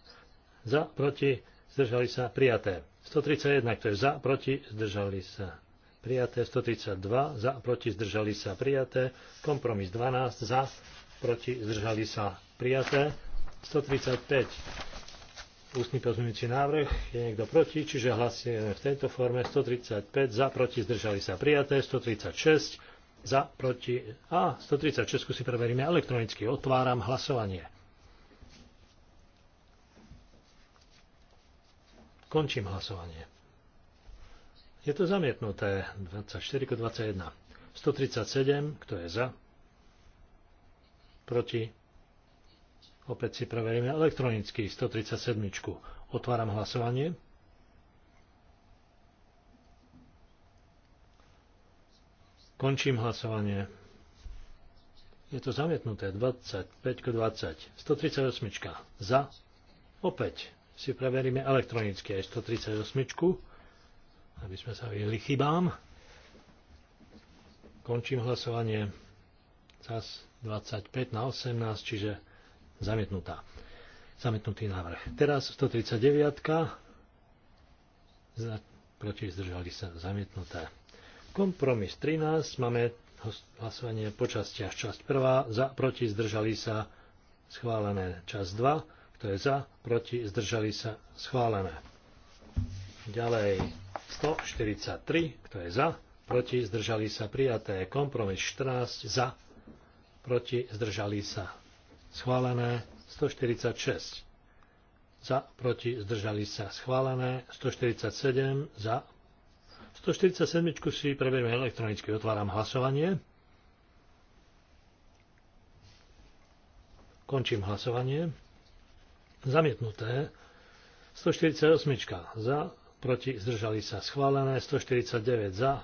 Za, proti, zdržali sa, prijaté. 131, to je za, proti, zdržali sa, prijaté. 132, za, proti, zdržali sa, prijaté. Kompromis 12, za, proti, zdržali sa, prijaté. 135, ústny pozmeňujúci návrh, je niekto proti, čiže hlasujeme v tejto forme. 135, za, proti, zdržali sa, prijaté. 136, za, proti a 136 si preveríme elektronicky. Otváram hlasovanie. Končím hlasovanie. Je to zamietnuté 24 k 21. 137, kto je za? Proti? Opäť si preveríme elektronicky 137. Otváram hlasovanie. Končím hlasovanie. Je to zamietnuté. 25 k 20. 138. Za. Opäť si preveríme elektronicky aj 138, aby sme sa vyhli chybám. Končím hlasovanie. Čas 25 na 18, čiže zamietnutá. Zamietnutý návrh. Teraz 139. Za, proti zdržali sa zamietnuté. Kompromis 13. Máme hlasovanie po častiach. Časť prvá Za, proti, zdržali sa. Schválené. Časť 2. Kto je za, proti, zdržali sa. Schválené. Ďalej 143. Kto je za, proti, zdržali sa. Prijaté. Kompromis 14. Za, proti, zdržali sa. Schválené. 146. Za, proti, zdržali sa. Schválené. 147. Za, 147 si preberieme elektronicky. Otváram hlasovanie. Končím hlasovanie. Zamietnuté. 148 za, proti, zdržali sa. Schválené. 149 za,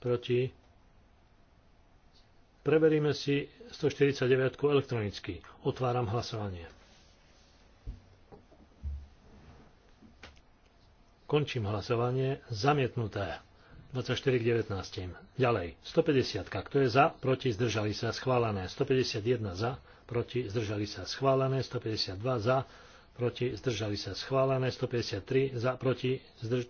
proti. Preberíme si 149 elektronicky. Otváram hlasovanie. Končím hlasovanie. Zamietnuté. 24 k 19. Ďalej. 150. Kto je za? Proti? Zdržali sa? Schválené. 151 za? Proti? Zdržali sa? Schválené. 152 za? Proti? Zdržali sa? Schválené. 153 za? Proti? Zdrž...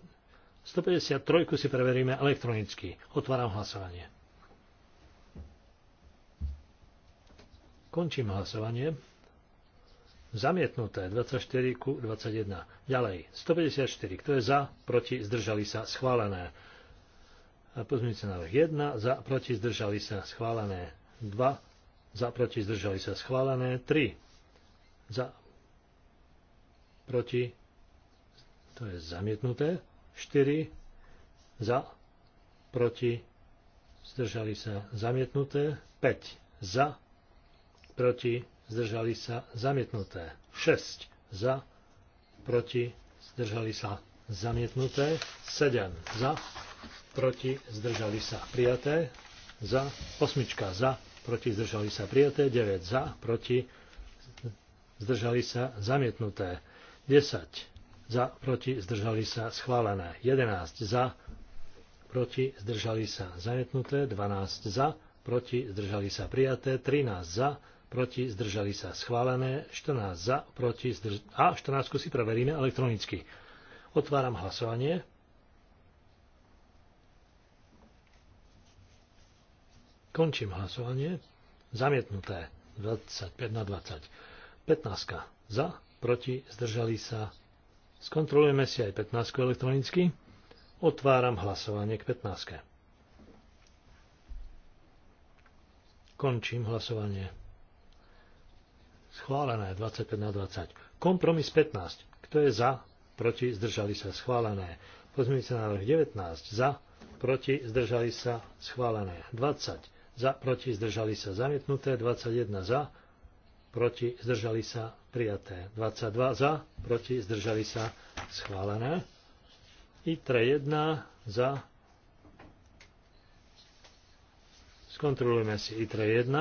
153 si preveríme elektronicky. Otváram hlasovanie. Končím hlasovanie. Zamietnuté 24 ku 21. Ďalej 154. Kto je za, proti, zdržali sa, schválené. Pozmiňujúci návrh 1. Za, proti, zdržali sa, schválené. 2. Za, proti, zdržali sa, schválené. 3. Za, proti, to je zamietnuté. 4. Za, proti, zdržali sa, zamietnuté. 5. Za, proti, zdržali sa zamietnuté. 6 za, proti, zdržali sa zamietnuté. 7 za, proti, zdržali sa prijaté. Za, osmička za, proti, zdržali sa prijaté. 9 za, proti, zdržali sa zamietnuté. 10 za, proti, zdržali sa schválené. 11 za, proti, zdržali sa zamietnuté. 12 za, proti, zdržali sa prijaté. 13 za, proti, zdržali sa schválené, 14 za, proti, zdrž... a 14 si preveríme elektronicky. Otváram hlasovanie. Končím hlasovanie. Zamietnuté 25 na 20. 15 za, proti, zdržali sa. Skontrolujeme si aj 15 elektronicky. Otváram hlasovanie k 15. Končím hlasovanie. Schválené 25 na 20. Kompromis 15. Kto je za? Proti? Zdržali sa? Schválené. Pozmeňujúci návrh 19. Za? Proti? Zdržali sa? Schválené. 20. Za? Proti? Zdržali sa? Zamietnuté. 21. Za? Proti? Zdržali sa? Prijaté. 22. Za? Proti? Zdržali sa? Schválené. ITRE 1. Za? Skontrolujeme si ITRE 1.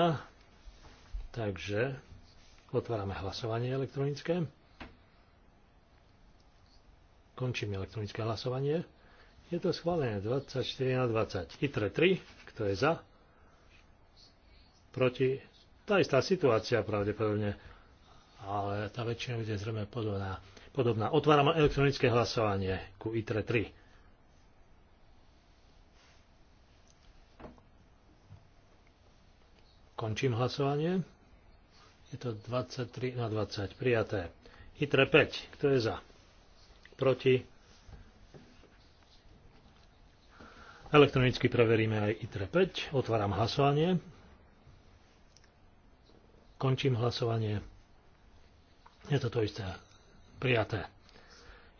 Takže Otvárame hlasovanie elektronické. Končím elektronické hlasovanie. Je to schválené 24 na 20. ITRE 3, kto je za? Proti? Tá istá situácia pravdepodobne, ale tá väčšina bude zrejme podobná. podobná. Otváram elektronické hlasovanie ku ITRE 3. Končím hlasovanie. Je to 23 na 20. Prijaté. ITRE 5. Kto je za? Proti? Elektronicky preveríme aj ITRE 5. Otváram hlasovanie. Končím hlasovanie. Je to to isté. Prijaté.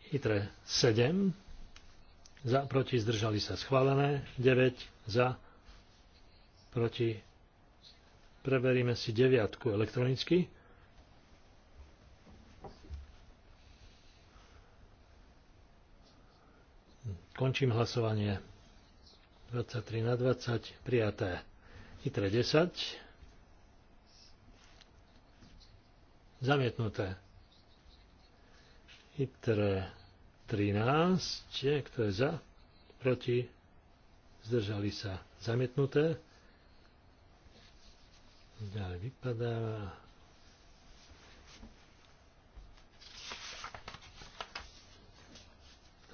ITRE 7. Za, proti, zdržali sa schválené. 9. Za, proti, Preveríme si deviatku elektronicky. Končím hlasovanie. 23 na 20, prijaté. Nitre 10. Zamietnuté. Itre 13, kto je za, proti, zdržali sa zamietnuté. Ďalej vypadáva.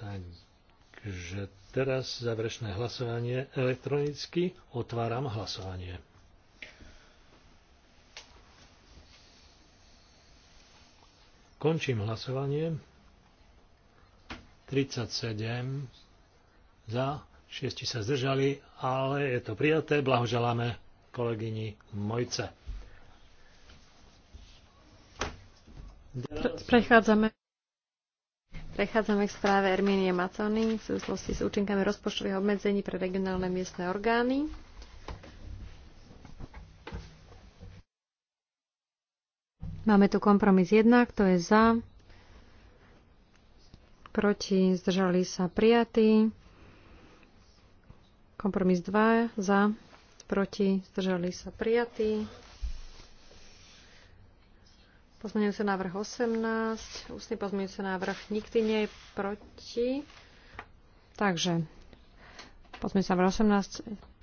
Takže teraz záverečné hlasovanie elektronicky. Otváram hlasovanie. Končím hlasovanie. 37 za, 6 sa zdržali, ale je to prijaté. Blahoželáme kolegyni Mojce. Prechádzame Prechádzame k správe Erminie Macony v súvislosti s účinkami rozpočtových obmedzení pre regionálne miestne orgány. Máme tu kompromis 1, kto je za, proti, zdržali sa prijatí. Kompromis 2, za, proti, zdržali sa prijatí. sa návrh 18, ústny sa návrh nikdy nie je proti. Takže sa návrh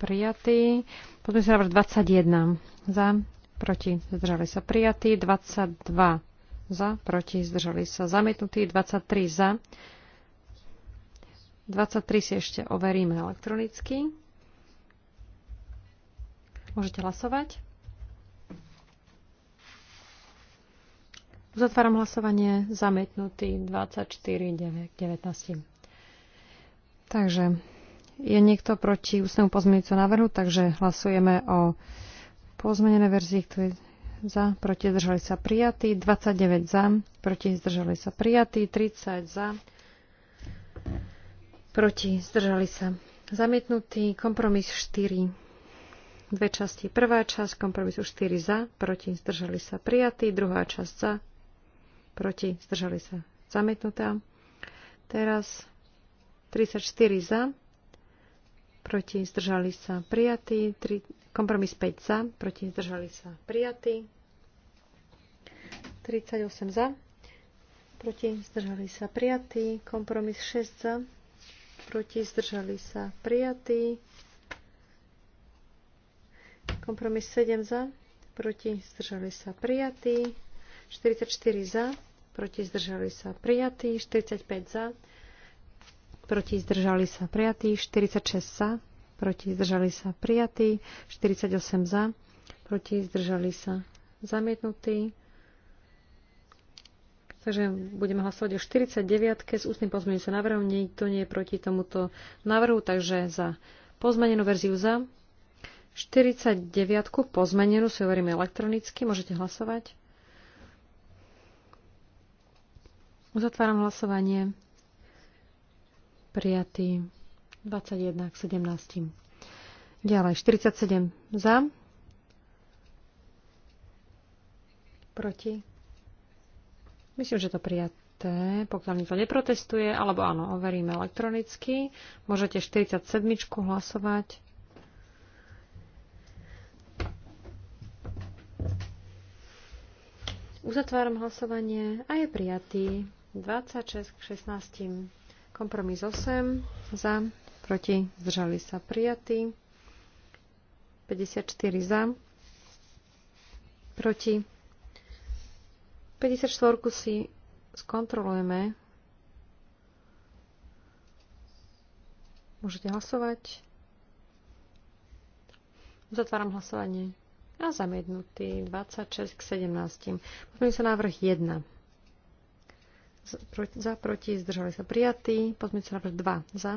18 prijatý. sa návrh 21 za, proti, zdržali sa prijatí. 22 za, proti, zdržali sa zamietnutí. 23 za. 23 si ešte overíme elektronicky. Môžete hlasovať. Uzatváram hlasovanie zamietnutý 24 9, 19. Takže je niekto proti ústnemu pozmeňujúcu návrhu, takže hlasujeme o pozmenené verzii, kto je za, proti zdržali sa prijatí, 29 za, proti zdržali sa prijatí, 30 za, proti zdržali sa zamietnutý, kompromis 4 Dve časti. Prvá časť už 4 za, proti, zdržali sa prijatí. Druhá časť za, proti, zdržali sa zamietnutá. Teraz 34 za, proti, zdržali sa prijatí. kompromis 5 za, proti, zdržali sa prijatí. 38 za, proti, zdržali sa prijatí. Kompromis 6 za, proti, zdržali sa prijatí. Kompromis 7 za, proti zdržali sa prijatí. 44 za, proti zdržali sa prijatí. 45 za, proti zdržali sa prijatí. 46 za, proti zdržali sa prijatí. 48 za, proti zdržali sa zamietnutí. Takže budeme hlasovať o 49 s ústnym sa návrhom. Nikto nie je proti tomuto návrhu, takže za pozmenenú verziu za, 49 pozmenenú si hovoríme elektronicky. Môžete hlasovať. Uzatváram hlasovanie. Prijatý 21 k 17. Ďalej 47 za. Proti. Myslím, že to prijaté. Pokiaľ nikto neprotestuje, alebo áno, overíme elektronicky. Môžete 47 hlasovať. Uzatváram hlasovanie a je prijatý 26 k 16. Kompromis 8 za, proti, zdržali sa prijatí. 54 za, proti. 54 si skontrolujeme. Môžete hlasovať. Zatváram hlasovanie a zamietnutý 26 k 17. Pozmeňujem sa návrh 1. Za, proti, zdržali sa prijatí. Pozmeňujem sa návrh 2. Za,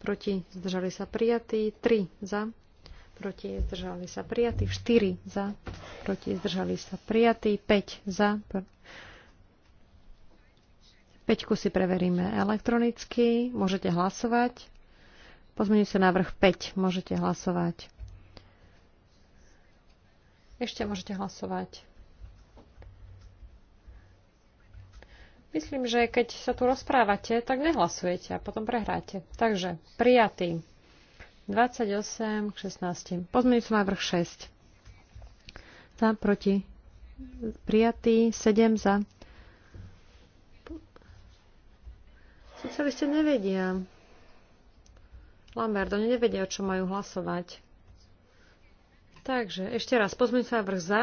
proti, zdržali sa prijatí. 3. Za, proti, zdržali sa prijatí. 4. Za, proti, zdržali sa prijatí. 5. Za, Peťku si preveríme elektronicky. Môžete hlasovať. Pozmeňujem sa návrh 5. Môžete hlasovať. Ešte môžete hlasovať. Myslím, že keď sa tu rozprávate, tak nehlasujete a potom prehráte. Takže prijatý. 28 k 16. Pozmeňujúci návrh 6. Za, proti. Prijatý. 7 za. Socialisti nevedia. oni nevedia, o čo majú hlasovať. Takže ešte raz, pozmeň sa vrch za,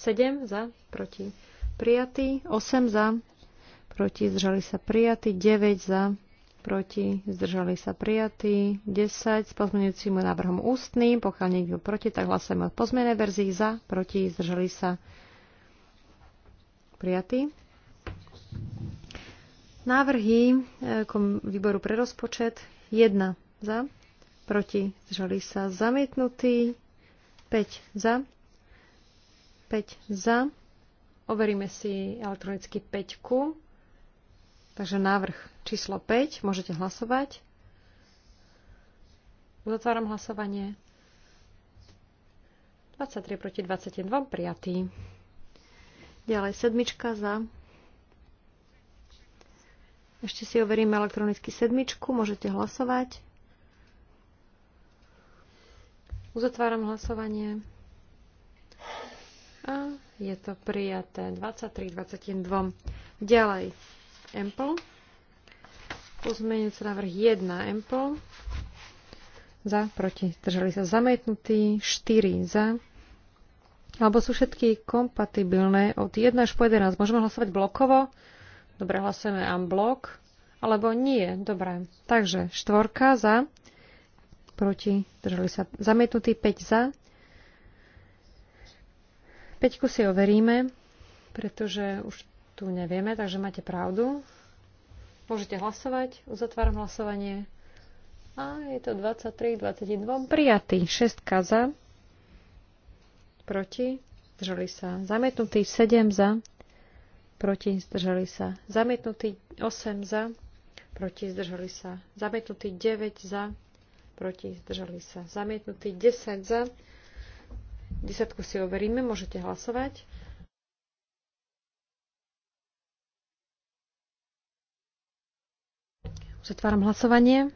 7 za, proti, prijatý, 8 za, proti, zdržali sa prijatý, 9 za, proti, zdržali sa prijatý, 10 s pozmeňujúcim návrhom ústnym, pokiaľ niekto proti, tak hlasujeme o pozmenej verzii za, proti, zdržali sa prijatí. Návrhy e, výboru pre rozpočet 1 za, proti, zdržali sa zamietnutý. 5 za. 5 za. Overíme si elektronicky 5. -ku. Takže návrh číslo 5. Môžete hlasovať. Uzatváram hlasovanie. 23 proti 21 prijatý. Ďalej sedmička za. Ešte si overíme elektronicky sedmičku. Môžete hlasovať. Uzatváram hlasovanie. A je to prijaté 23 22. Ďalej. Ample. Pozmeniec návrh 1 Ample. Za, proti, Držali sa zamietnutí, 4 za. Alebo sú všetky kompatibilné od 1 až po 11. Môžeme hlasovať blokovo? Dobre, hlasujeme unblock. Alebo nie, dobre. Takže štvorka za, proti, držali sa zamietnutí, 5 za. Peťku si overíme, pretože už tu nevieme, takže máte pravdu. Môžete hlasovať, uzatváram hlasovanie. A je to 23, 22, prijatý, 6 za, proti, zdržali sa zamietnutí, 7 za, proti, zdržali sa zamietnutí, 8 za, proti, zdržali sa zamietnutí, 9 za, proti, zdržali sa zamietnutí, 10 za. Desiatku si overíme, môžete hlasovať. Zatváram hlasovanie.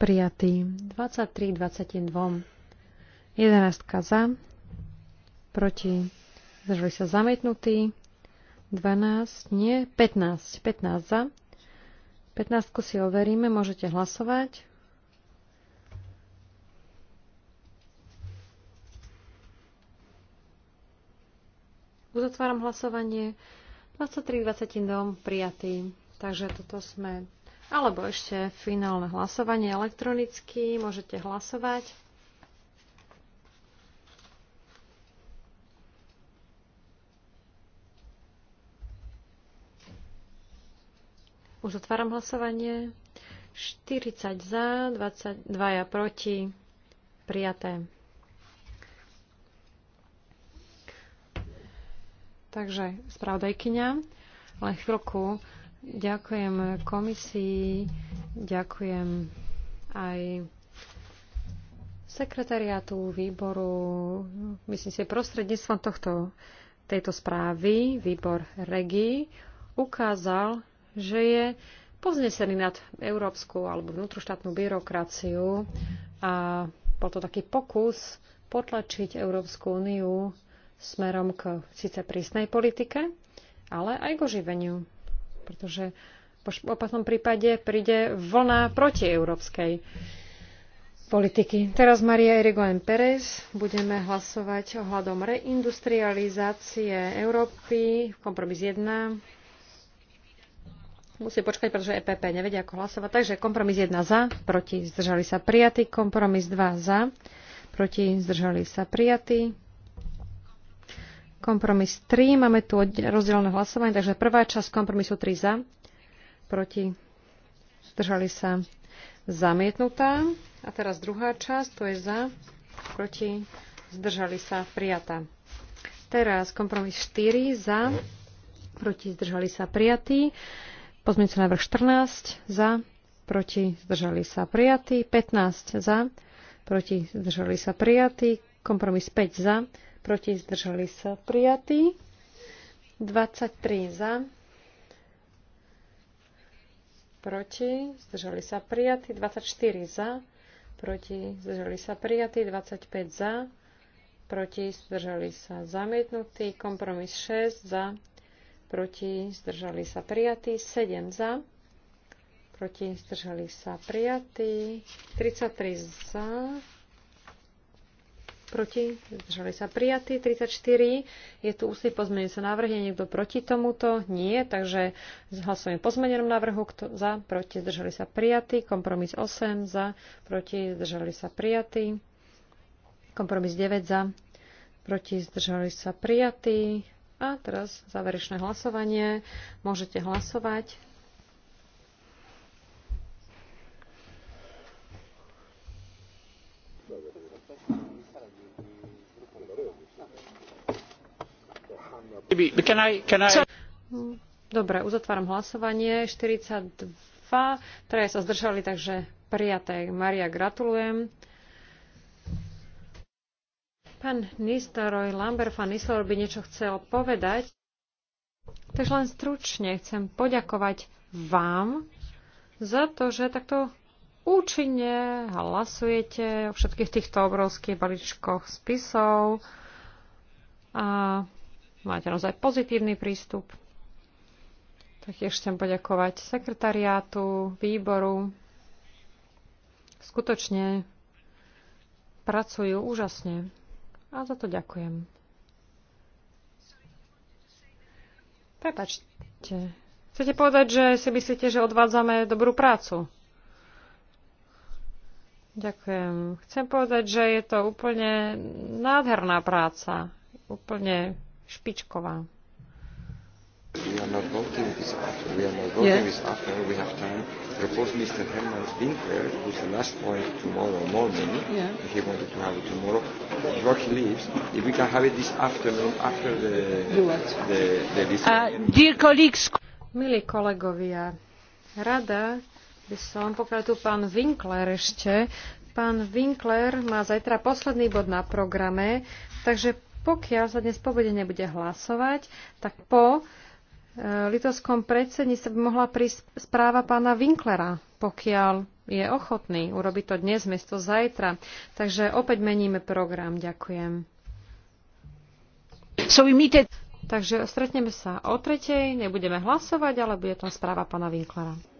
Prijatý 23 22. 11 za. Proti. Zdržali sa zamietnutí. 12, nie, 15. 15 za. 15 si overíme, môžete hlasovať. Uzatváram hlasovanie. 23 20 dom, prijatý. Takže toto sme... Alebo ešte finálne hlasovanie elektronicky. Môžete hlasovať. Už otváram hlasovanie. 40 za, 22 proti. Prijaté. Takže spravodajkyňa, len chvíľku. Ďakujem komisii, ďakujem aj sekretariátu výboru, myslím si, prostredníctvom tohto, tejto správy, výbor REGI, ukázal, že je poznesený nad európsku alebo vnútroštátnu byrokraciu a bol to taký pokus potlačiť Európsku úniu smerom k síce prísnej politike, ale aj k oživeniu. Pretože v opatnom prípade príde vlna protieurópskej politiky. Teraz Maria Irigoyen Pérez. Budeme hlasovať ohľadom reindustrializácie Európy. Kompromis 1. Musí počkať, pretože EPP nevedia, ako hlasovať. Takže kompromis 1 za, proti, zdržali sa prijatí. Kompromis 2 za, proti, zdržali sa prijatí. Kompromis 3. Máme tu rozdielne hlasovanie, takže prvá časť kompromisu 3 za, proti, zdržali sa zamietnutá. A teraz druhá časť, to je za, proti, zdržali sa prijatá. Teraz kompromis 4 za, proti, zdržali sa prijatí. Pozmeňujúci návrh 14 za, proti, zdržali sa prijatí. 15 za, proti, zdržali sa prijatí. Kompromis 5 za, proti zdržali sa prijatí. 23 za, proti zdržali sa prijatí. 24 za, proti zdržali sa prijatí. 25 za, proti zdržali sa zamietnutí. Kompromis 6 za, proti zdržali sa prijatí. 7 za, proti zdržali sa prijatí. 33 za, proti, zdržali sa prijatí, 34, je tu ústny sa návrh, je niekto proti tomuto? Nie, takže hlasujeme pozmenenom návrhu, kto za, proti, zdržali sa prijatí, kompromis 8, za, proti, zdržali sa prijatí, kompromis 9, za, proti, zdržali sa prijatí. A teraz záverečné hlasovanie. Môžete hlasovať. Dobre, uzatváram hlasovanie. 42, traja sa zdržali, takže prijaté. Maria, gratulujem. Pán Nistaroj Lambert, pán Nistaroj by niečo chcel povedať. Takže len stručne chcem poďakovať vám za to, že takto účinne hlasujete o všetkých týchto obrovských balíčkoch spisov. A máte naozaj pozitívny prístup. Taktiež chcem poďakovať sekretariátu, výboru. Skutočne pracujú úžasne a za to ďakujem. Prepačte. Chcete povedať, že si myslíte, že odvádzame dobrú prácu? Ďakujem. Chcem povedať, že je to úplne nádherná práca. Úplne Špičková. We are not voting this after. We are not voting yeah. this after. We have time. Propose Mr. Herman Winkler, who's the last point tomorrow morning. Yeah. He wanted to have it tomorrow. Before leaves, if we can have it this afternoon after the the, the uh, dear colleagues. Milí kolegovia, rada by som, pokiaľ tu pán Winkler ešte, pán Winkler má zajtra posledný bod na programe, takže pokiaľ sa dnes povede nebude hlasovať, tak po e, litovskom sa by mohla prísť správa pána Winklera, pokiaľ je ochotný urobiť to dnes mesto zajtra. Takže opäť meníme program. Ďakujem. So Takže stretneme sa o tretej, nebudeme hlasovať, ale bude tam správa pána Winklera.